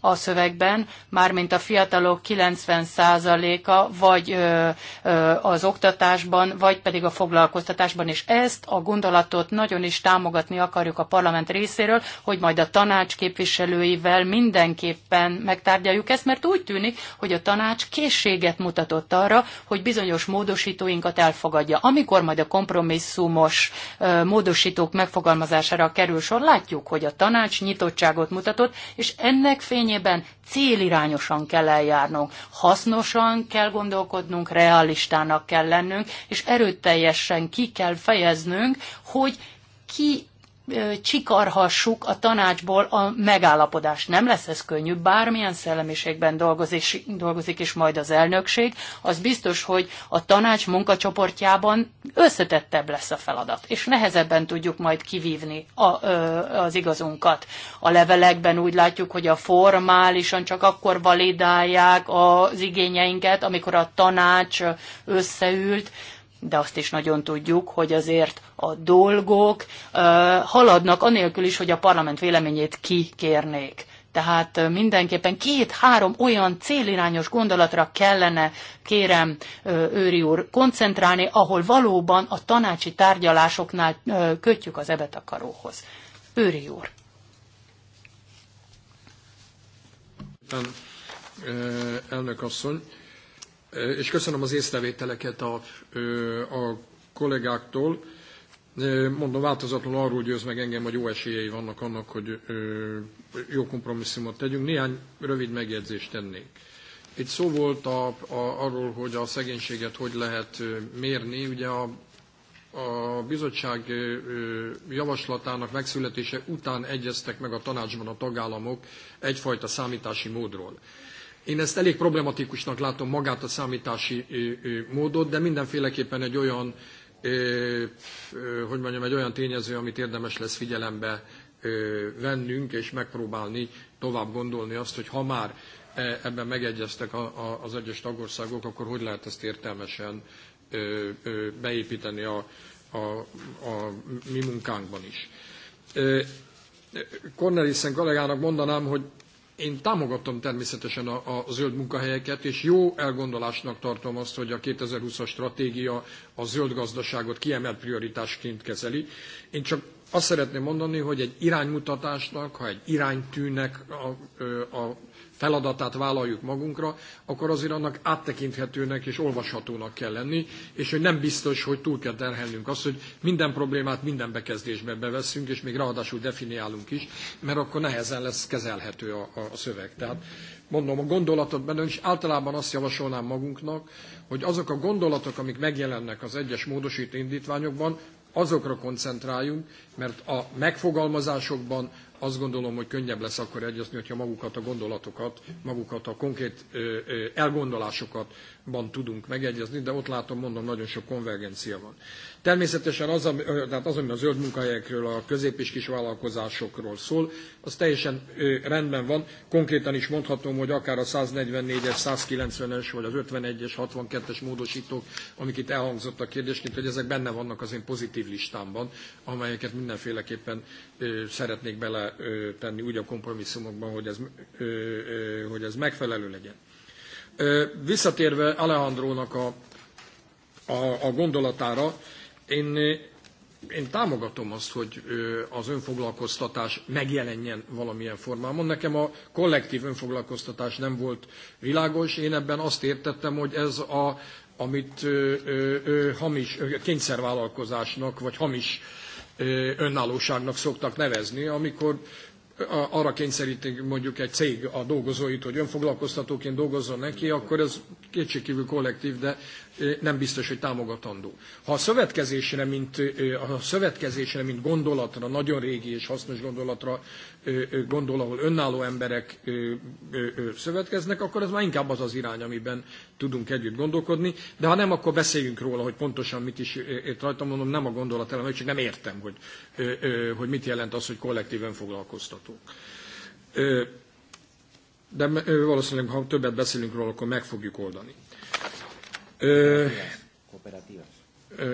a szövegben, mármint a fiatalok 90%-a vagy ö, ö, az oktatásban, vagy pedig a foglalkoztatásban, és ezt a gondolatot nagyon is támogatni akarjuk a parlament részéről, hogy majd a tanács képviselőivel mindenképpen megtárgyaljuk ezt, mert úgy tűnik, hogy a tanács készséget mutatott arra, hogy bizonyos módosítóinkat elfogadja. Amikor majd a kompromisszumos ö, módosítók megfogalmazására kerül sor, látjuk, hogy a tanács nyitottságot mutatott, és ennek fény fényében célirányosan kell eljárnunk, hasznosan kell gondolkodnunk, realistának kell lennünk, és erőteljesen ki kell fejeznünk, hogy ki csikarhassuk a tanácsból a megállapodást. Nem lesz ez könnyű, bármilyen szellemiségben dolgozik, dolgozik is majd az elnökség, az biztos, hogy a tanács munkacsoportjában összetettebb lesz a feladat, és nehezebben tudjuk majd kivívni a, ö, az igazunkat. A levelekben úgy látjuk, hogy a formálisan csak akkor validálják az igényeinket, amikor a tanács összeült, de azt is nagyon tudjuk, hogy azért a dolgok uh, haladnak anélkül is, hogy a parlament véleményét kikérnék. Tehát mindenképpen két-három olyan célirányos gondolatra kellene, kérem Őri úr, koncentrálni, ahol valóban a tanácsi tárgyalásoknál kötjük az ebetakaróhoz. Őri úr. Elnök asszony, és köszönöm az észrevételeket a, a kollégáktól. Mondom, változatlanul arról győz meg engem, hogy jó esélyei vannak annak, hogy jó kompromisszumot tegyünk. Néhány rövid megjegyzést tennék. Itt szó volt a, a, arról, hogy a szegénységet hogy lehet mérni. Ugye a, a bizottság javaslatának megszületése után egyeztek meg a tanácsban a tagállamok egyfajta számítási módról. Én ezt elég problematikusnak látom magát a számítási módot, de mindenféleképpen egy olyan, hogy mondjam, egy olyan tényező, amit érdemes lesz figyelembe vennünk, és megpróbálni tovább gondolni azt, hogy ha már e, ebben megegyeztek az egyes tagországok, akkor hogy lehet ezt értelmesen beépíteni a, a, a mi munkánkban is. Cornelissen kollégának mondanám, hogy én támogatom természetesen a, a zöld munkahelyeket, és jó elgondolásnak tartom azt, hogy a 2020-as stratégia a zöld gazdaságot kiemelt prioritásként kezeli. Én csak azt szeretném mondani, hogy egy iránymutatásnak, ha egy iránytűnek a, a feladatát vállaljuk magunkra, akkor azért annak áttekinthetőnek és olvashatónak kell lenni, és hogy nem biztos, hogy túl kell terhelnünk azt, hogy minden problémát minden bekezdésbe beveszünk, és még ráadásul definiálunk is, mert akkor nehezen lesz kezelhető a, a szöveg. Tehát mondom, a gondolatot benne, és általában azt javasolnám magunknak, hogy azok a gondolatok, amik megjelennek az egyes módosító indítványokban, azokra koncentráljunk, mert a megfogalmazásokban, azt gondolom, hogy könnyebb lesz akkor egyezni, hogyha magukat a gondolatokat, magukat a konkrét elgondolásokatban tudunk megegyezni, de ott látom, mondom, nagyon sok konvergencia van. Természetesen az, ami, tehát az, ami a zöld munkahelyekről, a közép- és vállalkozásokról szól, az teljesen rendben van. Konkrétan is mondhatom, hogy akár a 144-es, 190-es, vagy az 51-es, 62-es módosítók, amik itt elhangzottak kérdésként, hogy ezek benne vannak az én pozitív listámban, amelyeket mindenféleképpen szeretnék bele beletenni úgy a kompromisszumokban, hogy ez, hogy ez megfelelő legyen. Visszatérve Alejandrónak a, a, a gondolatára, én, én támogatom azt, hogy az önfoglalkoztatás megjelenjen valamilyen formában. Nekem a kollektív önfoglalkoztatás nem volt világos, én ebben azt értettem, hogy ez a, amit ö, ö, hamis ö, kényszervállalkozásnak, vagy hamis önállóságnak szoktak nevezni, amikor arra kényszerítik mondjuk egy cég a dolgozóit, hogy önfoglalkoztatóként dolgozzon neki, akkor ez kétségkívül kollektív, de nem biztos, hogy támogatandó. Ha a szövetkezésre, mint, a szövetkezésre, mint gondolatra, nagyon régi és hasznos gondolatra gondol, ahol önálló emberek szövetkeznek, akkor ez már inkább az az irány, amiben tudunk együtt gondolkodni, de ha nem, akkor beszéljünk róla, hogy pontosan mit is ért rajta, mondom, nem a gondolat elem, csak nem értem, hogy, hogy mit jelent az, hogy kollektíven foglalkoztatók. De valószínűleg, ha többet beszélünk róla, akkor meg fogjuk oldani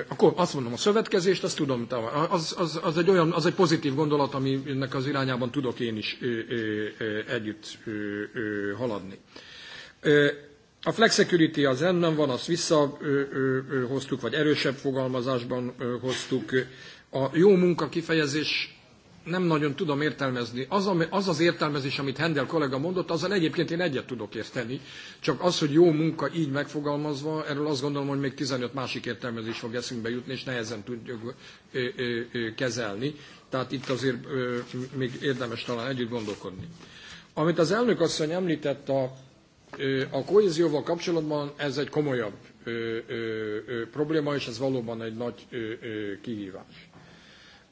akkor azt mondom, a szövetkezést, azt tudom, az, az, az egy olyan, az egy pozitív gondolat, aminek az irányában tudok én is ö, ö, együtt ö, ö, haladni. Ö, a flexicurity az ennem van, azt visszahoztuk, vagy erősebb fogalmazásban hoztuk. A jó munka kifejezés nem nagyon tudom értelmezni. Az, az az értelmezés, amit Hendel kollega mondott, azzal egyébként én egyet tudok érteni. Csak az, hogy jó munka így megfogalmazva, erről azt gondolom, hogy még 15 másik értelmezés fog eszünkbe jutni, és nehezen tudjuk ö, ö, ö, kezelni. Tehát itt azért ö, még érdemes talán együtt gondolkodni. Amit az elnök asszony említett a, a kohézióval kapcsolatban, ez egy komolyabb ö, ö, ö, probléma, és ez valóban egy nagy ö, ö, kihívás.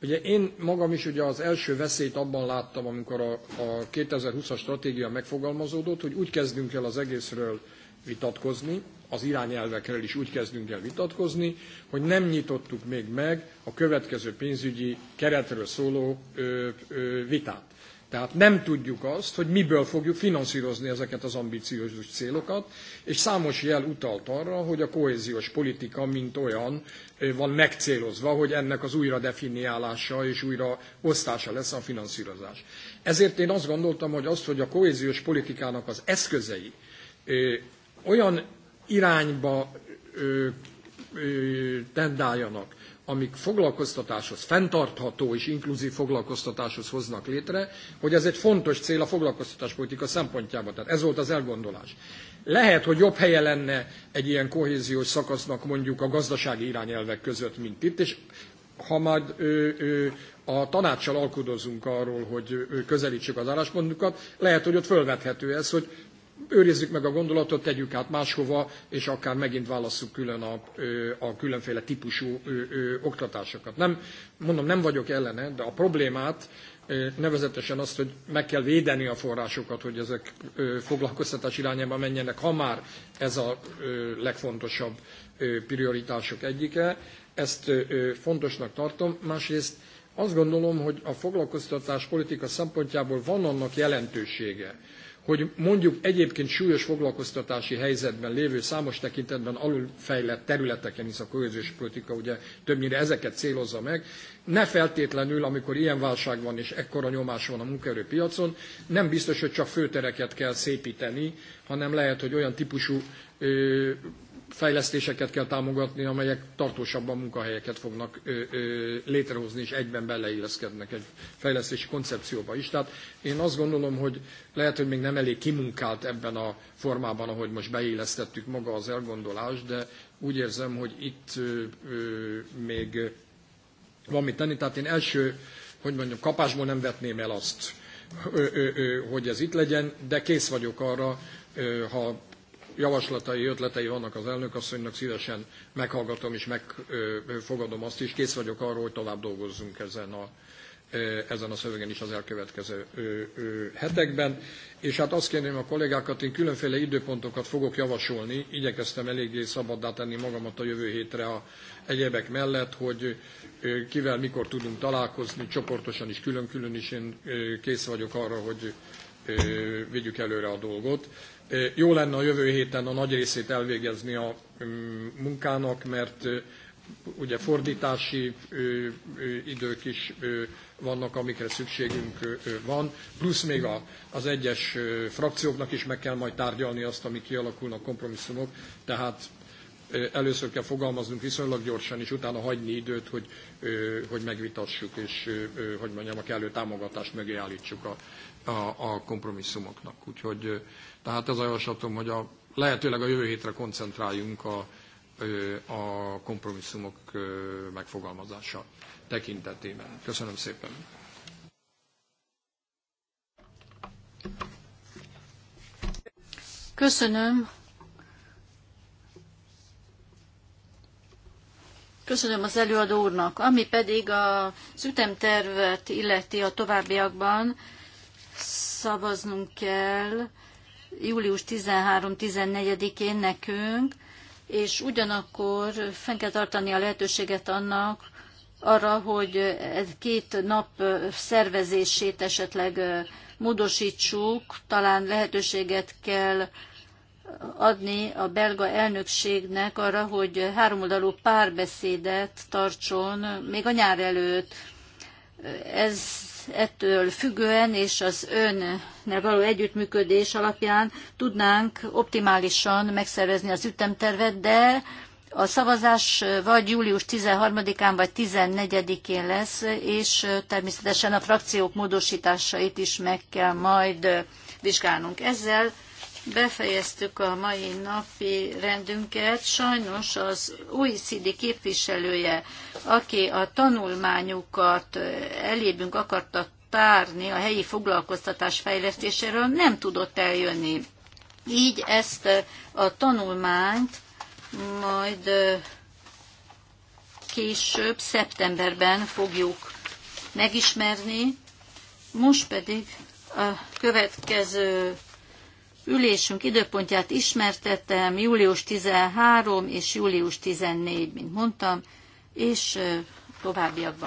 Ugye én magam is ugye az első veszélyt abban láttam, amikor a, a 2020-as stratégia megfogalmazódott, hogy úgy kezdünk el az egészről vitatkozni, az irányelvekről is úgy kezdünk el vitatkozni, hogy nem nyitottuk még meg a következő pénzügyi keretről szóló ö, ö, vitát. Tehát nem tudjuk azt, hogy miből fogjuk finanszírozni ezeket az ambiciózus célokat, és számos jel utalt arra, hogy a kohéziós politika, mint olyan, van megcélozva, hogy ennek az újra definiálása és újra osztása lesz a finanszírozás. Ezért én azt gondoltam, hogy azt, hogy a kohéziós politikának az eszközei olyan irányba tendáljanak, amik foglalkoztatáshoz, fenntartható és inkluzív foglalkoztatáshoz hoznak létre, hogy ez egy fontos cél a foglalkoztatáspolitika szempontjából. Tehát ez volt az elgondolás. Lehet, hogy jobb helye lenne egy ilyen kohéziós szakasznak mondjuk a gazdasági irányelvek között, mint itt, és ha majd ö, ö, a tanácssal alkudozunk arról, hogy közelítsük az álláspontunkat, lehet, hogy ott fölvethető ez, hogy őrizzük meg a gondolatot, tegyük át máshova, és akár megint válasszuk külön a, a különféle típusú ö, ö, oktatásokat. Nem, mondom, nem vagyok ellene, de a problémát nevezetesen azt, hogy meg kell védeni a forrásokat, hogy ezek foglalkoztatás irányába menjenek, ha már ez a legfontosabb prioritások egyike. Ezt fontosnak tartom. Másrészt azt gondolom, hogy a foglalkoztatás politika szempontjából van annak jelentősége, hogy mondjuk egyébként súlyos foglalkoztatási helyzetben lévő számos tekintetben alulfejlett területeken, hisz a kohéziós politika ugye többnyire ezeket célozza meg, ne feltétlenül, amikor ilyen válság van és ekkora nyomás van a munkaerőpiacon, nem biztos, hogy csak főtereket kell szépíteni, hanem lehet, hogy olyan típusú fejlesztéseket kell támogatni, amelyek tartósabban munkahelyeket fognak ö, ö, létrehozni, és egyben beleilleszkednek egy fejlesztési koncepcióba is. Tehát én azt gondolom, hogy lehet, hogy még nem elég kimunkált ebben a formában, ahogy most beillesztettük maga az elgondolás, de úgy érzem, hogy itt ö, ö, még van mit tenni. Tehát én első, hogy mondjam, kapásból nem vetném el azt, ö, ö, ö, hogy ez itt legyen, de kész vagyok arra, ha javaslatai, ötletei vannak az elnökasszonynak, szívesen meghallgatom és megfogadom azt is. Kész vagyok arról, hogy tovább dolgozzunk ezen a, ezen a szövegen is az elkövetkező hetekben. És hát azt kérném a kollégákat, én különféle időpontokat fogok javasolni, igyekeztem eléggé szabaddá tenni magamat a jövő hétre a egyebek mellett, hogy kivel mikor tudunk találkozni, csoportosan is, külön-külön is én kész vagyok arra, hogy vigyük előre a dolgot. Jó lenne a jövő héten a nagy részét elvégezni a mm, munkának, mert ugye fordítási idők is vannak, amikre szükségünk van, plusz még az egyes frakcióknak is meg kell majd tárgyalni azt, ami kialakulnak kompromisszumok, tehát először kell fogalmaznunk viszonylag gyorsan, és utána hagyni időt, hogy, hogy megvitassuk, és hogy mondjam, a kellő támogatást mögé állítsuk a, a, a kompromisszumoknak. Úgyhogy tehát ez a javaslatom, hogy a, lehetőleg a jövő hétre koncentráljunk a, a kompromisszumok megfogalmazása tekintetében. Köszönöm szépen. Köszönöm. Köszönöm az előadó úrnak. Ami pedig a ütemtervet illeti a továbbiakban, szavaznunk kell július 13-14-én nekünk, és ugyanakkor fenn kell tartani a lehetőséget annak arra, hogy két nap szervezését esetleg módosítsuk, talán lehetőséget kell adni a belga elnökségnek arra, hogy háromoldalú párbeszédet tartson még a nyár előtt. Ez ettől függően és az önnel való együttműködés alapján tudnánk optimálisan megszervezni az ütemtervet, de a szavazás vagy július 13-án vagy 14-én lesz, és természetesen a frakciók módosításait is meg kell majd vizsgálnunk. Ezzel befejeztük a mai napi rendünket. Sajnos az OECD képviselője, aki a tanulmányukat elébünk akarta tárni a helyi foglalkoztatás fejlesztéséről, nem tudott eljönni. Így ezt a tanulmányt majd később, szeptemberben fogjuk megismerni. Most pedig a következő ülésünk időpontját ismertettem, július 13 és július 14, mint mondtam, és továbbiakban